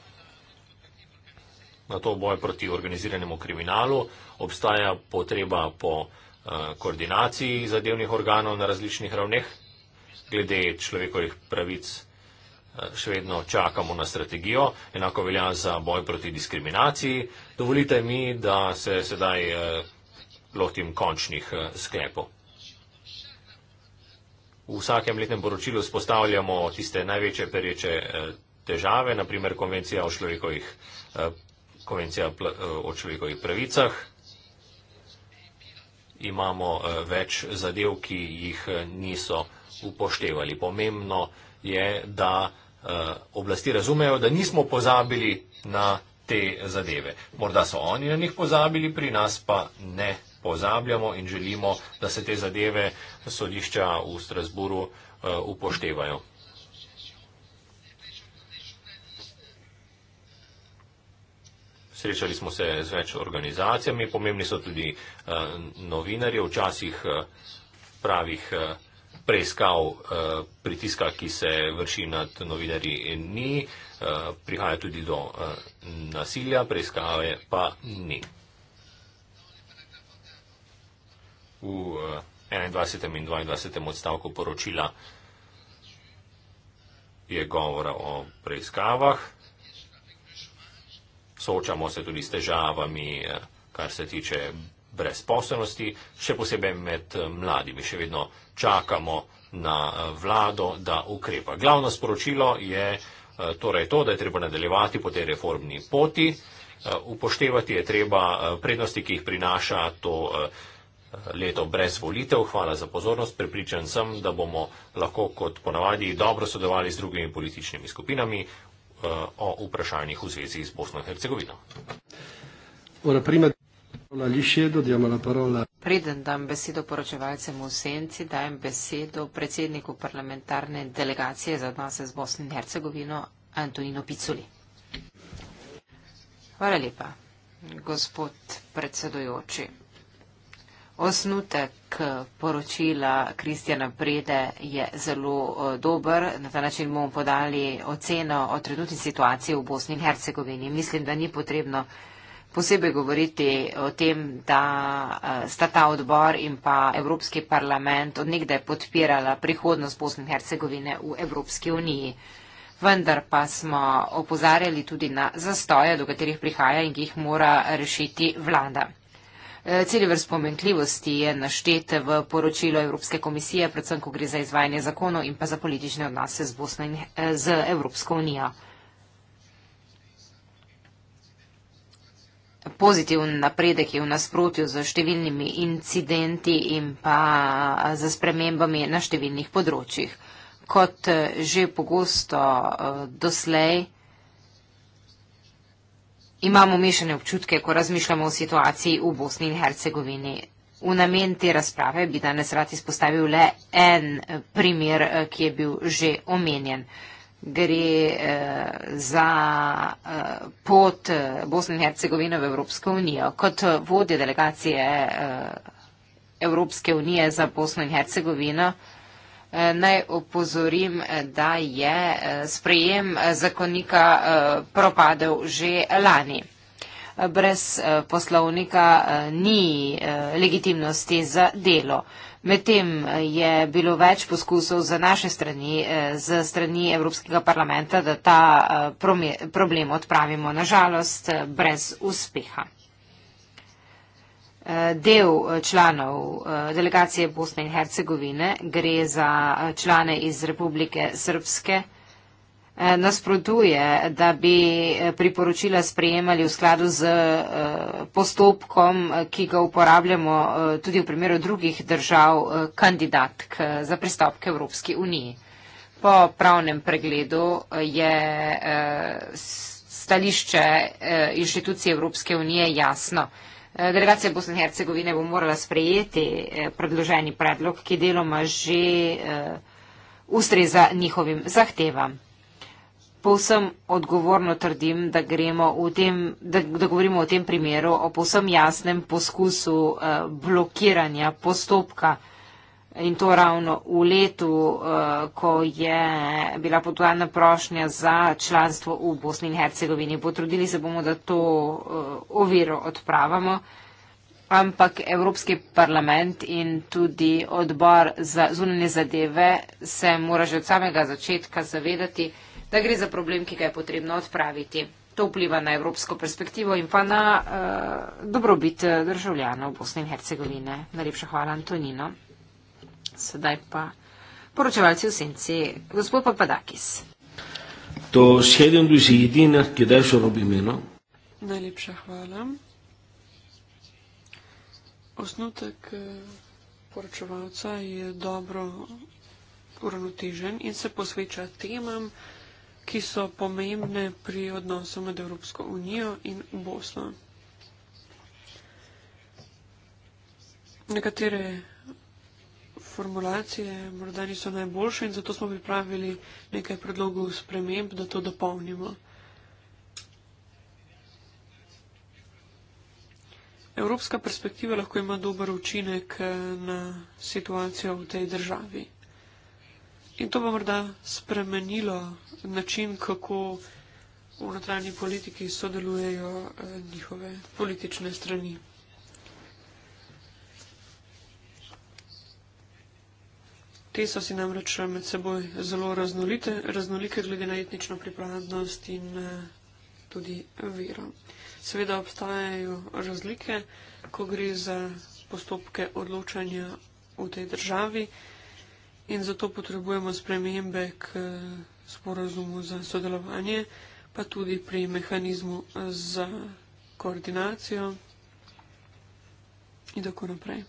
Na to boj proti organiziranemu kriminalu obstaja potreba po Eh, koordinaciji zadevnih organov na različnih ravneh. Glede človekovih pravic eh, še vedno čakamo na strategijo, enako velja za boj proti diskriminaciji. Dovolite mi, da se sedaj eh, lotim končnih sklepov. V vsakem letnem poročilu spostavljamo tiste največje pereče težave, naprimer konvencija o človekovih, konvencija o človekovih pravicah imamo eh, več zadev, ki jih eh, niso upoštevali. Pomembno je, da eh, oblasti razumejo, da nismo pozabili na te zadeve. Morda so oni na njih pozabili, pri nas pa ne pozabljamo in želimo, da se te zadeve sodišča v Strasburu upoštevajo. Srečali smo se z več organizacijami, pomembni so tudi eh, novinarje, včasih eh, pravih eh, preiskav eh, pritiska, ki se vrši nad novinarji, ni, eh, prihaja tudi do eh, nasilja, preiskave pa ni. V eh, 21. in 22. odstavku poročila je govora o preiskavah soočamo se tudi s težavami, eh, kar se tiče brezposobnosti, še posebej med eh, mladimi. Še vedno čakamo na eh, vlado, da ukrepa. Glavno sporočilo je torej to, da je treba nadaljevati po tej reformni poti, upoštevati je treba prednosti, ki jih prinaša to leto brez volitev. Hvala za pozornost. Prepričan sem, da bomo lahko kot ponavadi dobro sodelovali z drugimi političnimi skupinami. Eh, o vprašanjih v zvezi z Bosno in Hercegovino. Preden dam besedo poročevalcem v senci, dajem besedo predsedniku parlamentarne delegacije za odnose z Bosno in Hercegovino Antonino Piculi. Hvala lepa, gospod predsedujoči. Osnutek poročila Kristjana Brede je zelo eh, dober. Na ta način bomo podali oceno o trenutni situaciji v Bosni in Hercegovini. Mislim, da ni potrebno posebej govoriti o tem, da eh, sta ta odbor in pa Evropski parlament odnegdaj podpirala prihodnost Bosne in Hercegovine v Evropski uniji. Vendar pa smo opozarjali tudi na zastoje, do katerih prihaja in ki jih mora rešiti vlada. Celi vrst pomenkljivosti je naštete v poročilo Evropske komisije, predvsem, ko gre za izvajanje zakonov in pa za politične odnose z, Bosna in, eh, z Evropsko unijo. Pozitiven napredek je v nasprotju z številnimi incidenti in pa z eh, spremembami na številnih področjih. Kot eh, že pogosto doslej, Imamo mešane občutke, ko razmišljamo o situaciji v Bosni in Hercegovini. V namen te razprave bi danes rad izpostavil le en eh, primer, eh, ki je bil že omenjen. Gre eh, za eh, pot eh, Bosne in Hercegovine v Evropsko unijo. Kot vodje delegacije eh, Evropske unije za Bosno in Hercegovino. Eh, naj opozorim, eh, da je eh, sprejem zakonika propadel že lani. Brez poslovnika ni legitimnosti za delo. Medtem je bilo več poskusov za naše strani, za strani Evropskega parlamenta, da ta problem odpravimo. Nažalost, brez uspeha. Eh, del eh, članov eh, delegacije Bosne in Hercegovine gre za člane iz Republike Srpske. Nasprotuje, da bi priporočila sprejemali v skladu z postopkom, ki ga uporabljamo tudi v primeru drugih držav kandidatk za pristop k Evropski uniji. Po pravnem pregledu je stališče inštitucije Evropske unije jasno. Delegacija Bosne in Hercegovine bo morala sprejeti eh, predloženi predlog, ki deloma že eh, ustreza njihovim zahtevam. Povsem odgovorno trdim, da, tem, da, da govorimo o tem primeru, o povsem jasnem poskusu eh, blokiranja postopka. In to ravno v letu, eh, ko je bila podvajana prošnja za članstvo v Bosni in Hercegovini. Potrudili se bomo, da to eh, oviro odpravamo, ampak Evropski parlament in tudi odbor za zunanje zadeve se mora že od samega začetka zavedati, da gre za problem, ki ga je potrebno odpraviti. To vpliva na evropsko perspektivo in pa na uh, dobrobit državljanov Bosne in Hercegovine. Najlepša hvala, Antonino. Sedaj pa poročevalci v senci, gospod Papadakis. To sedem do zidina, ki daj so robi meno. Najlepša hvala. Osnutek eh, poročevalca je dobro uravnotežen in se posveča temam, ki so pomembne pri odnosu med Evropsko unijo in Bosno. Nekatere formulacije morda niso najboljše in zato smo pripravili nekaj predlogov sprememb, da to dopolnimo. Evropska perspektiva lahko ima dober učinek na situacijo v tej državi. In to bo morda spremenilo način, kako v notranji politiki sodelujejo eh, njihove politične strani. Te so si namreč med seboj zelo raznolite, raznolike glede na etnično pripadnost in eh, tudi vero. Seveda obstajajo razlike, ko gre za postopke odločanja v tej državi in zato potrebujemo spremembe k eh, sporozumu za sodelovanje, pa tudi pri mehanizmu eh, za koordinacijo in tako naprej.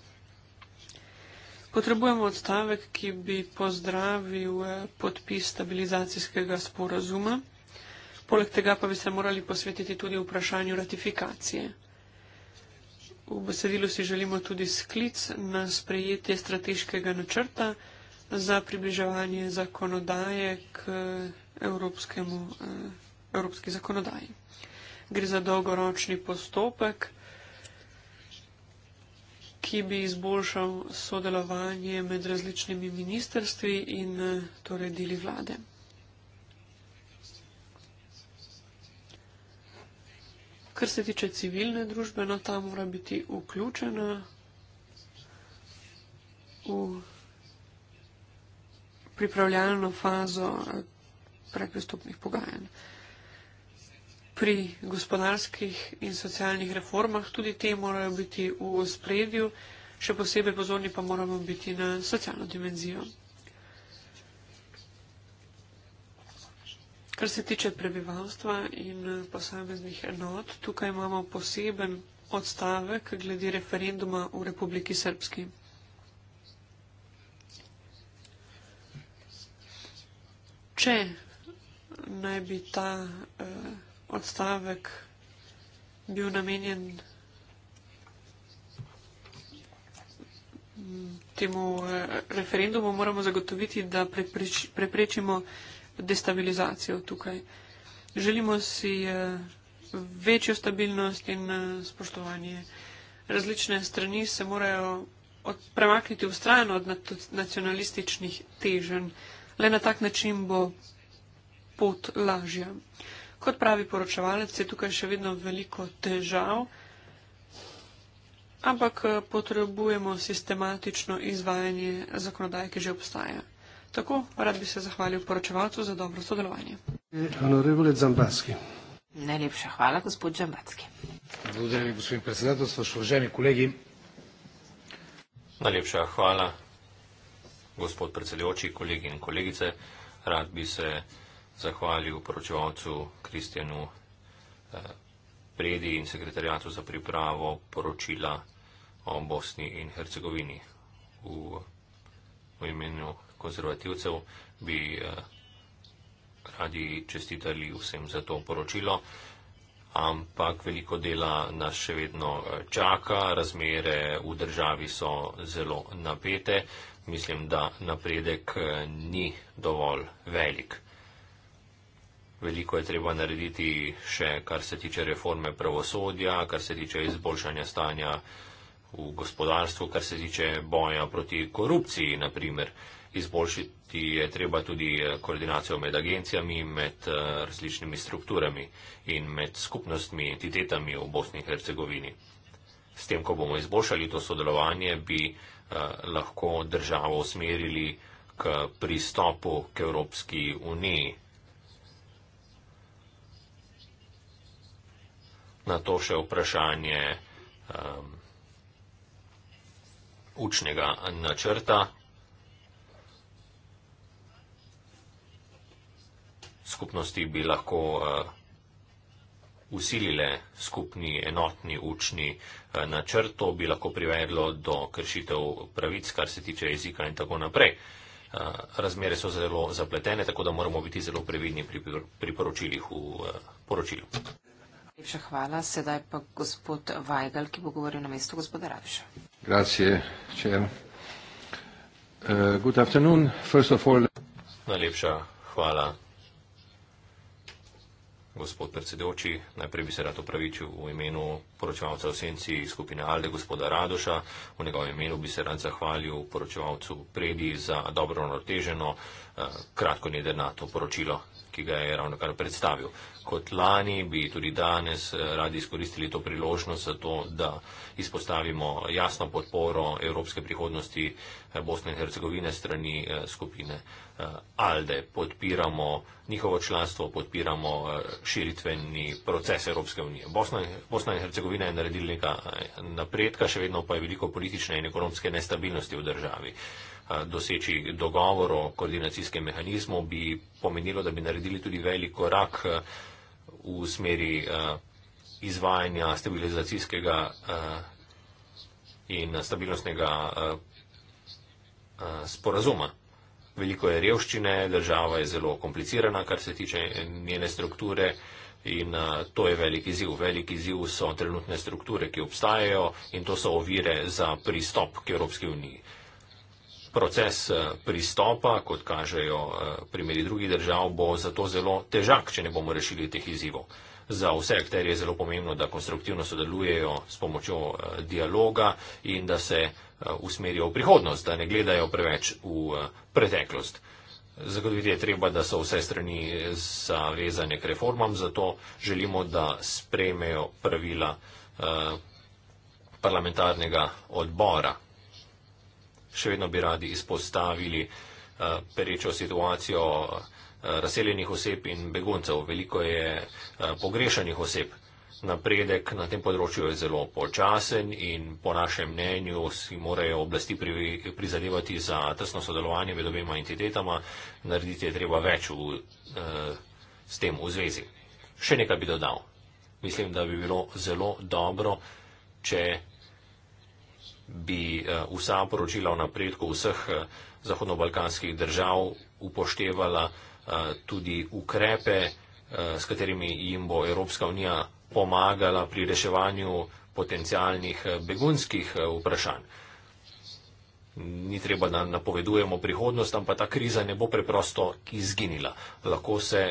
Potrebujemo odstavek, ki bi pozdravil eh, podpis stabilizacijskega sporazuma. Poleg tega pa bi se morali posvetiti tudi vprašanju ratifikacije. V besedilu si želimo tudi sklic na sprejetje strateškega načrta za približevanje zakonodaje k eh, eh, evropski zakonodaji. Gre za dolgoročni postopek ki bi izboljšal sodelovanje med različnimi ministrstvi in eh, torej deli vlade. Kar se tiče civilne družbe, no, ta mora biti vključena v pripravljalno fazo eh, predpristopnih pogajanj pri gospodarskih in socialnih reformah, tudi te morajo biti v spredju, še posebej pozorni pa moramo biti na socialno dimenzijo. Kar se tiče prebivalstva in posameznih enot, tukaj imamo poseben odstavek glede referenduma v Republiki Srpski. Če naj bi ta eh, odstavek bil namenjen temu eh, referendumu, moramo zagotoviti, da preprečimo destabilizacijo tukaj. Želimo si eh, večjo stabilnost in eh, spoštovanje. Različne strani se morajo od, premakniti v stran od nacionalističnih teženj. Le na tak način bo pot lažja. Kot pravi poročevalec, je tukaj še vedno veliko težav, ampak eh, potrebujemo sistematično izvajanje zakonodaje, ki že obstaja. Tako rad bi se zahvalil poročevalcu za dobro sodelovanje. Najlepša hvala, gospod Džambacki. Zdravljeni, gospod predsednato, so šloženi kolegi. Najlepša hvala, gospod predsedujoči, kolegi in kolegice. Rad bi se zahvalil poročevalcu Kristjanu eh, Predi in sekretarjatu za pripravo poročila o Bosni in Hercegovini. V, v imenu konzervativcev bi eh, radi čestitali vsem za to poročilo, ampak veliko dela nas še vedno eh, čaka, razmere v državi so zelo napete, mislim, da napredek ni dovolj velik. Veliko je treba narediti še, kar se tiče reforme pravosodja, kar se tiče izboljšanja stanja v gospodarstvu, kar se tiče boja proti korupciji, naprimer. Izboljšiti je treba tudi eh, koordinacijo med agencijami, med eh, različnimi strukturami in med skupnostmi, entitetami v Bosni in Hercegovini. S tem, ko bomo izboljšali to sodelovanje, bi eh, lahko državo usmerili k pristopu k Evropski uniji. na to še vprašanje um, učnega načrta. Skupnosti bi lahko uh, usilile skupni enotni učni uh, načrt, to bi lahko privedlo do kršitev pravic, kar se tiče jezika in tako naprej. Uh, razmere so zelo zapletene, tako da moramo biti zelo previdni pri poročilih v uh, poročilu. Najlepša hvala. Sedaj pa gospod Vajgal, ki bo govoril na mesto gospoda Rajša. Grazie, čer. Uh, good afternoon, first of all. Najlepša hvala. Gospod predsedoči, najprej bi se rad opravičil v imenu poročevalca v senci skupine Alde, gospoda Radoša. V njegovem imenu bi se rad zahvalil poročevalcu Predi za dobro noteženo, uh, kratko nedernato poročilo ki ga je ravno kar predstavil. Kot lani bi tudi danes eh, radi izkoristili to priložnost za to, da izpostavimo jasno podporo evropske prihodnosti eh, Bosne in Hercegovine strani eh, skupine Alde. Podpiramo njihovo članstvo, podpiramo širitveni proces Evropske unije. Bosna, Bosna in Hercegovina je naredila nekaj napredka, še vedno pa je veliko politične in ekonomske nestabilnosti v državi. Eh, doseči dogovor o koordinacijskem mehanizmu, bi pomenilo, da bi naredili tudi velik korak eh, v smeri eh, izvajanja stabilizacijskega in stabilnostnega sporazuma. Veliko je revščine, država je zelo komplicirana, kar se tiče njene strukture in to je velik izziv. Velik izziv so trenutne strukture, ki obstajajo in to so ovire za pristop k Evropski uniji. Proces eh, pristopa, kot kažejo eh, primeri drugih držav, bo zato zelo težak, če ne bomo rešili teh izzivov. Za vse akterje je zelo pomembno, da konstruktivno sodelujejo s pomočjo eh, dialoga in da se usmerijo v prihodnost, da ne gledajo preveč v preteklost. Zagotoviti je treba, da so vse strani zavezane k reformam, zato želimo, da spremejo pravila parlamentarnega odbora še vedno bi radi izpostavili eh, perečo situacijo eh, razseljenih oseb in beguncev. Veliko je eh, pogrešanih oseb. Napredek na tem področju je zelo počasen in po našem mnenju si morajo oblasti prizadevati za tesno sodelovanje med obema entitetama. Narediti je treba več v, s tem v zvezi. Še nekaj bi dodal. Mislim, da bi bilo zelo dobro, če bi eh, vsa poročila o napredku vseh eh, zahodnobalkanskih držav upoštevala eh, tudi ukrepe, s katerimi jim bo Evropska unija pomagala pri reševanju potencialnih begunskih vprašanj. Ni treba, da napovedujemo prihodnost, ampak ta kriza ne bo preprosto izginila. Lahko se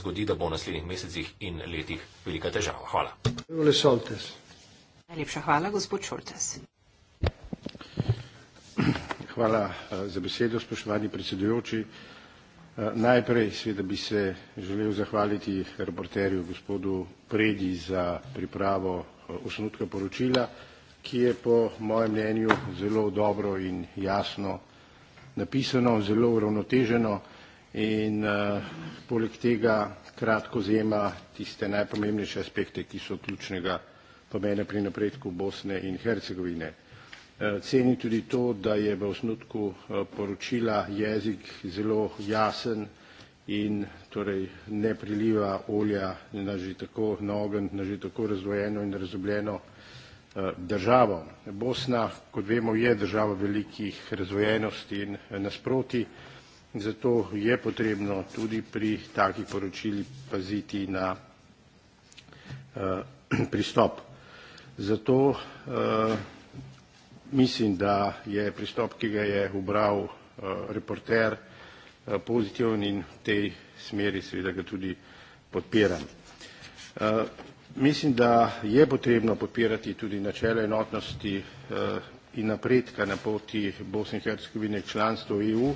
zgodi, da bo v naslednjih mesecih in letih velika težava. Hvala. Najlepša hvala, gospod Šoltes. Hvala eh, za besedo, spoštovani predsedujoči. Eh, najprej seveda bi se želel zahvaliti reporterju gospodu Predi za pripravo eh, osnutka poročila, ki je po mojem mnenju zelo dobro in jasno napisano, zelo uravnoteženo in poleg tega kratko zajema tiste najpomembnejše aspekte, ki so ključnega pomena pri napredku Bosne in Hercegovine. Eh, cenim tudi to, da je v osnutku eh, poročila jezik zelo jasen in torej ne priliva olja na že tako nogen, na že tako razvojeno in razobljeno eh, državo. Bosna, kot vemo, je država velikih razvojenosti in nasproti, zato je potrebno tudi pri takih poročili paziti na pristop. Zato mislim, da je pristop, ki ga je ubral eh, reporter, eh, pozitiven in v tej smeri seveda ga tudi podpiram. Eh, mislim, da je potrebno podpirati tudi načelo enotnosti in napredka na poti Bosne in Hercegovine članstvo EU.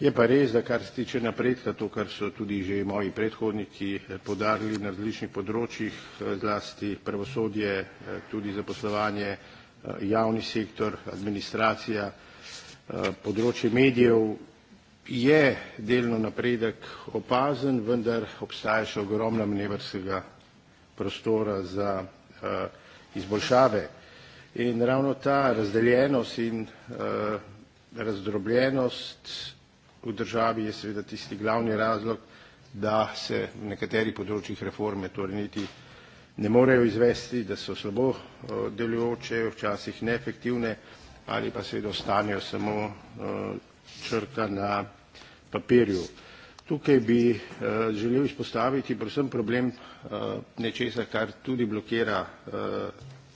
Je pa res, da kar se tiče napredka, to, kar so tudi že moji predhodniki podarili na različnih področjih, zlasti pravosodje, tudi zaposlovanje Eh, javni sektor, administracija, eh, področje medijev je delno napredek opazen, vendar obstaja še ogromna manevrskega prostora za eh, izboljšave. In ravno ta razdeljenost in razdrobljenost v državi je seveda tisti glavni razlog, da se v nekaterih področjih reforme torej niti ne morejo izvesti, da so slabo eh, delujoče, včasih neefektivne ali pa seveda ostanejo samo eh, črka na papirju. Tukaj bi eh, želel izpostaviti predvsem problem nečesa, kar tudi blokira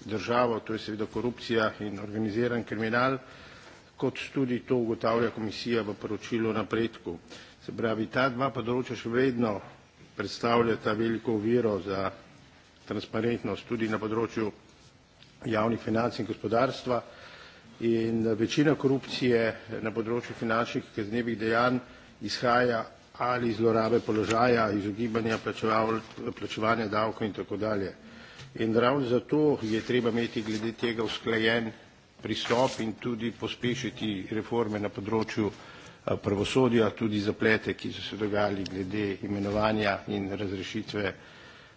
državo, to je seveda korupcija in organiziran kriminal, kot tudi to ugotavlja komisija v poročilu napredku. Se pravi, ta dva področja še vedno predstavljata veliko oviro za transparentnost tudi na področju javnih financ in gospodarstva. In eh, večina korupcije eh, na področju finančnih kaznevih dejanj izhaja ali iz zlorabe položaja, izogibanja plačevanja davkov in tako dalje. In ravno zato je treba imeti glede tega usklajen pristop in tudi pospešiti reforme na področju eh, pravosodja, tudi zaplete, ki so se dogajali glede imenovanja in razrešitve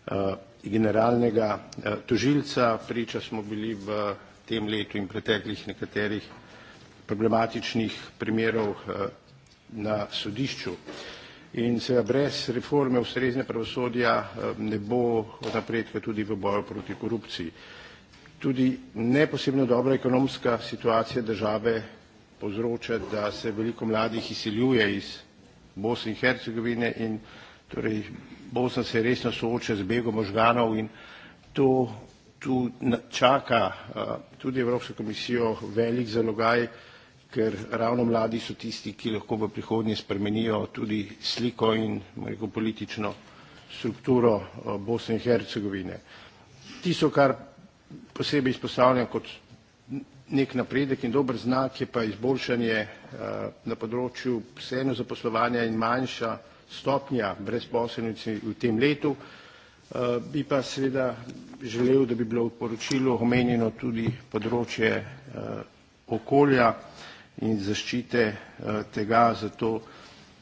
Eh, generalnega eh, tožilca. Priča smo bili v tem letu in preteklih nekaterih problematičnih primerov eh, na sodišču. In seveda brez reforme ustrezne pravosodja ne bo napredka tudi v boju proti korupciji. Tudi neposebno dobra ekonomska situacija države povzroča, da se veliko mladih izseljuje iz Bosne in Hercegovine in torej Bosna se resno sooča z begom možganov in to tu čaka tudi Evropsko komisijo velik zalogaj, ker ravno mladi so tisti, ki lahko v prihodnje spremenijo tudi sliko in rekel, politično strukturo Bosne in Hercegovine. Tisto, kar posebej izpostavljam kot nek napredek in dober znak, je pa izboljšanje na področju vseeno zaposlovanja in manjša stopnja brezposelnosti v tem letu. Eh, bi pa seveda želel, da bi bilo v poročilu omenjeno tudi področje eh, okolja in zaščite eh, tega, zato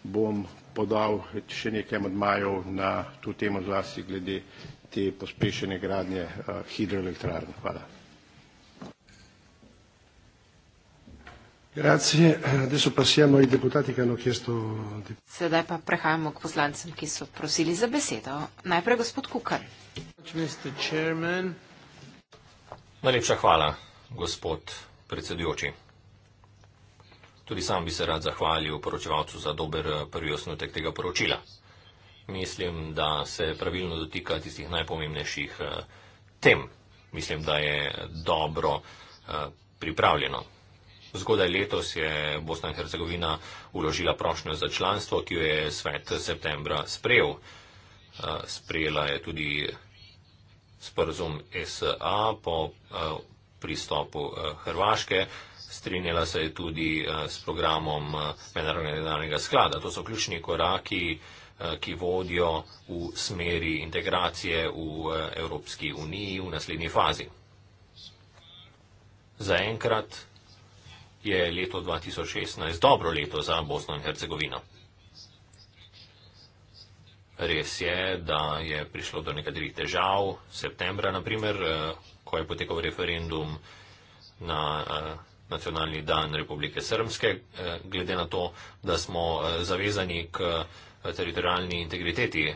bom podal še nekaj odmajev na to temo zlasti glede te pospešene gradnje hidroelektrarne. Hvala. Grazie, adesso passiamo ai deputati che hanno chiesto di... Sedaj pa prehajamo k poslancem, ki so prosili za besedo. Najprej gospod Kukan. Najlepša hvala, gospod predsedujoči. Tudi sam bi se rad zahvalil poročevalcu za dober eh, prvi osnutek tega poročila. Mislim, da se pravilno dotika tistih najpomembnejših eh, tem. Mislim, da je dobro eh, pripravljeno. Zgodaj letos je Bosna in Hercegovina uložila prošnjo za članstvo, ki jo je svet septembra sprejel. Eh, sprejela je tudi sporozum SA po eh, pristopu eh, Hrvaške. Strinjala se je tudi s programom Mednarodnega sklada. To so ključni koraki, ki vodijo v smeri integracije v Evropski uniji v naslednji fazi. Zaenkrat je leto 2016 dobro leto za Bosno in Hercegovino. Res je, da je prišlo do nekaterih težav. Septembra, naprimer, eh, ko je potekal referendum na eh, nacionalni dan Republike Srmske, eh, glede na to, da smo zavezani k teritorijalni integriteti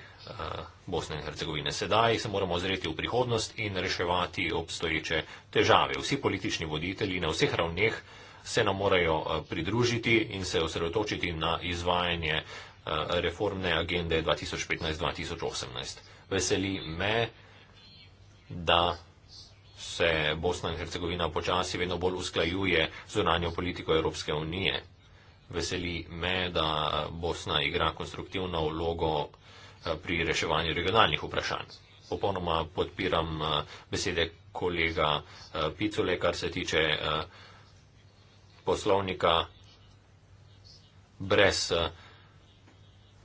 Bosne in Hercegovine. Sedaj se moramo ozreti v prihodnost in reševati obstoječe težave. Vsi politični voditelji na vseh ravneh se nam morajo eh, pridružiti in se osredotočiti na izvajanje eh, reformne agende 2015-2018. Veseli me, da se Bosna in Hercegovina počasi vedno bolj usklajuje z zunanjo politiko Evropske unije. Veseli me, da Bosna igra konstruktivno vlogo eh, pri reševanju regionalnih vprašanj. Popolnoma podpiram besede kolega Picole, kar se tiče poslovnika brez, eh,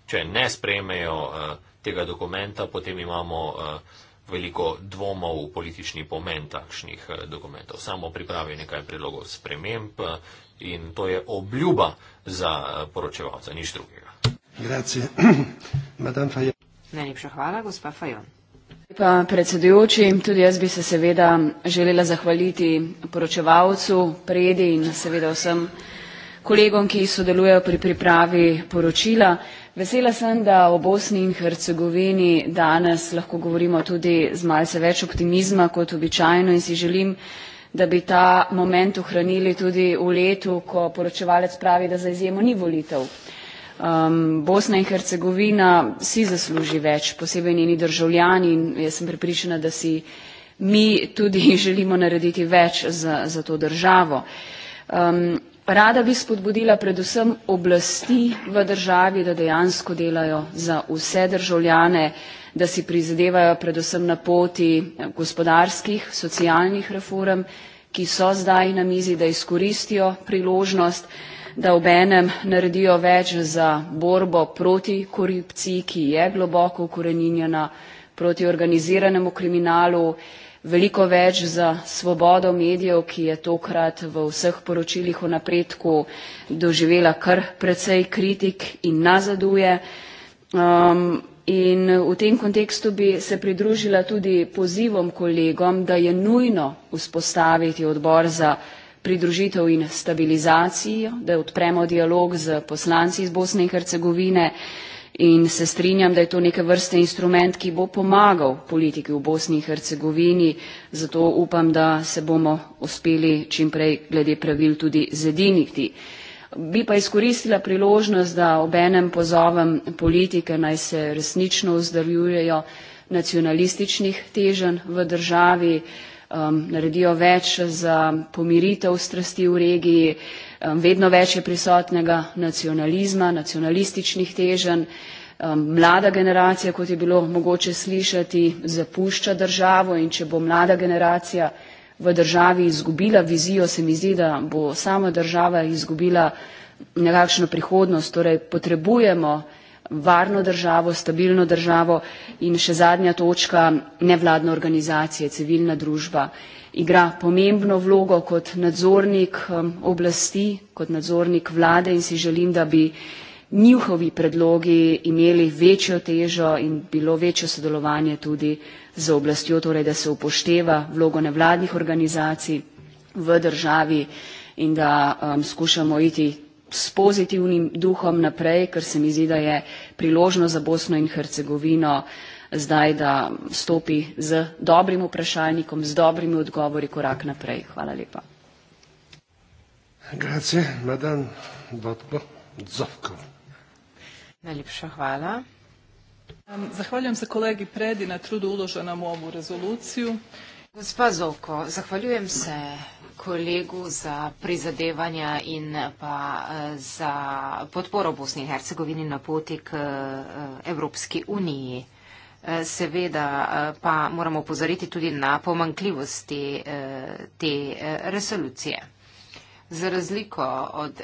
če ne sprejmejo eh, tega dokumenta, potem imamo eh, veliko dvomov v politični pomen takšnih dokumentov. Samo pripravi nekaj predlogov sprememb in to je obljuba za poročevalca, nič drugega. Najlepša hvala, gospa Fajon lepa, predsedujoči. Tudi jaz bi se seveda želela zahvaliti poročevalcu, predi in seveda vsem kolegom, ki sodelujejo pri pripravi poročila. Vesela sem, da o Bosni in Hercegovini danes lahko govorimo tudi z malce več optimizma kot običajno in si želim, da bi ta moment ohranili tudi v letu, ko poročevalec pravi, da za izjemo ni volitev. Um, Bosna in Hercegovina si zasluži več, posebej njeni državljani in jaz sem pripričana, da si mi tudi želimo narediti več za, za to državo. Um, rada bi spodbudila predvsem oblasti v državi, da dejansko delajo za vse državljane, da si prizadevajo predvsem na poti eh, gospodarskih, socialnih reform, ki so zdaj na mizi, da izkoristijo priložnost da obenem naredijo več za borbo proti korupciji ki je globoko ukoreninjena proti organiziranemu kriminalu veliko več za svobodo medijev ki je tokrat v vseh poročilih o napredku doživela kar precej kritik in nazaduje um, in v tem kontekstu bi se pridružila tudi pozivom kolegom da je nujno vzpostaviti odbor za pridružitev in stabilizacijo, da odpremo dialog z poslanci iz Bosne in Hercegovine in se strinjam, da je to neke vrste instrument, ki bo pomagal politiki v Bosni in Hercegovini, zato upam, da se bomo uspeli čimprej glede pravil tudi zediniti. Bi pa izkoristila priložnost, da obenem pozovem politike naj se resnično vzdrjujejo nacionalističnih teženj v državi, um, naredijo več za pomiritev strasti v regiji, um, vedno več je prisotnega nacionalizma, nacionalističnih teženj. Um, mlada generacija, kot je bilo mogoče slišati, zapušča državo in če bo mlada generacija v državi izgubila vizijo, se mi zdi, da bo sama država izgubila nekakšno prihodnost. Torej, potrebujemo varno državo, stabilno državo in še zadnja točka nevladne organizacije, civilna družba igra pomembno vlogo kot nadzornik um, oblasti, kot nadzornik vlade in si želim, da bi njihovi predlogi imeli večjo težo in bilo večje sodelovanje tudi z oblastjo, torej da se upošteva vlogo nevladnih organizacij v državi in da um, skušamo iti s pozitivnim duhom naprej, ker se mi zdi, da je priložno za Bosno in Hercegovino zdaj, da stopi z dobrim vprašalnikom, z dobrimi odgovori korak naprej. Hvala lepa. Grazie, madame, dotko, zovko. Najlepša hvala. Um, zahvaljujem se kolegi predi na trudu uloženom u ovu rezoluciju. Gospa Zovko, zahvaljujem se kolegu za prizadevanja in pa eh, za podporo Bosni in Hercegovini na poti k eh, Evropski uniji. Eh, seveda pa moramo pozoriti tudi na pomankljivosti te resolucije. Za razliko od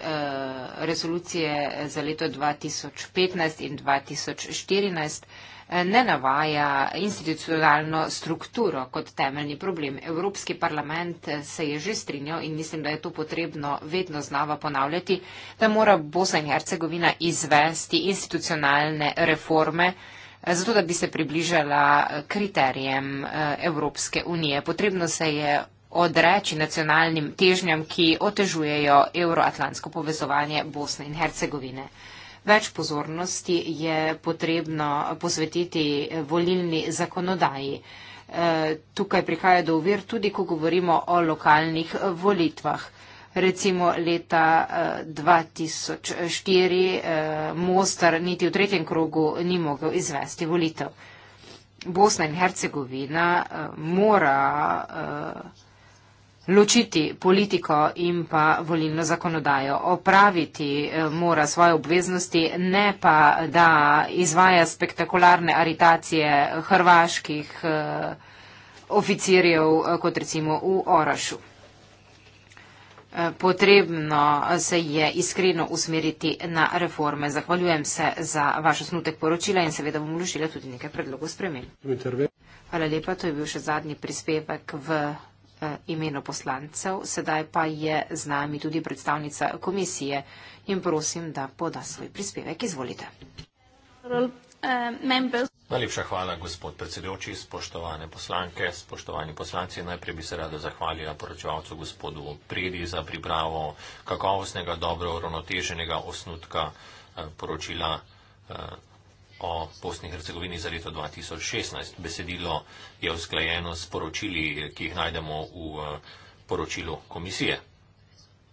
resolucije za leto 2015 in 2014, Eh, ne navaja institucionalno strukturo kot temeljni problem. Evropski parlament eh, se je že strinjal in mislim, da je to potrebno vedno znova ponavljati, da mora Bosna in Hercegovina izvesti institucionalne reforme. Eh, zato, da bi se približala kriterijem Evropske unije. Potrebno se je odreči nacionalnim težnjam, ki otežujejo euroatlantsko povezovanje Bosne in Hercegovine. Več pozornosti je potrebno posvetiti volilni zakonodaji. E, tukaj prihaja do uvir tudi, ko govorimo o lokalnih volitvah. Recimo leta 2004 e, e, Mostar niti v tretjem krogu ni mogel izvesti volitev. Bosna in Hercegovina mora ločiti politiko in pa volilno zakonodajo. Opraviti eh, mora svoje obveznosti, ne pa da izvaja spektakularne aritacije hrvaških eh, oficirjev, eh, kot recimo v Orašu. Potrebno se je iskreno usmeriti na reforme. Zahvaljujem se za vaš osnutek poročila in seveda bom vložila tudi nekaj predlogov spremen. Hvala lepa, to je bil še zadnji prispevek v Eh, imenu poslancev. Sedaj pa je z nami tudi predstavnica komisije in prosim, da poda svoj prispevek. Izvolite. Najlepša hvala, gospod predsedujoči, spoštovane poslanke, spoštovani poslanci. Najprej bi se rada zahvalila poročevalcu gospodu Predi za pripravo kakovostnega, dobro uravnoteženega osnutka eh, poročila eh, o Bosni in Hercegovini za leto 2016. Besedilo je usklajeno s poročili, ki jih najdemo v eh, poročilu komisije.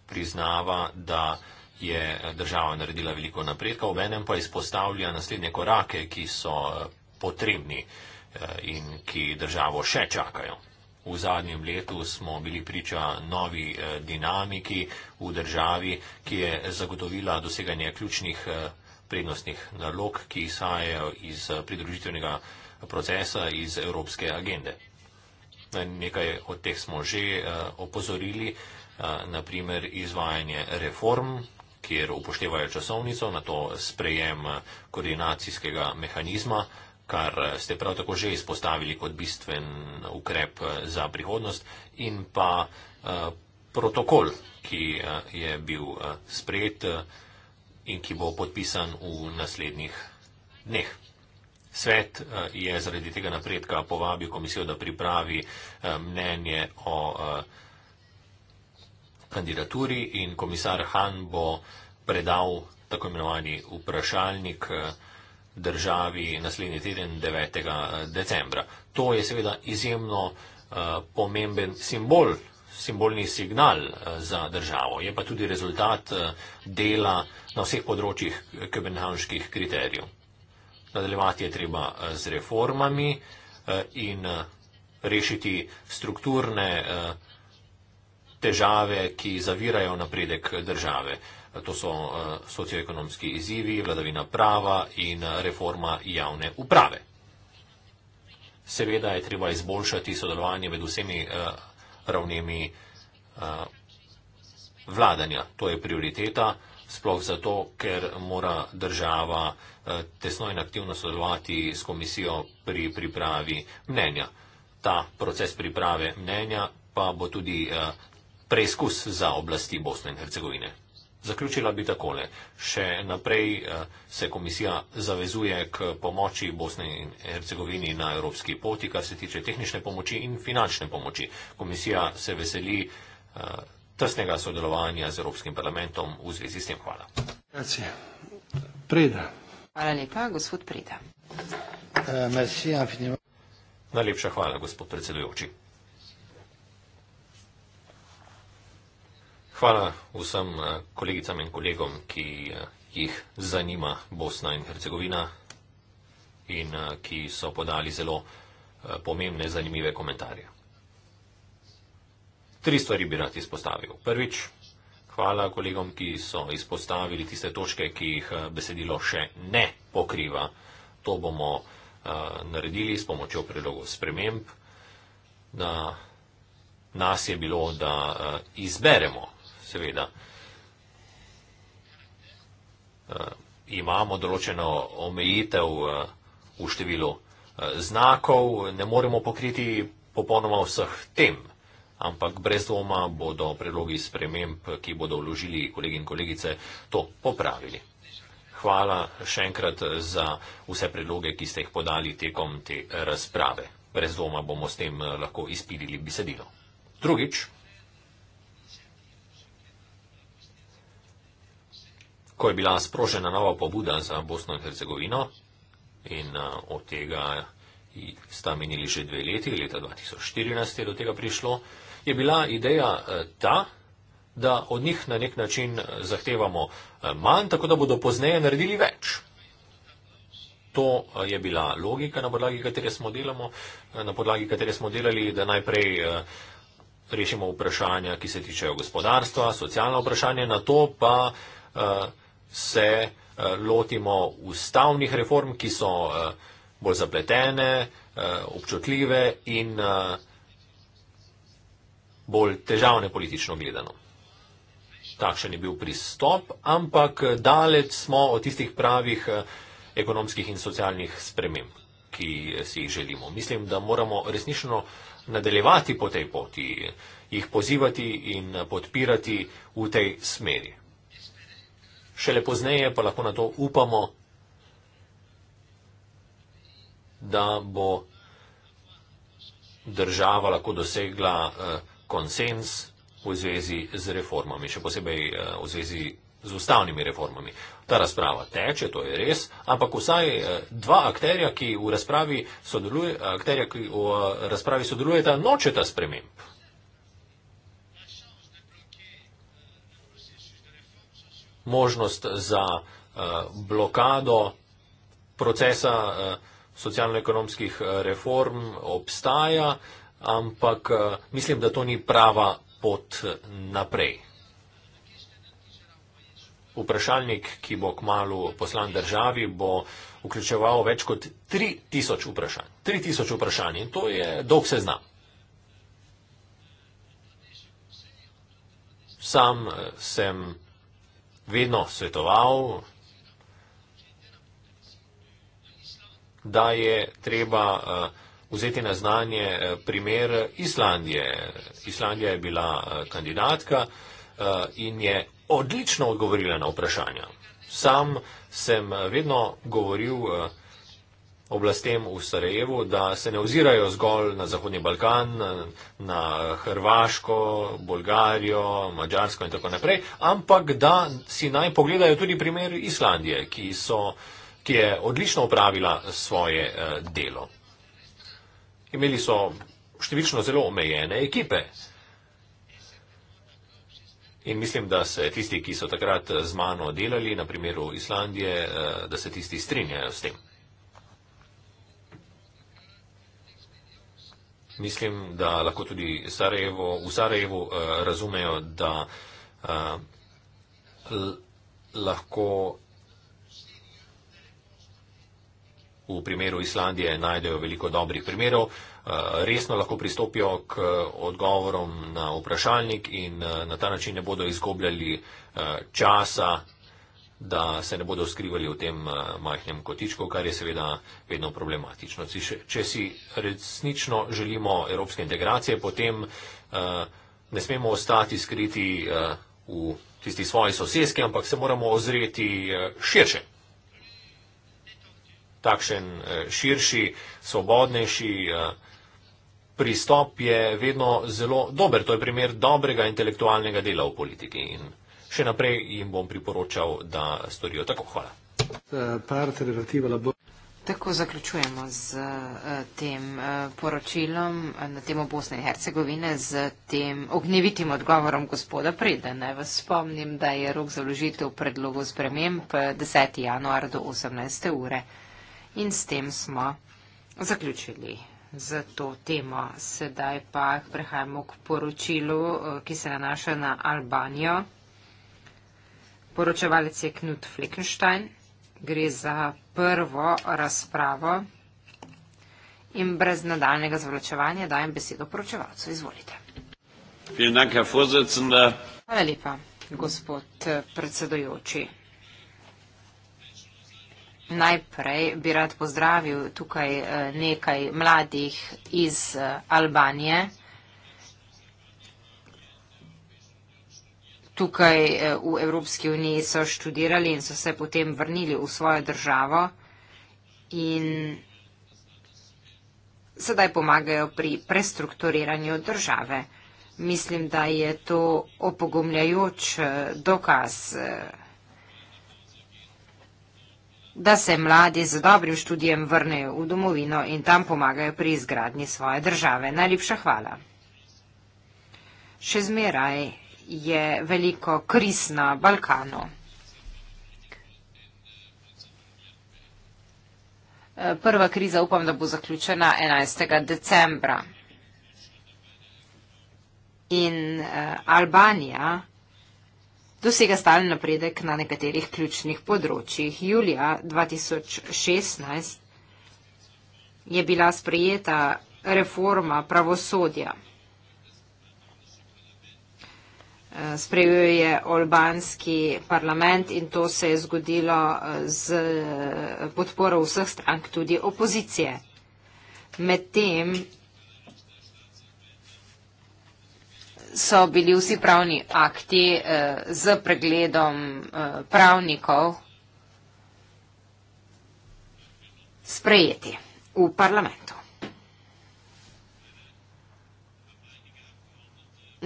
Priznava, da je eh, država naredila veliko napredka, v enem pa izpostavlja naslednje korake, ki so eh, potrebni in ki državo še čakajo. V zadnjem letu smo bili priča novi dinamiki v državi, ki je zagotovila doseganje ključnih prednostnih nalog, ki izhajajo iz eh, pridružitvenega procesa, iz evropske agende. Nekaj od teh smo že eh, opozorili, eh, naprimer izvajanje reform, kjer upoštevajo časovnico, na to sprejem koordinacijskega mehanizma, kar ste prav tako že izpostavili kot bistven ukrep za prihodnost, in pa protokol, ki je bil sprejet in ki bo podpisan v naslednjih dneh. Svet eh, je zaradi tega napredka povabil komisijo, da pripravi eh, mnenje o eh, kandidaturi in komisar Han bo predal tako imenovani vprašalnik državi naslednji teden 9. decembra. To je seveda izjemno pomemben simbol simbolni signal eh, za državo, je pa tudi rezultat eh, dela na vseh področjih kebenhanških kriterijev. Nadaljevati je treba eh, z reformami in rešiti strukturne težave, ki zavirajo napredek države. To so socioekonomski izzivi, vladavina prava in reforma javne uprave. Seveda je treba izboljšati sodelovanje med vsemi ravnemi eh, vladanja. To je prioriteta, sploh zato, ker mora država eh, tesno in aktivno sodelovati s komisijo pri pripravi mnenja. Ta proces priprave mnenja pa bo tudi eh, preizkus za oblasti Bosne in Hercegovine. Zaključila bi takole. Še naprej eh, se komisija zavezuje k pomoči Bosni in Hercegovini na evropski poti, kar se tiče tehnične pomoči in finančne pomoči. Komisija se veseli eh, tesnega sodelovanja z Evropskim parlamentom v zvezi s tem. Hvala. Hvala lepa, gospod Preda. Eh, Najlepša hvala, gospod predsedujoči. Hvala vsem eh, kolegicam in kolegom, ki eh, jih zanima Bosna in Hercegovina in eh, ki so podali zelo pomembne, zanimive komentarje. Tri stvari bi rad izpostavil. Prvič, hvala kolegom, ki so izpostavili tiste točke, ki jih besedilo še ne pokriva. To bomo naredili s pomočjo predlogov sprememb. Na nas je bilo, da izberemo seveda. Eh, imamo določeno omejitev eh, v številu eh, znakov, ne moremo pokriti popolnoma vseh tem, ampak brez dvoma bodo predlogi sprememb, ki bodo vložili kolegi in kolegice, to popravili. Hvala še enkrat za vse predloge, ki ste jih podali tekom te razprave. Brez dvoma bomo s tem lahko izpilili besedilo. Drugič. ko je bila sprožena nova pobuda za Bosno in Hercegovino in eh, od tega sta minili že dve leti, leta 2014 je do tega prišlo, je bila ideja eh, ta, da od njih na nek način eh, zahtevamo manj, tako da bodo pozneje naredili več. To je bila logika, na podlagi katere smo, delamo, na podlagi katere smo delali, da najprej rešimo vprašanja, ki se tičejo gospodarstva, socialna vprašanja, na to pa uh, se eh, lotimo ustavnih reform, ki so eh, bolj zapletene, eh, občutljive in bolj težavne politično gledano. Takšen je bil pristop, ampak daleč smo od tistih pravih ekonomskih in socialnih sprememb, ki si jih želimo. Mislim, da moramo resnično nadaljevati po tej poti, jih pozivati in podpirati v tej smeri šele pozneje pa lahko na to upamo, da bo država lahko dosegla eh, konsens v zvezi z reformami, še posebej eh, v zvezi z ustavnimi reformami. Ta razprava teče, to je res, ampak vsaj eh, dva akterja, ki v razpravi sodelujeta, sodeluje nočeta sprememb. možnost za eh, blokado procesa eh, socialno-ekonomskih eh, reform obstaja, ampak mislim, da to ni prava pot naprej. Vprašalnik, ki bo k malu poslan državi, bo vključeval več kot 3000 vprašanj. 3000 vprašanj in to je dolg seznam. Sam sem vprašal vedno svetoval, da je treba eh, vzeti na znanje eh, primer Islandije. Islandija je bila eh, kandidatka in je odlično odgovorila na vprašanja. Sam sem vedno govoril, oblastem v Sarajevu, da se ne ozirajo zgolj na Zahodni Balkan, na Hrvaško, Bolgarijo, Mačarsko in tako naprej, ampak da si naj pogledajo tudi primer Islandije, ki, so, ki je odlično upravila svoje eh, delo. Imeli so številčno zelo omejene ekipe. In mislim, da se tisti, ki so takrat z mano delali na primeru Islandije, eh, da se tisti strinjajo s tem. Mislim, da lahko tudi Sarajevo, v Sarajevu uh, razumejo, da uh, lahko v primeru Islandije najdejo veliko dobrih primerov, uh, resno lahko pristopijo k odgovorom na vprašalnik in uh, na ta način ne bodo izgubljali uh, časa da se ne bodo skrivali v tem eh, majhnem kotičku, kar je seveda vedno problematično. Če si resnično želimo evropske integracije, potem eh, ne smemo ostati skriti eh, v tisti svoji soseski, ampak se moramo ozreti širše. Takšen širši, svobodnejši pristop je vedno zelo dober. To je primer dobrega intelektualnega dela v politiki. In še naprej jim bom priporočal, da storijo tako. Hvala. Tako zaključujemo z eh, tem eh, poročilom eh, na temo Bosne in Hercegovine, z tem ognjevitim odgovorom gospoda Preda. Naj vas spomnim, da je rok za vložitev predlogu sprememb 10. januar do 18. ure. In s tem smo zaključili z to temo. Sedaj pa prehajamo k poročilu, ki se nanaša na Albanijo. Poročevalec je Knut Fleckenstein. Gre za prvo razpravo in brez nadaljnega zavlačevanja dajem besedo poročevalcu. Izvolite. Hvala lepa, gospod eh, predsedojoči. Najprej bi rad pozdravil tukaj eh, nekaj mladih iz eh, Albanije. tukaj eh, v Evropski uniji so študirali in so se potem vrnili v svojo državo in sedaj pomagajo pri prestrukturiranju države. Mislim, da je to opogumljajoč eh, dokaz, eh, da se mladi z dobrim študijem vrnejo v domovino in tam pomagajo pri izgradnji svoje države. Najlepša hvala. Še zmeraj je veliko kriz na Balkanu. Eh, prva kriza upam, da bo zaključena 11. decembra. In eh, Albanija dosega stalen napredek na nekaterih ključnih področjih. Julija 2016 je bila sprejeta reforma pravosodja. sprejel je albanski parlament in to se je zgodilo eh, z eh, podporo vseh strank, tudi opozicije. Medtem so bili vsi pravni akti eh, z pregledom pravnikov sprejeti v parlamentu.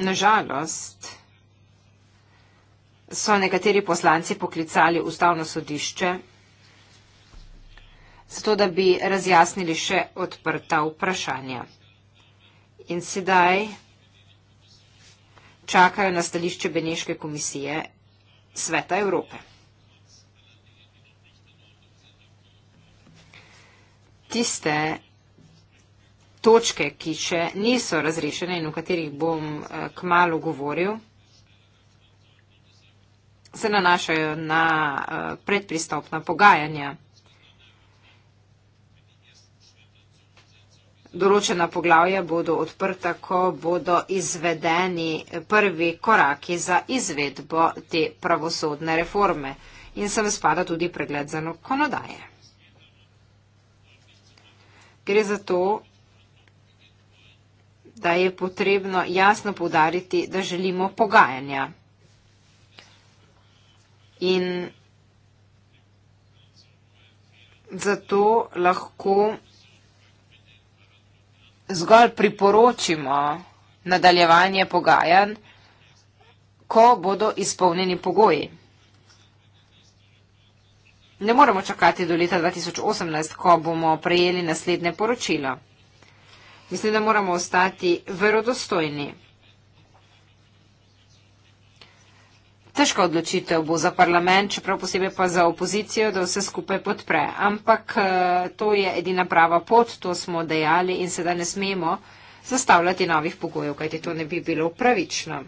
Nažalost, so nekateri poslanci poklicali ustavno sodišče, zato da bi razjasnili še odprta vprašanja. In sedaj čakajo na stališče Beneške komisije Sveta Evrope. Tiste točke, ki še niso razrešene in o katerih bom eh, k malu govoril, se nanašajo na eh, predpristopna pogajanja. Določena poglavja bodo odprta, ko bodo izvedeni prvi koraki za izvedbo te pravosodne reforme in sem spada tudi pregled za nokonodaje. Gre za to, da je potrebno jasno povdariti, da želimo pogajanja. In zato lahko zgolj priporočimo nadaljevanje pogajanj, ko bodo izpolnjeni pogoji. Ne moremo čakati do leta 2018, ko bomo prejeli naslednje poročilo. Mislim, da moramo ostati verodostojni. težka odločitev bo za parlament, čeprav posebej pa za opozicijo, da vse skupaj podpre. Ampak eh, to je edina prava pot, to smo dejali in sedaj ne smemo zastavljati novih pogojev, kajti to ne bi bilo pravično.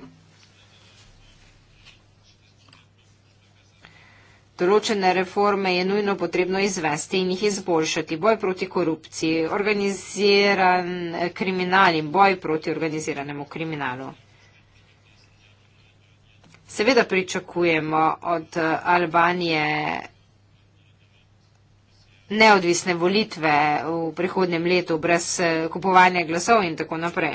Določene reforme je nujno potrebno izvesti in jih izboljšati. Boj proti korupciji, organiziran eh, kriminal in boj proti organiziranemu kriminalu. Seveda pričakujemo od eh, Albanije neodvisne volitve v prihodnem letu brez eh, kupovanja glasov in tako naprej.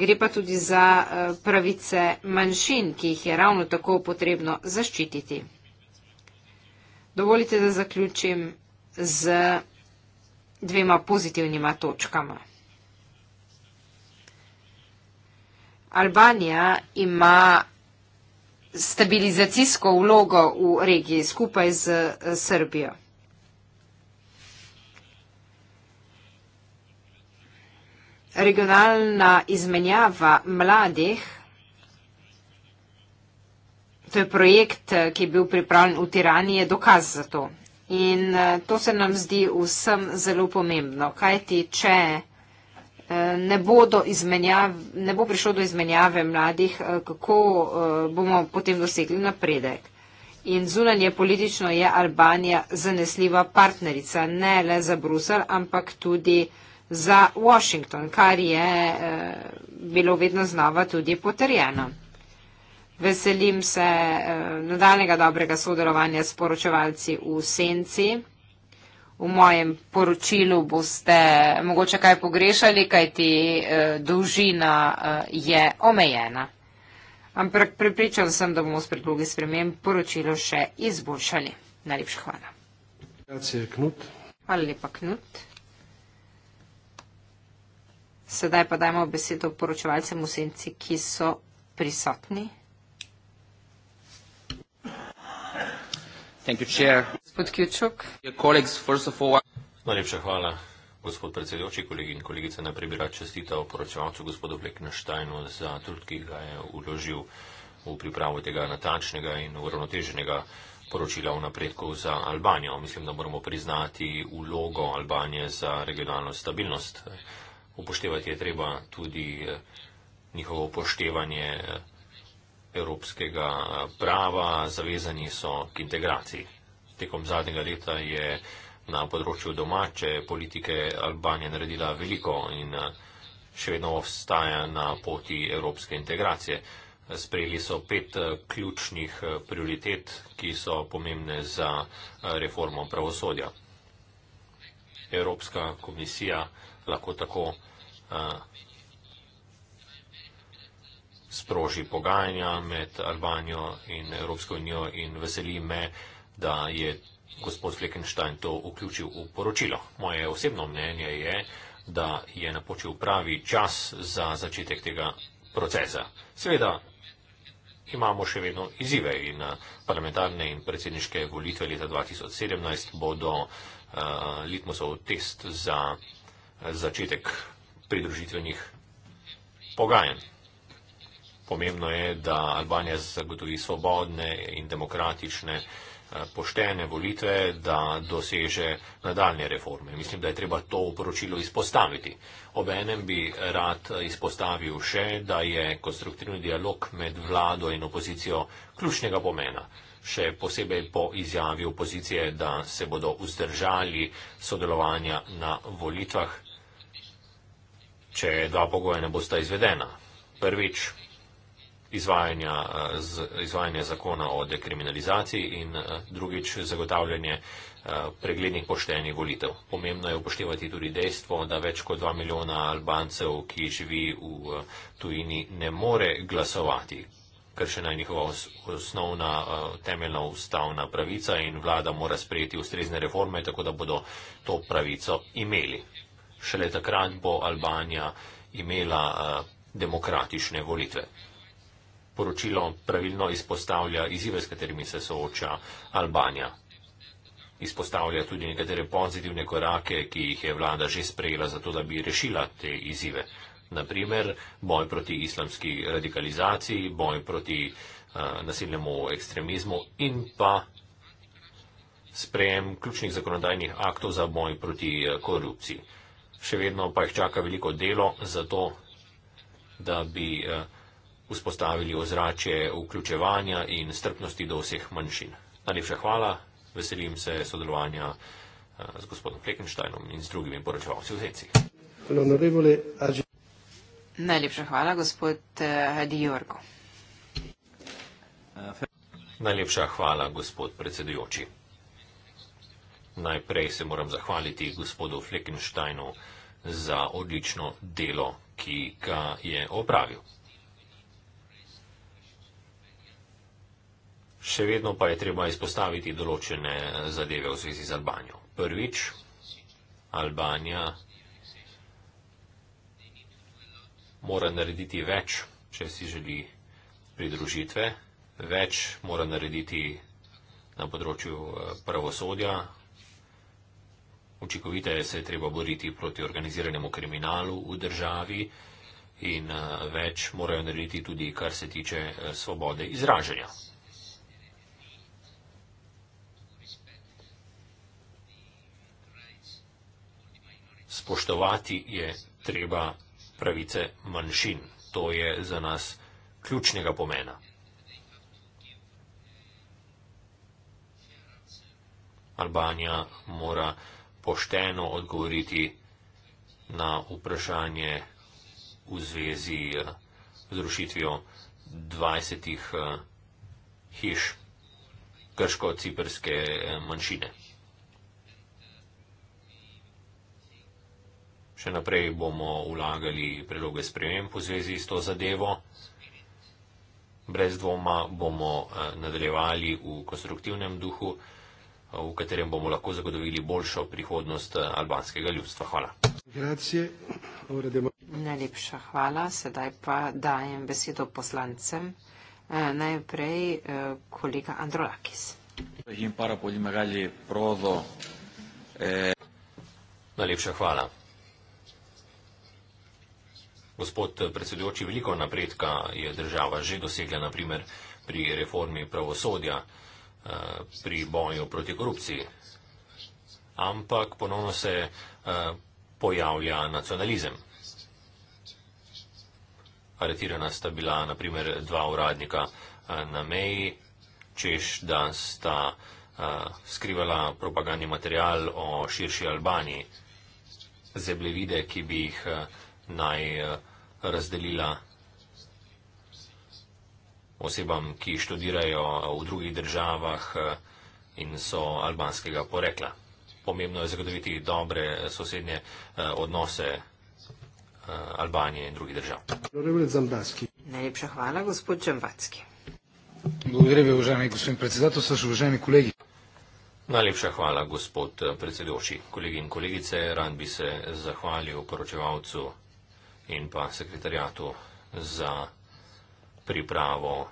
Gre pa tudi za eh, pravice manjšin, ki jih je ravno tako potrebno zaščititi. Dovolite, da zaključim z dvema pozitivnima točkama. Albanija ima stabilizacijsko vlogo v regiji skupaj z eh, Srbijo? Regionalna izmenjava mladih, to je projekt, eh, ki je bil pripravljen v Tirani, je dokaz za to. In eh, to se nam zdi vsem zelo pomembno. Kaj ti če je? Eh, ne bo, do izmenjav, ne bo prišlo do izmenjave mladih, eh, kako eh, bomo potem dosegli napredek. In zunanje politično je Albanija zanesljiva partnerica, ne le za Brusel, ampak tudi za Washington, kar je bilo vedno znova tudi potrjeno. Veselim se nadaljnega dobrega sodelovanja s poročevalci v Senci v mojem poročilu boste mogoče kaj pogrešali, kajti eh, dolžina eh, je omejena. Ampak pripričan sem, da bomo s predlogi spremem poročilo še izboljšali. Najlepša hvala. Hvala lepa, Knut. Sedaj pa dajmo besedo poročevalcem v senci, ki so prisotni. Najlepša hvala, gospod predsedujoči, kolegi in kolegice. Najprej bi rad čestital poročevalcu gospodu Bleknaštajnu za trud, ki ga je uložil v pripravo tega natačnega in uravnoteženega poročila o napredku za Albanijo. Mislim, da moramo priznati ulogo Albanije za regionalno stabilnost. Upoštevati je treba tudi njihovo upoštevanje evropskega eh, prava, zavezani so k integraciji. Tekom zadnjega leta je na področju domače politike Albanija naredila veliko in eh, še vedno obstaja na poti evropske integracije. Sprejeli so pet eh, ključnih prioritet, ki so pomembne za reformo pravosodja. Evropska komisija lahko tako sproži pogajanja med Albanijo in Evropsko unijo in veseli me, da je gospod Fleckenstein to vključil v poročilo. Moje osebno mnenje je, da je napočil pravi čas za začetek tega procesa. Seveda imamo še vedno izzive in eh, parlamentarne in predsedniške volitve leta 2017 bodo uh, litmusov test za eh, začetek pridružitvenih pogajanj. Pomembno je, da Albanija zagotovi svobodne in demokratične eh, poštene volitve, da doseže nadaljne reforme. Mislim, da je treba to uporočilo izpostaviti. Obenem bi rad izpostavil še, da je konstruktivni dialog med vlado in opozicijo ključnega pomena. Še posebej po izjavi opozicije, da se bodo vzdržali sodelovanja na volitvah, če dva pogoja ne bosta izvedena. Prvič, izvajanja, z, izvajanja zakona o dekriminalizaciji in eh, drugič zagotavljanje eh, preglednih poštenih volitev. Pomembno je upoštevati tudi dejstvo, da več kot dva milijona Albancev, ki živi v eh, tujini, ne more glasovati. Kršena je njihova osnovna temeljna ustavna pravica in vlada mora sprejeti ustrezne reforme, tako da bodo to pravico imeli. Šele takrat bo Albanija imela demokratične volitve poročilo pravilno izpostavlja izzive, s katerimi se sooča Albanija. Izpostavlja tudi nekatere pozitivne korake, ki jih je vlada že sprejela zato, da bi rešila te izzive. Naprimer, boj proti islamski radikalizaciji, boj proti uh, nasilnemu ekstremizmu in pa sprejem ključnih zakonodajnih aktov za boj proti eh, korupciji. Še vedno pa jih čaka veliko delo za to, da bi. Uh, vzpostavili ozračje vključevanja in strpnosti do vseh manjšin. Najlepša hvala, veselim se sodelovanja eh, z gospodom Klekensteinom in z drugimi poročevalci v Zenci. Najlepša hvala, gospod Hadi eh, Jorko. Najlepša hvala, gospod predsedujoči. Najprej se moram zahvaliti gospodu Fleckensteinu za odlično delo, ki ga je opravil. Še vedno pa je treba izpostaviti določene zadeve v zvezi z Albanijo. Prvič, Albanija mora narediti več, če si želi pridružitve, več mora narediti na področju eh, pravosodja, učinkovite se je treba boriti proti organiziranemu kriminalu v državi in eh, več morajo narediti tudi, kar se tiče eh, svobode izražanja. spoštovati je treba pravice manjšin. To je za nas ključnega pomena. Albanija mora pošteno odgovoriti na vprašanje v zvezi eh, z rušitvijo 20 eh, hiš krško-ciperske eh, manjšine. Še naprej bomo ulagali predloge sprememb v zvezi s to zadevo. Brez dvoma bomo eh, nadaljevali v konstruktivnem duhu, eh, v katerem bomo lahko zagotovili boljšo prihodnost eh, albanskega ljudstva. Hvala. Najlepša hvala. Sedaj pa dajem besedo poslancem. Najprej kolega Androlakis. Najlepša hvala. Gospod predsedujoči, veliko napredka je država že dosegla, naprimer pri reformi pravosodja, eh, pri boju proti korupciji. Ampak ponovno se eh, pojavlja nacionalizem. Aretirana sta bila naprimer dva uradnika eh, na meji, češ, da sta skrivala propagandni material o širši Albaniji. Zemljevide, ki bi jih naj eh, razdelila osebam, ki študirajo eh, v drugih državah eh, in so albanskega porekla. Pomembno je zagotoviti dobre sosednje odnose Albanije in drugih držav. Najlepša hvala, gospod Čembacki. Благодаря ви, уважаеми господин председател, също уважаеми колеги. Najlepša hvala, gospod predsedujoči. Kolegi in kolegice, rad bi se zahvalil poročevalcu in pa sekretarjatu za pripravo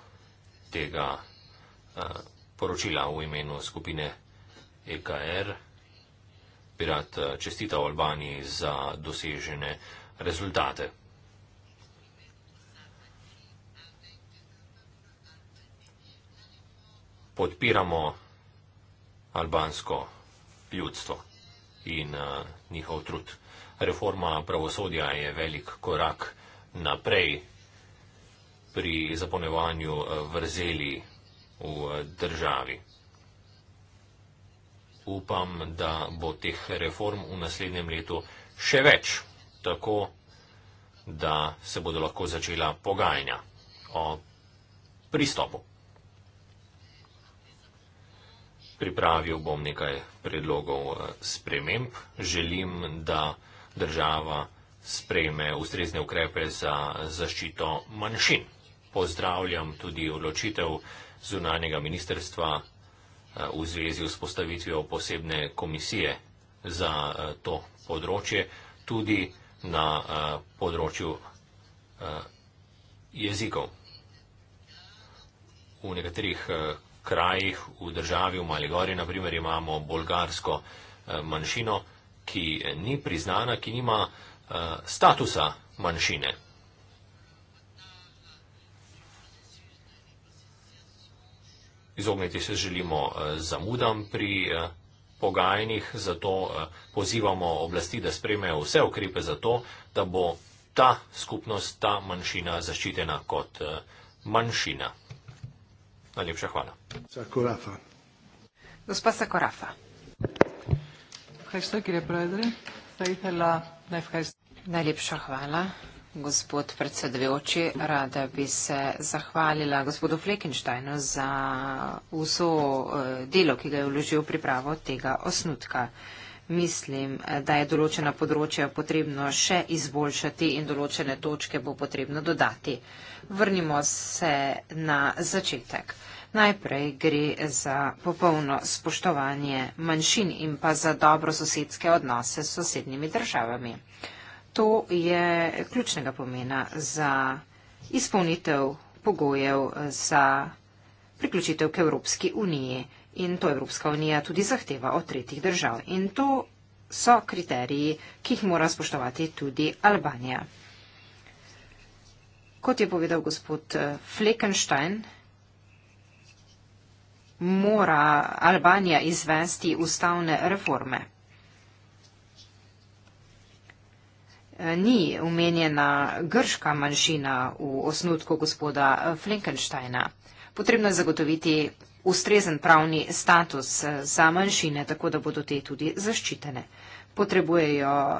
tega eh, poročila v imenu skupine EKR. Bi rad eh, čestital Albaniji za dosežene rezultate. Podpiramo albansko ljudstvo in uh, njihov trud. Reforma pravosodja je velik korak naprej pri zapolnevanju eh, vrzeli v eh, državi. Upam, da bo teh reform v naslednjem letu še več, tako da se bodo lahko začela pogajanja o pristopu. Pripravil bom nekaj predlogov eh, sprememb. Želim, da bo država sprejme ustrezne ukrepe za zaščito manjšin. Pozdravljam tudi odločitev zunanjega ministerstva eh, v zvezi s postavitvijo posebne komisije za eh, to področje, tudi na eh, področju jezikov. V nekaterih krajih v državi, v Maligori, naprimer, imamo bolgarsko manjšino, ki ni priznana, ki nima uh, statusa manjšine. Izogniti se želimo uh, zamudam pri uh, pogajanjih, zato uh, pozivamo oblasti, da spremejo vse ukrepe za to, da bo ta skupnost, ta manjšina zaščitena kot uh, manjšina. Najlepša hvala. Gospa Sakorafa. Hvala, Najlepša hvala, gospod predsedujoči. Rada bi se zahvalila gospodu Flekensteinu za vso eh, delo, ki ga je vložil v pripravo tega osnutka. Mislim, eh, da je določena področja potrebno še izboljšati in določene točke bo potrebno dodati. Vrnimo se na začetek najprej gre za popolno spoštovanje manjšin in pa za dobro sosedske odnose s sosednjimi državami. To je ključnega pomena za izpolnitev pogojev za priključitev k Evropski uniji in to Evropska unija tudi zahteva od tretjih držav. In to so kriteriji, ki jih mora spoštovati tudi Albanija. Kot je povedal gospod eh, Fleckenstein, mora Albanija izvesti ustavne reforme. E, ni umenjena grška manjšina v osnutku gospoda Flinkensteina. Potrebno je zagotoviti ustrezen pravni status e, za manjšine, tako da bodo te tudi zaščitene. Potrebujejo e,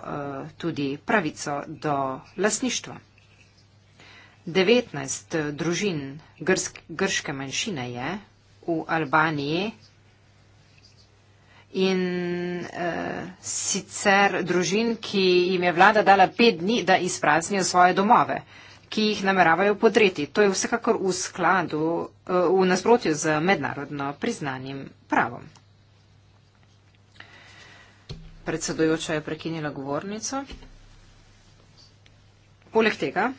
tudi pravico do lasništva. 19 družin grske manjšine je v Albaniji. In uh, sicer družin, ki jim je vlada dala pet dni, da izpraznijo svoje domove, ki jih nameravajo podreti. To je vsekakor v skladu, uh, v nasprotju z mednarodno priznanim pravom. Predsedojoča je prekinila govornico. Poleg tega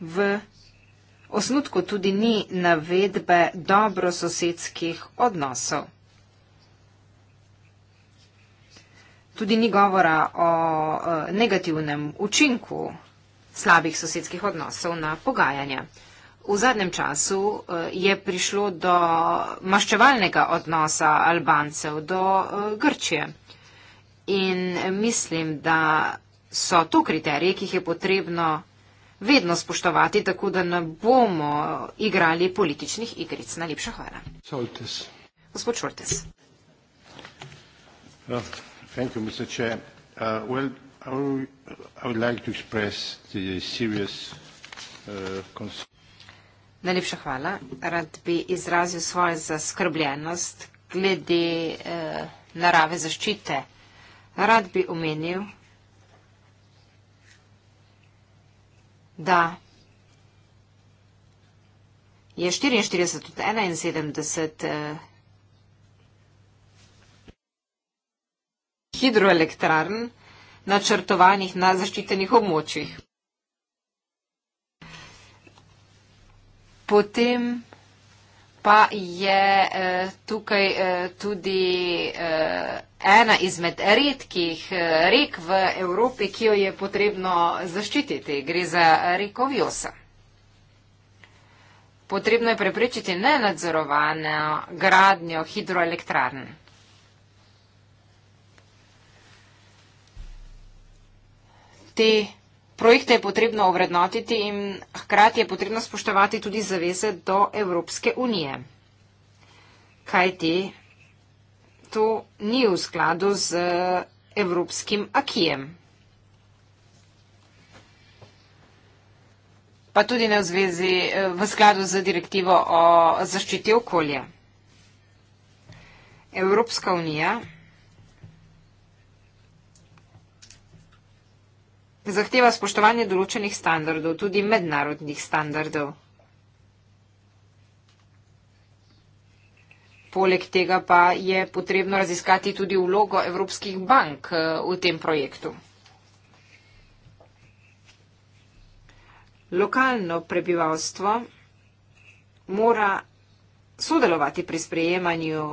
v Osnutku tudi ni navedbe dobrososedskih odnosov. Tudi ni govora o e, negativnem učinku slabih sosedskih odnosov na pogajanja. V zadnjem času e, je prišlo do maščevalnega odnosa Albancev do e, Grčije. In mislim, da so to kriterije, ki jih je potrebno vedno spoštovati, tako da ne bomo igrali političnih igric. Najlepša hvala. Šoltes. Gospod Šoltes. Najlepša hvala. Rad bi izrazil svojo zaskrbljenost glede uh, narave zaščite. Rad bi omenil, da je 44 od 71 eh, hidroelektrarn načrtovanih na zaščitenih območjih. Potem pa je eh, tukaj eh, tudi. Eh, ena izmed redkih eh, rek v Evropi, ki jo je potrebno zaščititi. Gre za reko Vjosa. Potrebno je preprečiti nenadzorovano gradnjo hidroelektrarn. Te projekte je potrebno ovrednotiti in hkrati je potrebno spoštovati tudi zaveze do Evropske unije. Kaj ti? to ni v skladu z eh, evropskim akijem. Pa tudi ne v, zvezi, eh, v skladu z direktivo o zaščiti okolja. Evropska unija zahteva spoštovanje določenih standardov, tudi mednarodnih standardov. Poleg tega pa je potrebno raziskati tudi vlogo evropskih bank eh, v tem projektu. Lokalno prebivalstvo mora sodelovati pri sprejemanju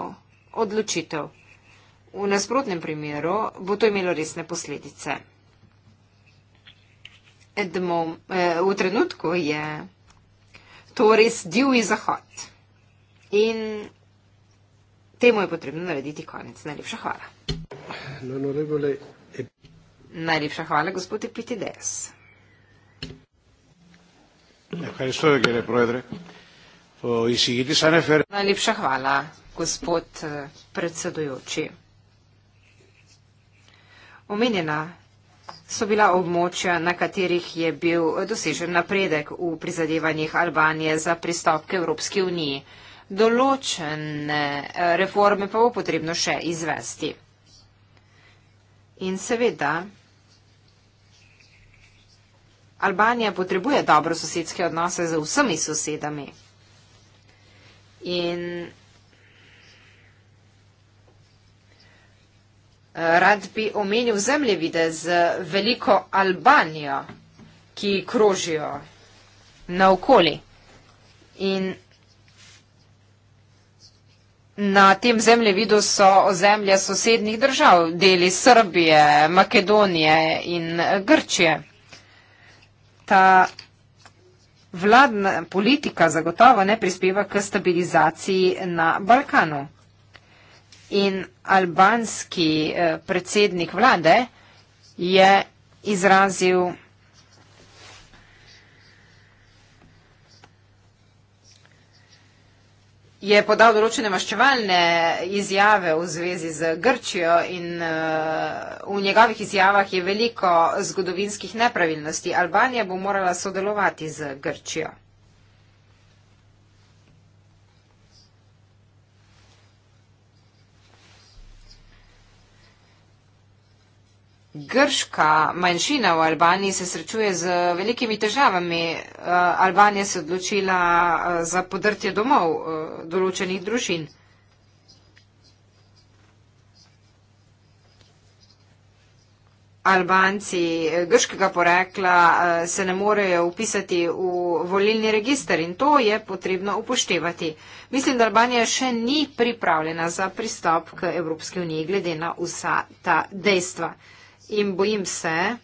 odločitev. V nasprotnem primeru bo to imelo resne posledice. Edmo, eh, v trenutku je to res divji zahod. In temu je potrebno narediti konec. Najlepša hvala. E- Najlepša hvala, gospod Epitides. Najlepša hvala, gospod predsedujoči. Omenjena so bila območja, na katerih je bil dosežen napredek v prizadevanjih Albanije za pristop k Evropski uniji določene eh, reforme pa bo potrebno še izvesti. In seveda, Albanija potrebuje dobro sosedske odnose z vsemi sosedami. In eh, rad bi omenil zemljevide z veliko Albanijo, ki krožijo na okoli. In Na tem zemljevidu so ozemlja sosednjih držav, deli Srbije, Makedonije in Grčije. Ta vladna politika zagotovo ne prispeva k stabilizaciji na Balkanu. In albanski eh, predsednik vlade je izrazil je podal določene maščevalne izjave v zvezi z Grčijo in eh, v njegovih izjavah je veliko zgodovinskih nepravilnosti. Albanija bo morala sodelovati z Grčijo. Grška manjšina v Albaniji se srečuje z velikimi težavami. Eh, Albanija se odločila eh, za podrtje domov eh, določenih družin. Albanci grškega porekla se ne morejo upisati v volilni register in to je potrebno upoštevati. Mislim, da Albanija še ni pripravljena za pristop k Evropske unije glede na vsa ta dejstva in bojim se,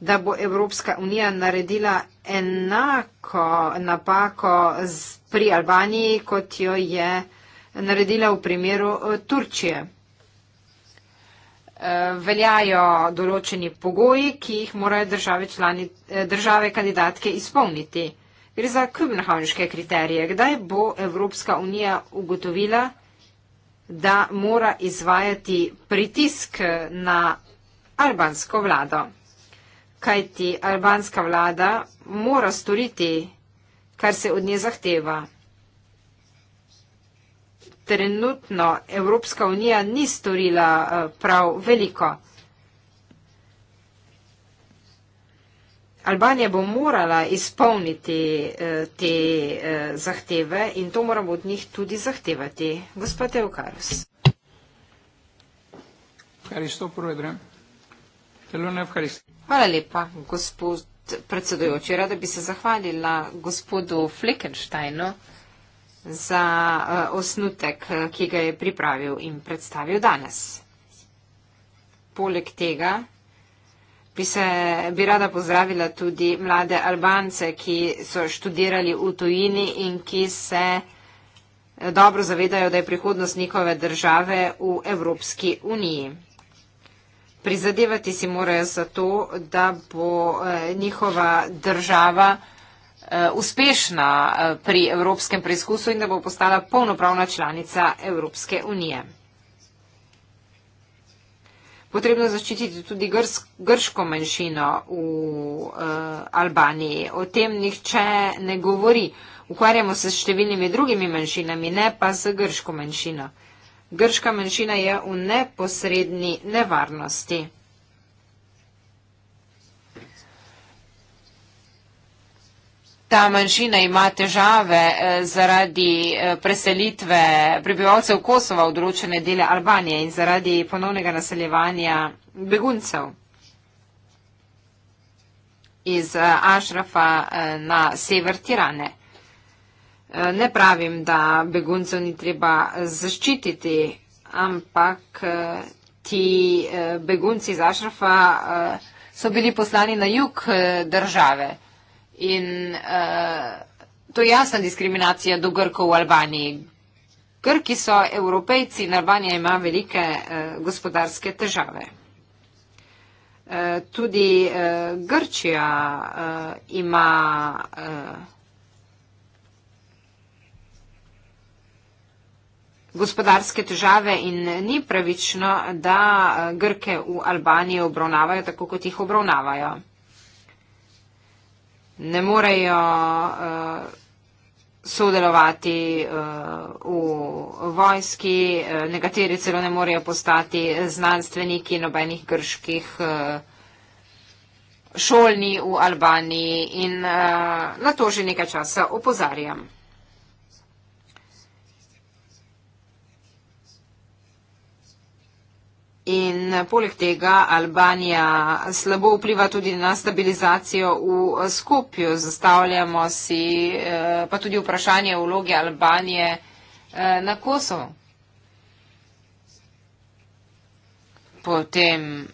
da bo Evropska unija naredila enako napako pri Albaniji, kot jo je naredila v primeru eh, Turčije. Eh, veljajo določeni pogoji, ki jih morajo države, člani, eh, države kandidatke izpolniti. Gre za kubnohavniške kriterije. Kdaj bo Evropska unija ugotovila, da mora izvajati pritisk na albansko vlado. Kajti albanska vlada mora storiti, kar se od nje zahteva. Trenutno Evropska unija ni storila eh, prav veliko. Albanija bo morala izpolniti eh, te eh, zahteve in to moramo od njih tudi zahtevati. Gospod Eukarus. Hvala lepa, gospod predsedojoči. Rada bi se zahvalila gospodu Fleckensteinu za eh, osnutek, ki ga je pripravil in predstavil danes. Poleg tega Bi, se, bi rada pozdravila tudi mlade Albance, ki so študirali v tujini in ki se eh, dobro zavedajo, da je prihodnost njihove države v Evropski uniji. Prizadevati si morajo za to, da bo eh, njihova država eh, uspešna pri evropskem preizkusu in da bo postala polnopravna članica Evropske unije potrebno zaščititi tudi grs, grško manjšino v uh, Albaniji. O tem nihče ne govori. Ukvarjamo se s številnimi drugimi manjšinami, ne pa z grško manjšino. Grška manjšina je v neposredni nevarnosti. ta manjšina ima težave eh, zaradi eh, preselitve prebivalcev Kosova v določene dele Albanije in zaradi ponovnega naseljevanja beguncev iz eh, Ašrafa na sever Tirane. Ne pravim, da beguncev ni treba zaščititi, ampak ti begunci iz Ašrafa so bili poslani na jug države. In uh, to je jasna diskriminacija do Grkov v Albaniji. Grki so evropejci in Albanija ima velike uh, gospodarske težave. Uh, tudi uh, Grčija uh, ima uh, gospodarske težave in ni pravično, da uh, Grke v Albaniji obravnavajo tako, kot jih obravnavajo ne morejo uh, sodelovati uh, v vojski, uh, nekateri celo ne morejo postati znanstveniki nobenih grških uh, šolni v Albaniji in uh, na to že nekaj časa opozarjam. In eh, poleg tega Albanija slabo vpliva tudi na stabilizacijo v eh, skupju. Zastavljamo si eh, pa tudi vprašanje o vloge Albanije na Kosovo. Potem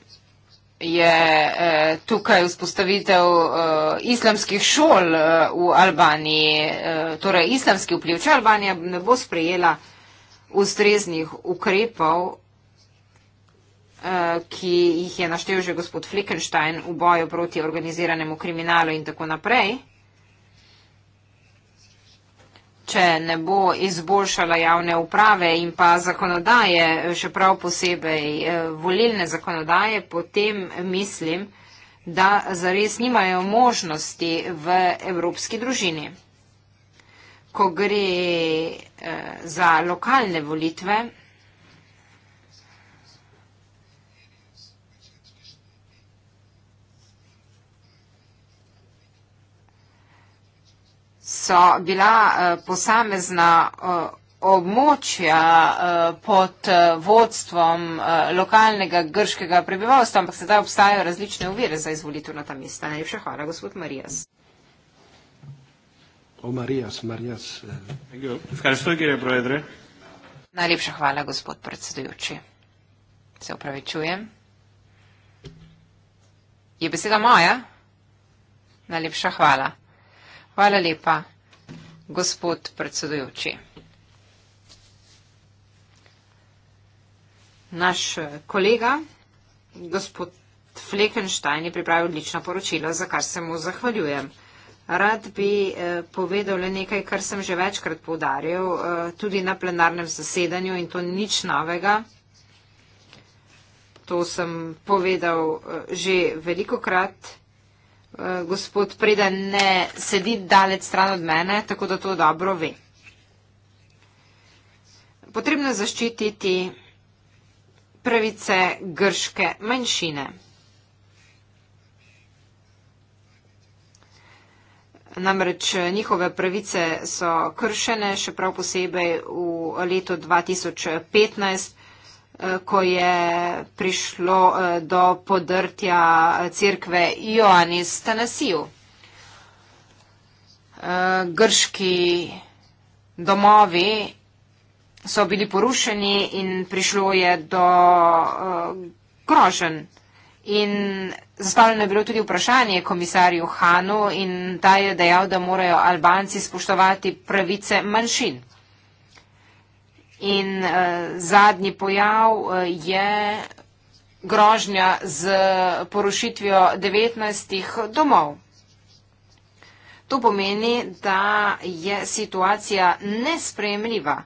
je tukaj vzpostavitev islamskih šol v Albaniji, torej islamski vpliv. Če Albanija ne bo sprejela ustreznih ukrepov, Eh, ki jih je naštel že gospod Flickenstein v boju proti organiziranemu kriminalu in tako naprej, če ne bo izboljšala javne uprave in pa zakonodaje, še prav posebej eh, volilne zakonodaje, potem mislim, da zares nimajo možnosti v evropski družini. Ko gre eh, za lokalne volitve, so bila eh, posamezna eh, območja eh, pod vodstvom lokalnega grškega prebivalstva, ampak sedaj obstajajo različne uvire za izvolitev na ta mesta. Najlepša hvala, gospod Marijas. O Marijas, Marijas. Najlepša hvala, gospod predsedujoči. Se upravičujem. Je beseda moja? Najlepša hvala. Hvala lepa. Gospod predsedujoči. Naš kolega, gospod Flekenštajn, je pripravil odlično poročilo, za kar se mu zahvaljujem. Rad bi eh, povedal le nekaj, kar sem že večkrat poudarjal, eh, tudi na plenarnem zasedanju in to nič novega. To sem povedal eh, že veliko krat. Eh, gospod Preden ne sedi daleč stran od mene, tako da to dobro ve. Potrebno je zaščititi pravice grške manjšine. Namreč eh, njihove pravice so kršene, še prav posebej v letu 2015, Eh, ko je prišlo eh, do podrtja crkve Ioannis Tanasiju. Eh, grški domovi so bili porušeni in prišlo je do grožen. In zastavljeno je bilo tudi vprašanje komisarju Hanu in ta je dejal, da morajo Albanci spoštovati pravice manjšin. In uh, zadnji pojav uh, je grožnja z porušitvijo 19 domov. To pomeni, da je situacija nespremljiva.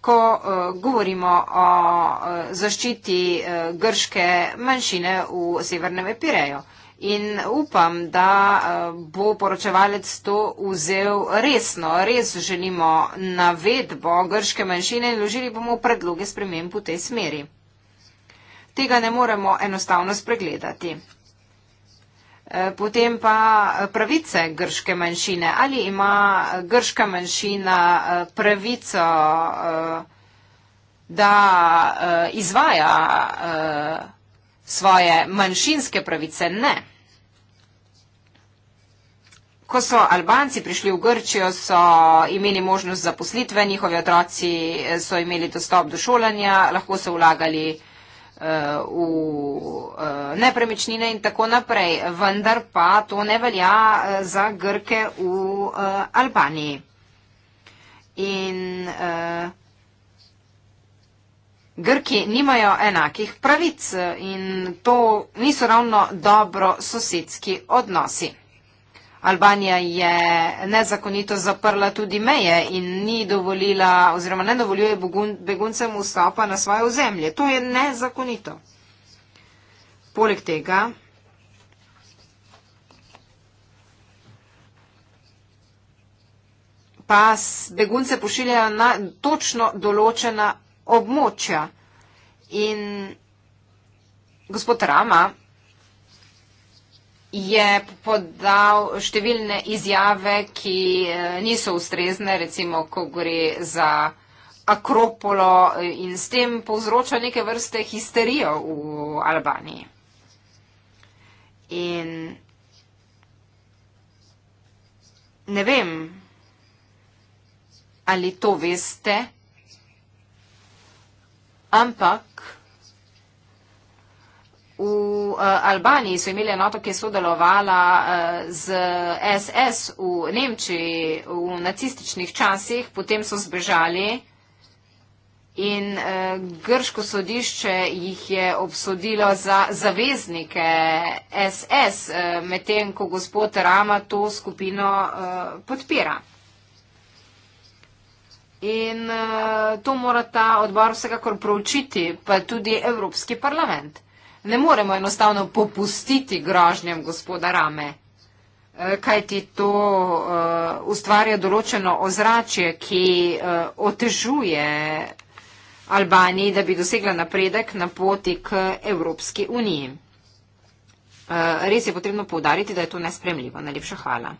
Ko uh, govorimo o uh, zaščiti uh, grške manjšine v Severnem Epireju. In upam, da eh, bo poročevalec to vzel resno. Res želimo navedbo grške manjšine in vložili bomo predloge sprememb v tej smeri. Tega ne moremo enostavno spregledati. Eh, potem pa eh, pravice grške manjšine. Ali ima grška manjšina pravico, da izvaja svoje manjšinske pravice, ne. Ko so Albanci prišli v Grčijo, so imeli možnost zaposlitve, njihovi otroci eh, so imeli dostop do šolanja, lahko so vlagali eh, v eh, nepremičnine in tako naprej, vendar pa to ne velja za Grke v Albaniji. In uh, Grki nimajo enakih pravic in to niso ravno dobro sosedski odnosi. Albanija je nezakonito zaprla tudi meje in ni dovolila oziroma ne dovoljuje beguncem vstopa na svoje ozemlje. To je nezakonito. Poleg tega pa begunce pošiljajo na točno določena območja. In gospod Rama je podal številne izjave, ki eh, niso ustrezne, recimo, ko gre za Akropolo eh, in s tem povzroča neke vrste histerijo v Albaniji. In ne vem, ali to veste. Ampak v eh, Albaniji so imeli enoto, ki je sodelovala eh, z SS v Nemčiji v nacističnih časih, potem so zbežali. In e, grško sodišče jih je obsodilo za zaveznike SS, e, medtem ko gospod Rama to skupino e, podpira. In uh, to mora ta odbor vsekakor proučiti, pa tudi Evropski parlament. Ne moremo enostavno popustiti grožnjem gospoda Rame, eh, kaj ti to uh, ustvarja določeno ozračje, ki uh, otežuje Albaniji, da bi dosegla napredek na poti k Evropski uniji. Uh, res je potrebno povdariti, da je to nespremljivo. Najlepša hvala.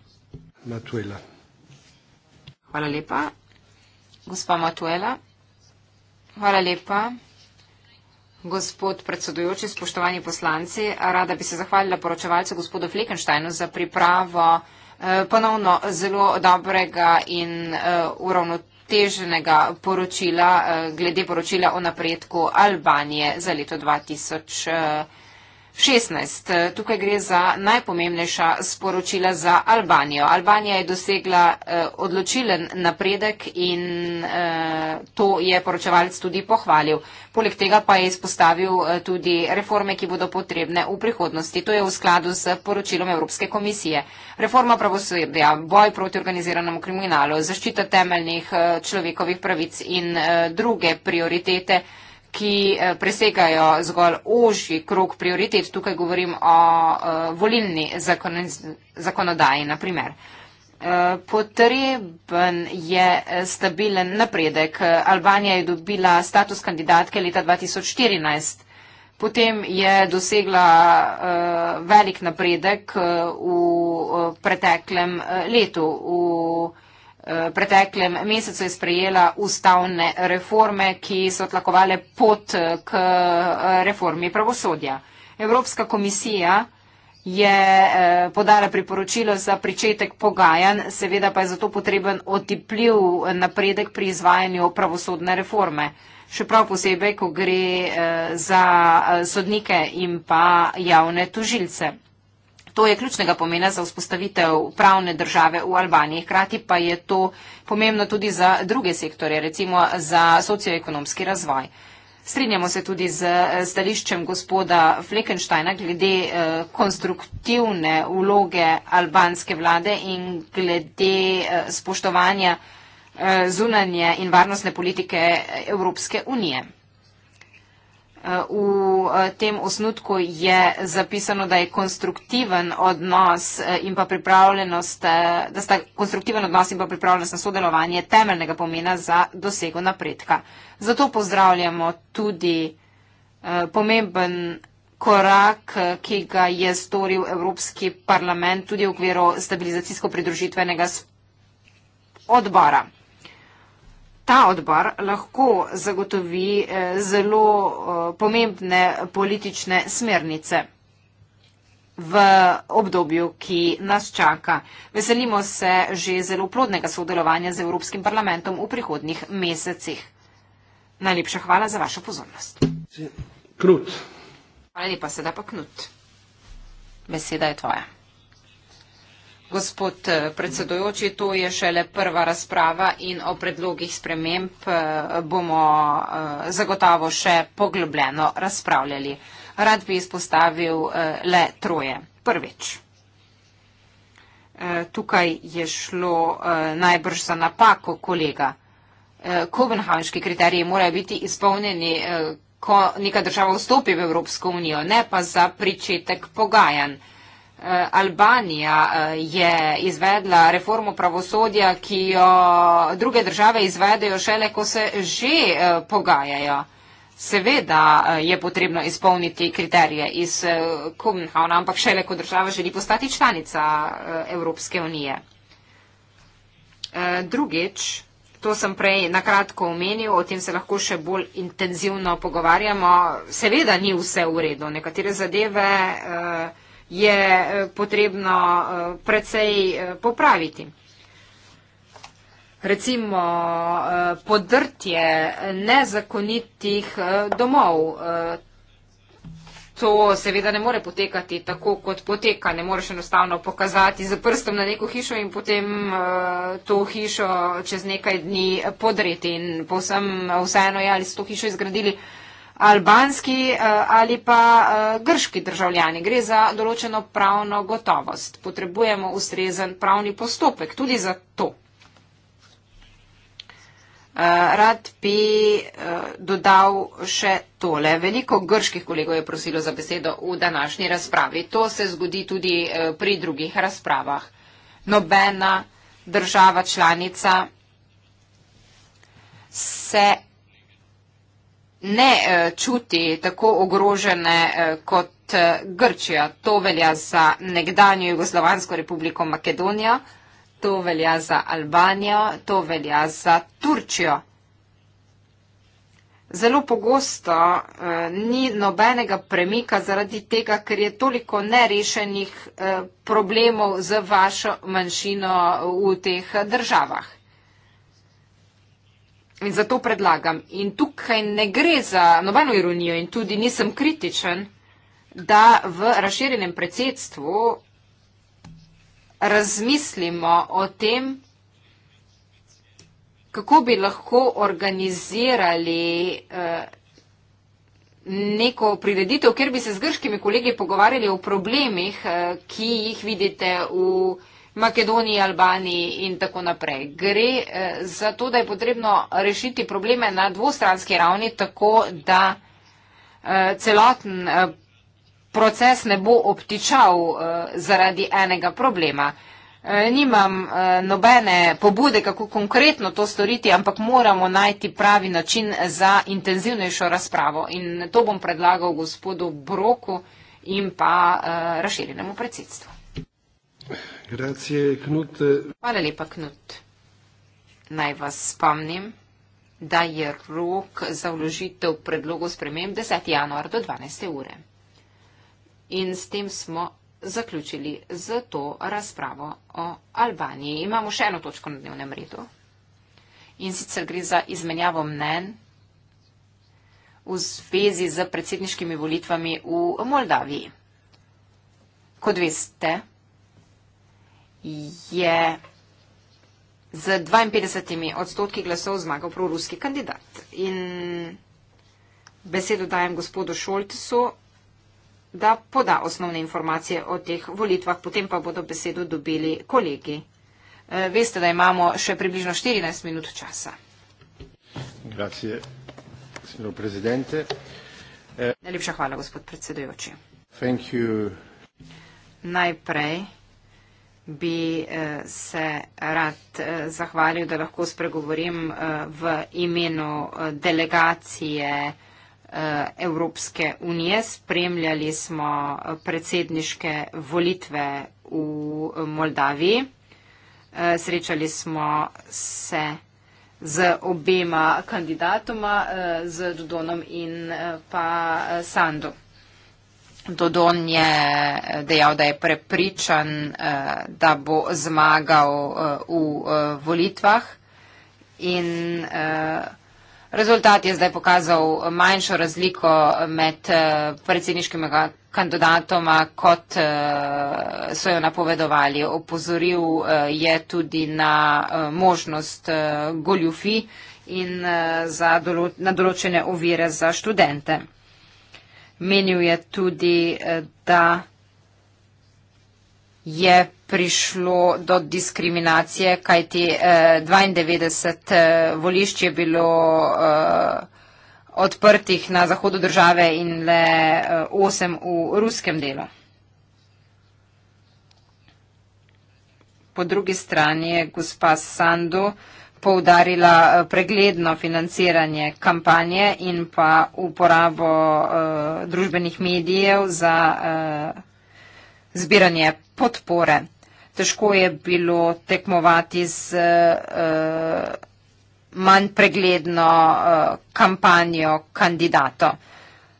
Matuela. Hvala lepa. Gospa Matuela. Hvala lepa. Gospod predsedujoči, spoštovani poslanci, rada bi se zahvalila poročevalcu gospodu Flekensteinu za pripravo eh, ponovno zelo dobrega in eh, uravnoteženega poročila eh, glede poročila o napredku Albanije za leto 2020. 16. Tukaj gre za najpomembnejša sporočila za Albanijo. Albanija je dosegla eh, odločilen napredek in eh, to je poročevalec tudi pohvalil. Poleg tega pa je izpostavil eh, tudi reforme, ki bodo potrebne v prihodnosti. To je v skladu s poročilom Evropske komisije. Reforma pravosodja, boj proti organiziranemu kriminalu, zaščita temeljnih eh, človekovih pravic in eh, druge prioritete ki eh, presegajo zgolj ožji krok prioritet. Tukaj govorim o eh, volilni zakonodaji, na primer. Eh, potreben je stabilen napredek. Albanija je dobila status kandidatke leta 2014. Potem je dosegla velik napredek v preteklem letu. V Eh, preteklem mesecu je sprejela ustavne reforme, ki so tlakovale pot eh, k eh, reformi pravosodja. Evropska komisija je podala priporočilo za pričetek pogajanj, seveda pa je zato potreben otipljiv napredek pri izvajanju pravosodne reforme. Še prav posebej, ko gre za sodnike in pa javne tužilce. To je ključnega pomena za vzpostavitev pravne države v Albaniji. Hkrati pa je to pomembno tudi za druge sektore, recimo za socioekonomski razvoj. Strinjamo se tudi z eh, stališčem gospoda Fleckensteina glede eh, konstruktivne vloge albanske vlade in glede eh, spoštovanja zunanje in varnostne politike Evropske unije. Eh, v eh, tem osnutku je zapisano, da je konstruktiven odnos eh, in pa pripravljenost, da sta konstruktiven odnos in pa pripravljenost na sodelovanje temeljnega pomena za dosego napredka. Zato pozdravljamo tudi pomemben korak, ki ga je storil Evropski parlament tudi v okviru stabilizacijsko pridružitvenega odbora ta odbor lahko zagotovi eh, zelo eh, pomembne politične smernice v obdobju, ki nas čaka. Veselimo se že zelo plodnega sodelovanja z Evropskim parlamentom v prihodnjih mesecih. Najlepša hvala za vašo pozornost. Krut. Hvala lepa, sedaj pa Knut. Beseda je tvoja. Gospod eh, predsedujoči, to je šele prva razprava in o predlogih sprememb eh, bomo eh, zagotavo še poglobljeno razpravljali. Rad bi izpostavil le troje. Prvič. Tukaj je šlo najbrž za napako kolega. Kobenhavniški kriteriji morajo biti izpolnjeni, ko neka država vstopi v Evropsko unijo, ne pa za pričetek pogajanj. Eh, Albanija eh, je izvedla reformo pravosodja, ki jo druge države izvedejo šele, ko se že eh, pogajajo. Seveda je potrebno izpolniti kriterije iz Kumnhavna, ampak šele, ko država želi postati članica Evropske unije. Drugič, to sem prej nakratko omenil, o tem se lahko še bolj intenzivno pogovarjamo. Seveda ni vse v redu. Nekatere zadeve uh, je eh, potrebno eh, precej eh, popraviti. Recimo podrtje nezakonitih domov. To seveda ne more potekati tako, kot poteka. Ne moreš enostavno pokazati z prstom na neko hišo in potem uh, to hišo čez nekaj dni podreti. In povsem vseeno je, ja, ali so to hišo izgradili uh, albanski eh, ali pa eh, grški državljani. Gre za določeno pravno gotovost. Potrebujemo ustrezen pravni postopek tudi za to. Eh, rad bi dodal še tole. Veliko grških kolegov je prosilo za besedo v današnji razpravi. To se zgodi tudi pri drugih razpravah. Nobena država članica se ne eh, čuti tako ogrožene eh, kot eh, Grčija. To velja za nekdanjo Jugoslovansko republiko Makedonija, to velja za Albanijo, to velja za Turčijo. Zelo pogosto ni nobenega premika zaradi tega, ker je toliko nerešenih problemov z vašo manjšino v teh državah. In zato predlagam, in tukaj ne gre za nobeno ironijo in tudi nisem kritičen, da v razširjenem predsedstvu razmislimo o tem, kako bi lahko organizirali eh, neko prireditev, kjer bi se z grškimi kolegi pogovarjali o problemih, eh, ki jih vidite v Evropi. Makedoniji, Albaniji in tako naprej. Gre eh, za to, da je potrebno rešiti probleme na dvostranski ravni, tako da eh, celoten eh, proces ne bo obtičal zaradi enega problema. Nimam nobene pobude, kako konkretno to storiti, ampak moramo najti pravi način za intenzivnejšo razpravo. In to bom predlagal gospodu Broku in pa razširjenemu predsedstvu. Grazie, Knut. Hvala lepa, Knut. Naj vas spomnim, da je rok za vložitev predlogu sprememb 10. januar do 12. ure. In s tem smo zaključili z to razpravo o Albaniji. Imamo še eno točko na dnevnem redu. In sicer gre za izmenjavo mnen v zvezi z predsedniškimi volitvami v Moldaviji. Kot veste, je z 52 odstotki glasov zmagal proruski kandidat. In besedo dajem gospodu Šoltesu, da poda osnovne informacije o teh volitvah, potem pa bodo besedo dobili kolegi. Eh, veste, da imamo še približno 14 minut časa. Grazie, signor presidente. Eh, Najlepša hvala, gospod predsedujoči. Thank you. Najprej bi eh, se rad eh, zahvalil, da lahko spregovorim eh, v imenu delegacije Evropske unije. Spremljali smo predsedniške volitve v Moldaviji. Srečali smo se z obema kandidatoma, z Dudonom in pa Sandom. Dodon je eh, dejal, da je prepričan, eh, da bo zmagal eh, v volitvah in rezultat je zdaj pokazal manjšo razliko med predsedniškim kandidatoma, kot so jo napovedovali. Opozoril je tudi na možnost goljufi in na določene ovire za študente. Menil je tudi, eh, da je prišlo do diskriminacije, kajti 92 eh, eh, volišč je bilo odprtih na zahodu države in le 8 v ruskem delu. Po drugi strani je gospa Sandu, poudarila eh, pregledno financiranje kampanje in pa uporabo uh, družbenih medijev za uh, zbiranje podpore. Težko je bilo tekmovati z uh, manj pregledno uh, kampanjo kandidato.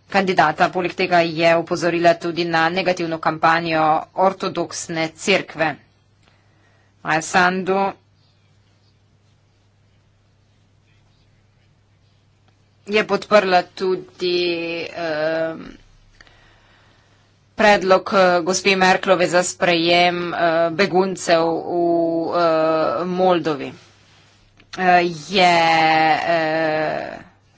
Kandidata poleg tega je upozorila tudi na negativno kampanjo ortodoksne crkve. Maja Sandu. je podprla tudi ehm, predlog eh, gospe Merklove za sprejem eh, beguncev v eh, Moldovi. Je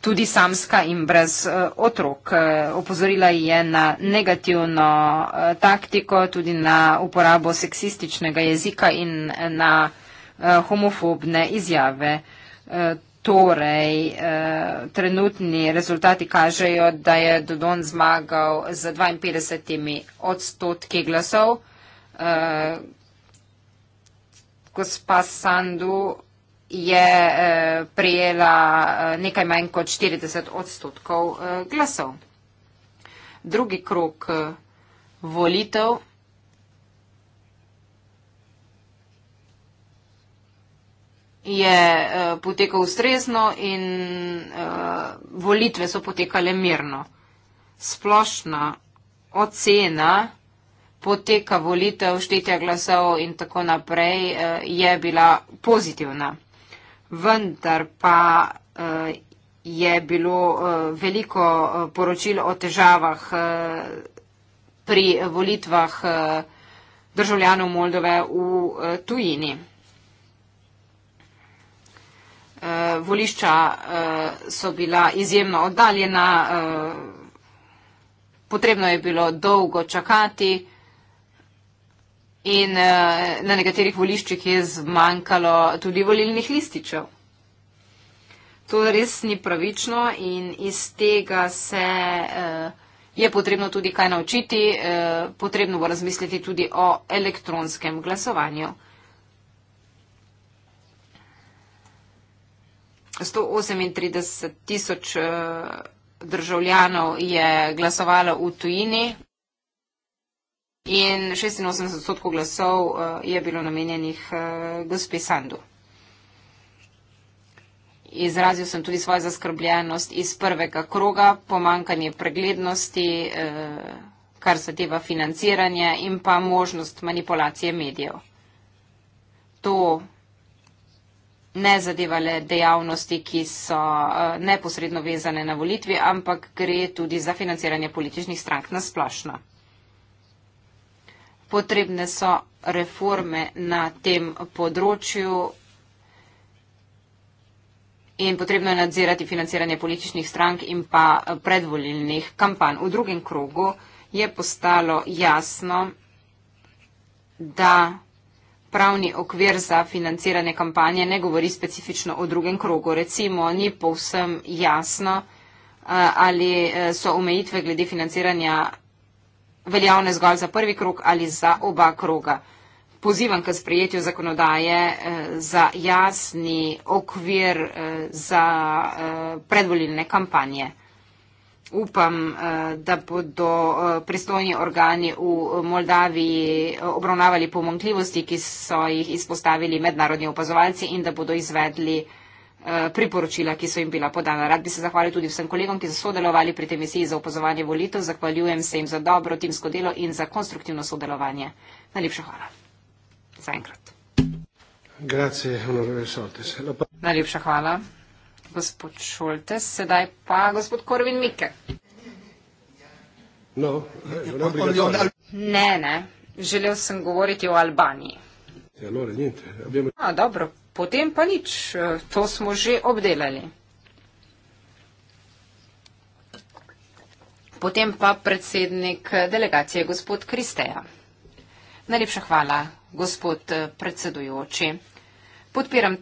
tudi samska in brez otrok. Opozorila je na negativno taktiko, tudi na uporabo seksističnega jezika in na homofobne izjave. Torej, eh, trenutni rezultati kažejo, da je Dodon zmagal z 52 odstotki glasov. Eh, gospa Sandu je eh, prijela eh, nekaj manj kot 40 odstotkov eh, glasov. Drugi krok eh, volitev. je eh, potekal ustrezno in eh, volitve so potekale mirno. Splošna ocena poteka volitev, štetja glasov in tako naprej eh, je bila pozitivna. Vendar pa je bilo veliko poročil o težavah pri volitvah državljanov Moldove v tujini uh, volišča uh, so bila izjemno oddaljena, uh, potrebno je bilo dolgo čakati in uh, na nekaterih voliščih je zmanjkalo tudi volilnih lističev. To res ni pravično in iz tega se eh, je potrebno tudi kaj naučiti, eh, potrebno bo razmisliti tudi o elektronskem glasovanju. 138 tisoč eh, državljanov je glasovalo v tujini in 86 odstotkov glasov eh, je bilo namenjenih eh, gospe Sandu. Izrazil sem tudi svojo zaskrbljenost iz prvega kroga, pomankanje preglednosti, kar se teva financiranje in pa možnost manipulacije medijev. To ne zadevale dejavnosti, ki so eh, neposredno vezane na volitvi, ampak gre tudi za financiranje političnih strank na splošno. Potrebne so reforme na tem področju in potrebno je nadzirati financiranje političnih strank in pa eh, predvolilnih kampanj. V drugem krogu je postalo jasno, da pravni okvir za financiranje kampanje ne govori specifično o drugem krogu. Recimo, ni povsem jasno, eh, ali eh, so omejitve glede financiranja veljavne zgolj za prvi krog ali za oba kroga. Pozivam k sprejetju zakonodaje eh, za jasni okvir za predvoljilne kampanje upam, eh, da bodo eh, pristojni organi v Moldaviji eh, obravnavali pomankljivosti, ki so jih izpostavili mednarodni opazovalci in da bodo izvedli priporočila, ki so jim bila podana. Rad bi se zahvalil tudi vsem kolegom, ki so sodelovali pri tej misiji za opazovanje volitev. Zahvaljujem se jim za dobro timsko delo in za konstruktivno sodelovanje. Najlepša hvala. Zaenkrat. Grazie, onorevole Soltes. Najlepša hvala gospod Šoltes, sedaj pa gospod Korvin Mike. No, ne, ne, želel sem govoriti o Albaniji. Ja, no, a, dobro, potem pa nič, e, to smo že obdelali. Potem pa predsednik delegacije, gospod Kristeja. Najlepša hvala, gospod e, predsedujoči. Podpiram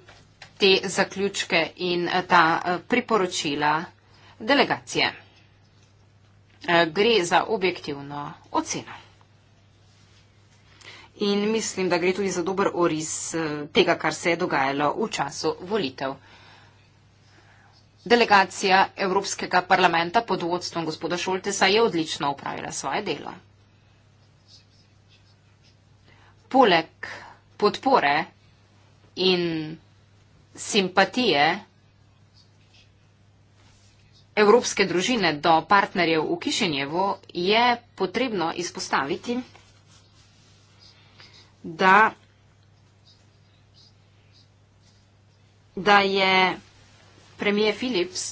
te zaključke in eh, ta eh, priporočila delegacije. Eh, gre za objektivno oceno. In mislim, da gre tudi za dober oris tega, kar se je dogajalo v času volitev. Delegacija Evropskega parlamenta pod vodstvom gospoda Šoltesa je odlično upravila svoje delo. Poleg podpore in simpatije evropske družine do partnerjev v Kišenjevu, je potrebno izpostaviti, da, da je premije Philips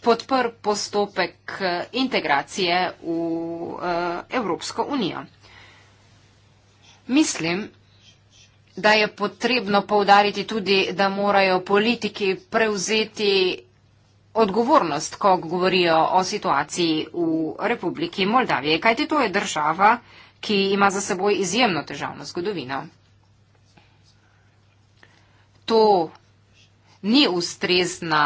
podpr postopek integracije v eh, Evropsko unijo. Mislim, da je potrebno povdariti tudi, da morajo politiki prevzeti odgovornost, ko govorijo o situaciji v Republiki Moldavije. Kajti to je država, ki ima za seboj izjemno težavno zgodovino. To ni ustrezna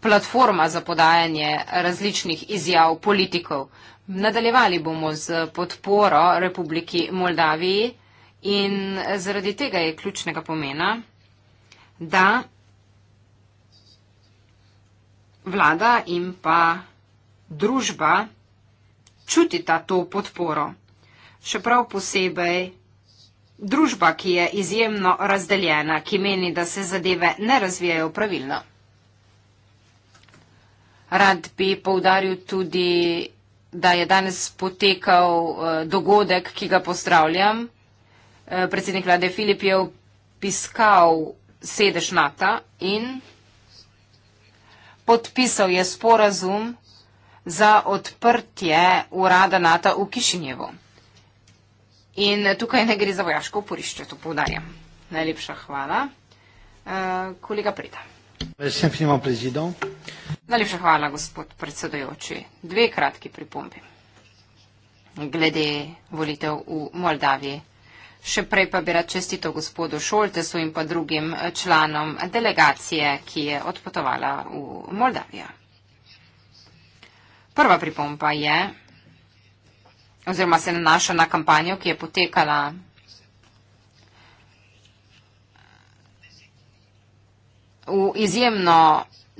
platforma za podajanje različnih izjav politikov. Nadaljevali bomo z podporo Republiki Moldaviji. In zaradi tega je ključnega pomena, da vlada in pa družba čutita to podporo. Še prav posebej družba, ki je izjemno razdeljena, ki meni, da se zadeve ne razvijajo pravilno. Rad bi povdaril tudi, da je danes potekal eh, dogodek, ki ga pozdravljam. Eh, predsednik vlade Filip je opiskal sedež NATO in podpisal je sporazum za odprtje urada NATO v Kišinjevu. In tukaj ne gre za vojaško oporišče, to povdarjam. Najlepša hvala. Eh, kolega Preda. Najlepša hvala, gospod predsedojoči. Dve kratki pripombi glede volitev v Moldaviji. Še prej pa bi rad čestito gospodu Šoltesu in pa drugim članom delegacije, ki je odpotovala v Moldavijo. Prva pripomba je, oziroma se nanaša na kampanjo, ki je potekala v izjemno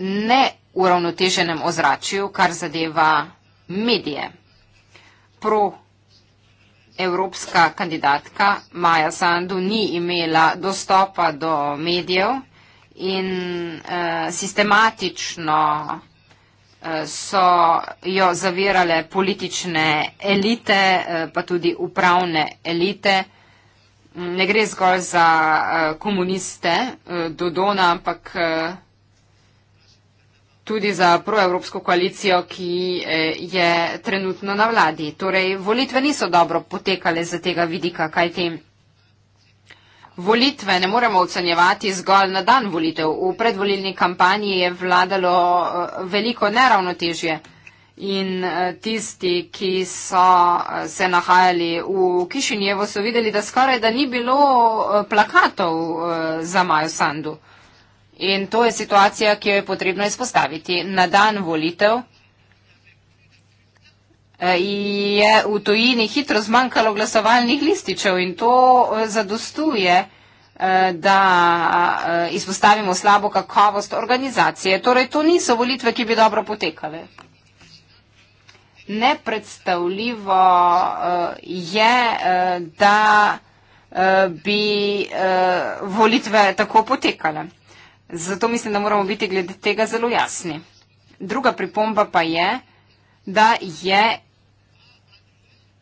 neuravnoteženem ozračju, kar zadeva medije. Pro evropska kandidatka Maja Sandu ni imela dostopa do medijev in uh, sistematično eh, so jo zavirale politične elite, eh, pa tudi upravne elite. Mm, ne gre zgolj za komuniste Dodona, ampak tudi za proevropsko koalicijo, ki eh, je trenutno na vladi. Torej, volitve niso dobro potekale za tega vidika, kaj ti. Volitve ne moremo ocenjevati zgolj na dan volitev. V predvolilni kampanji je vladalo eh, veliko neravnotežje in eh, tisti, ki so se nahajali v Kišinjevo, so videli, da skoraj da ni bilo plakatov za Majo Sandu. In to je situacija, ki jo je potrebno izpostaviti. Na dan volitev eh, je v tojini hitro zmanjkalo glasovalnih lističev in to eh, zadostuje eh, da izpostavimo slabo kakovost organizacije. Torej, to niso volitve, ki bi dobro potekale. Nepredstavljivo je, da bi volitve tako potekale. Zato mislim, da moramo biti glede tega zelo jasni. Druga pripomba pa je, da je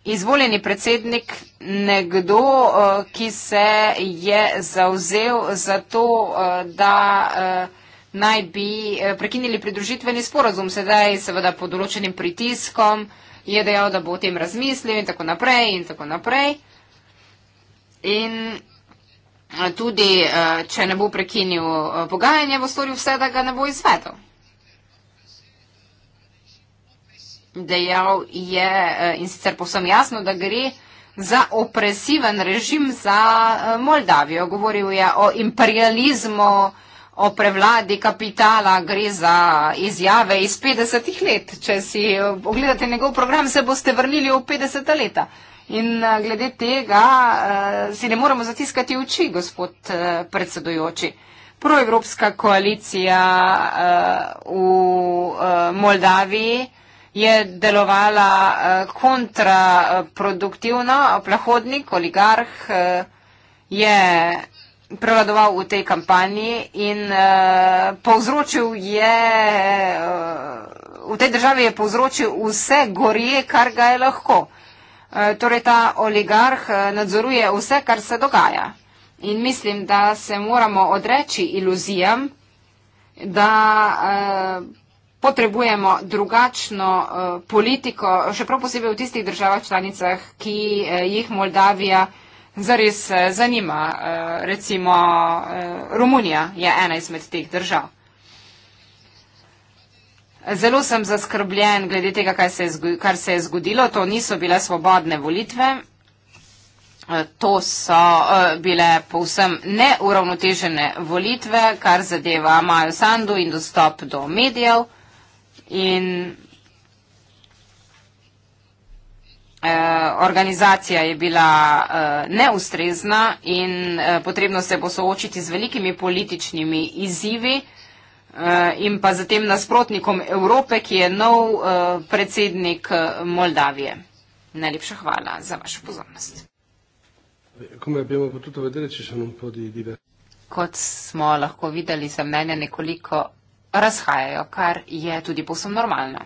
izvoljeni predsednik nekdo, eh, ki se je zauzel za to, eh, da eh, naj bi prekinili pridružitveni sporozum. Sedaj seveda pod določenim pritiskom je dejal, da bo o tem razmislil in tako naprej in tako naprej. In tudi, eh, če ne bo prekinil eh, pogajanje, bo storil vse, da ga ne bo izvedel. Dejal je eh, in sicer posem jasno, da gre za opresiven režim za Moldavijo. Govoril je o imperializmu, o prevladi kapitala, gre za izjave iz 50-ih let. Če si ogledate njegov program, se boste vrnili v 50-ta leta. In eh, glede tega eh, si ne moremo zatiskati oči, gospod eh, predsedujoči. Proevropska koalicija v Moldaviji je delovala kontraproduktivno, plahodnik, oligarh je prevladoval v tej kampanji in povzročil je, v tej državi je povzročil vse gorje, kar ga je lahko. Eh, torej ta oligarh eh, nadzoruje vse, kar se dogaja. In mislim, da se moramo odreči iluzijam, da eh, potrebujemo drugačno politiko, še prav posebej v tistih državah članicah, ki jih Moldavija zares zanima. Recimo Romunija je ena izmed teh držav. Zelo sem zaskrbljen glede tega, kar se, kar se je zgodilo. To niso bile svobodne volitve. E, to so uh, bile povsem neuravnotežene volitve, kar zadeva Majo Sandu in dostop do medijev. In uh, organizacija je bila uh, neustrezna in uh, potrebno se bo soočiti z velikimi političnimi izzivi. Uh, Eh, in pa zatem nasprotnikom Evrope, ki je nov eh, predsednik eh, Moldavije. Najlepša hvala za vašo pozornost. Kot smo lahko videli, se mnenja nekoliko razhajajo, kar je tudi povsem normalno.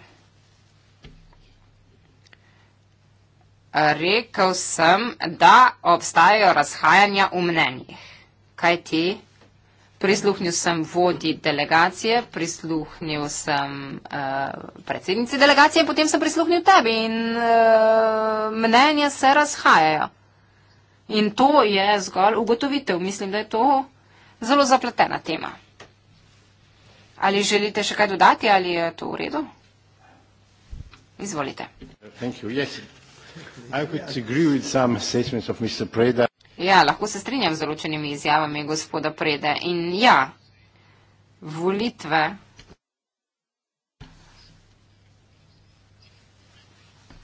Rekl sem, da obstajajo razhajanja v mnenjih. Kaj ti? prisluhnil sem vodji delegacije, prisluhnil sem uh, predsednici delegacije, potem sem prisluhnil tebi in uh, mnenja se razhajajo. In to je zgolj ugotovitev. Mislim, da je to zelo zapletena tema. Ali želite še kaj dodati ali je to v redu? Izvolite. Hvala. Ja, bi se strinjal z nekaterimi statistikami gospoda Preda. Ja, lahko se strinjam z določenimi izjavami gospoda Prede. In ja, volitve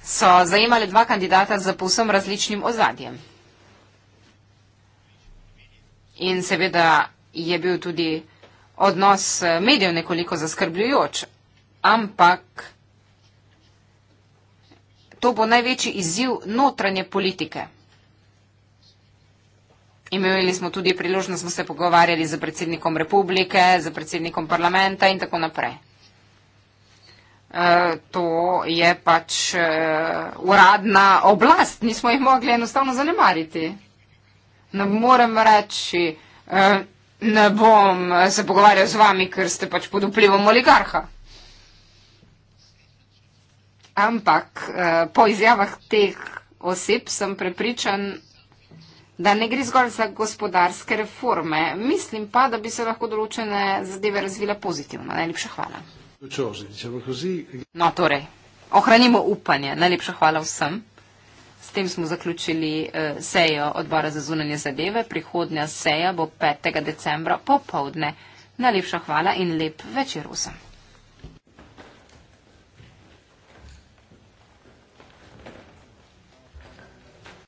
so zajemali dva kandidata z povsem različnim ozadjem. In seveda je bil tudi odnos eh, medijev nekoliko zaskrbljujoč. Ampak to bo največji izziv notranje politike. Imeli smo tudi priložnost, smo se pogovarjali z predsednikom republike, z predsednikom parlamenta in tako naprej. E, to je pač e, uradna oblast, nismo jih mogli enostavno zanemariti. Ne morem reči, e, ne bom se pogovarjal z vami, ker ste pač pod vplivom oligarha. Ampak e, po izjavah teh oseb sem prepričan, da ne gre zgolj za gospodarske reforme. Mislim pa, da bi se lahko določene zadeve razvile pozitivno. Najlepša hvala. No, torej, ohranimo upanje. Najlepša hvala vsem. S tem smo zaključili eh, sejo odbora za zunanje zadeve. Prihodnja seja bo 5. decembra popovdne. Najlepša hvala in lep večer vsem.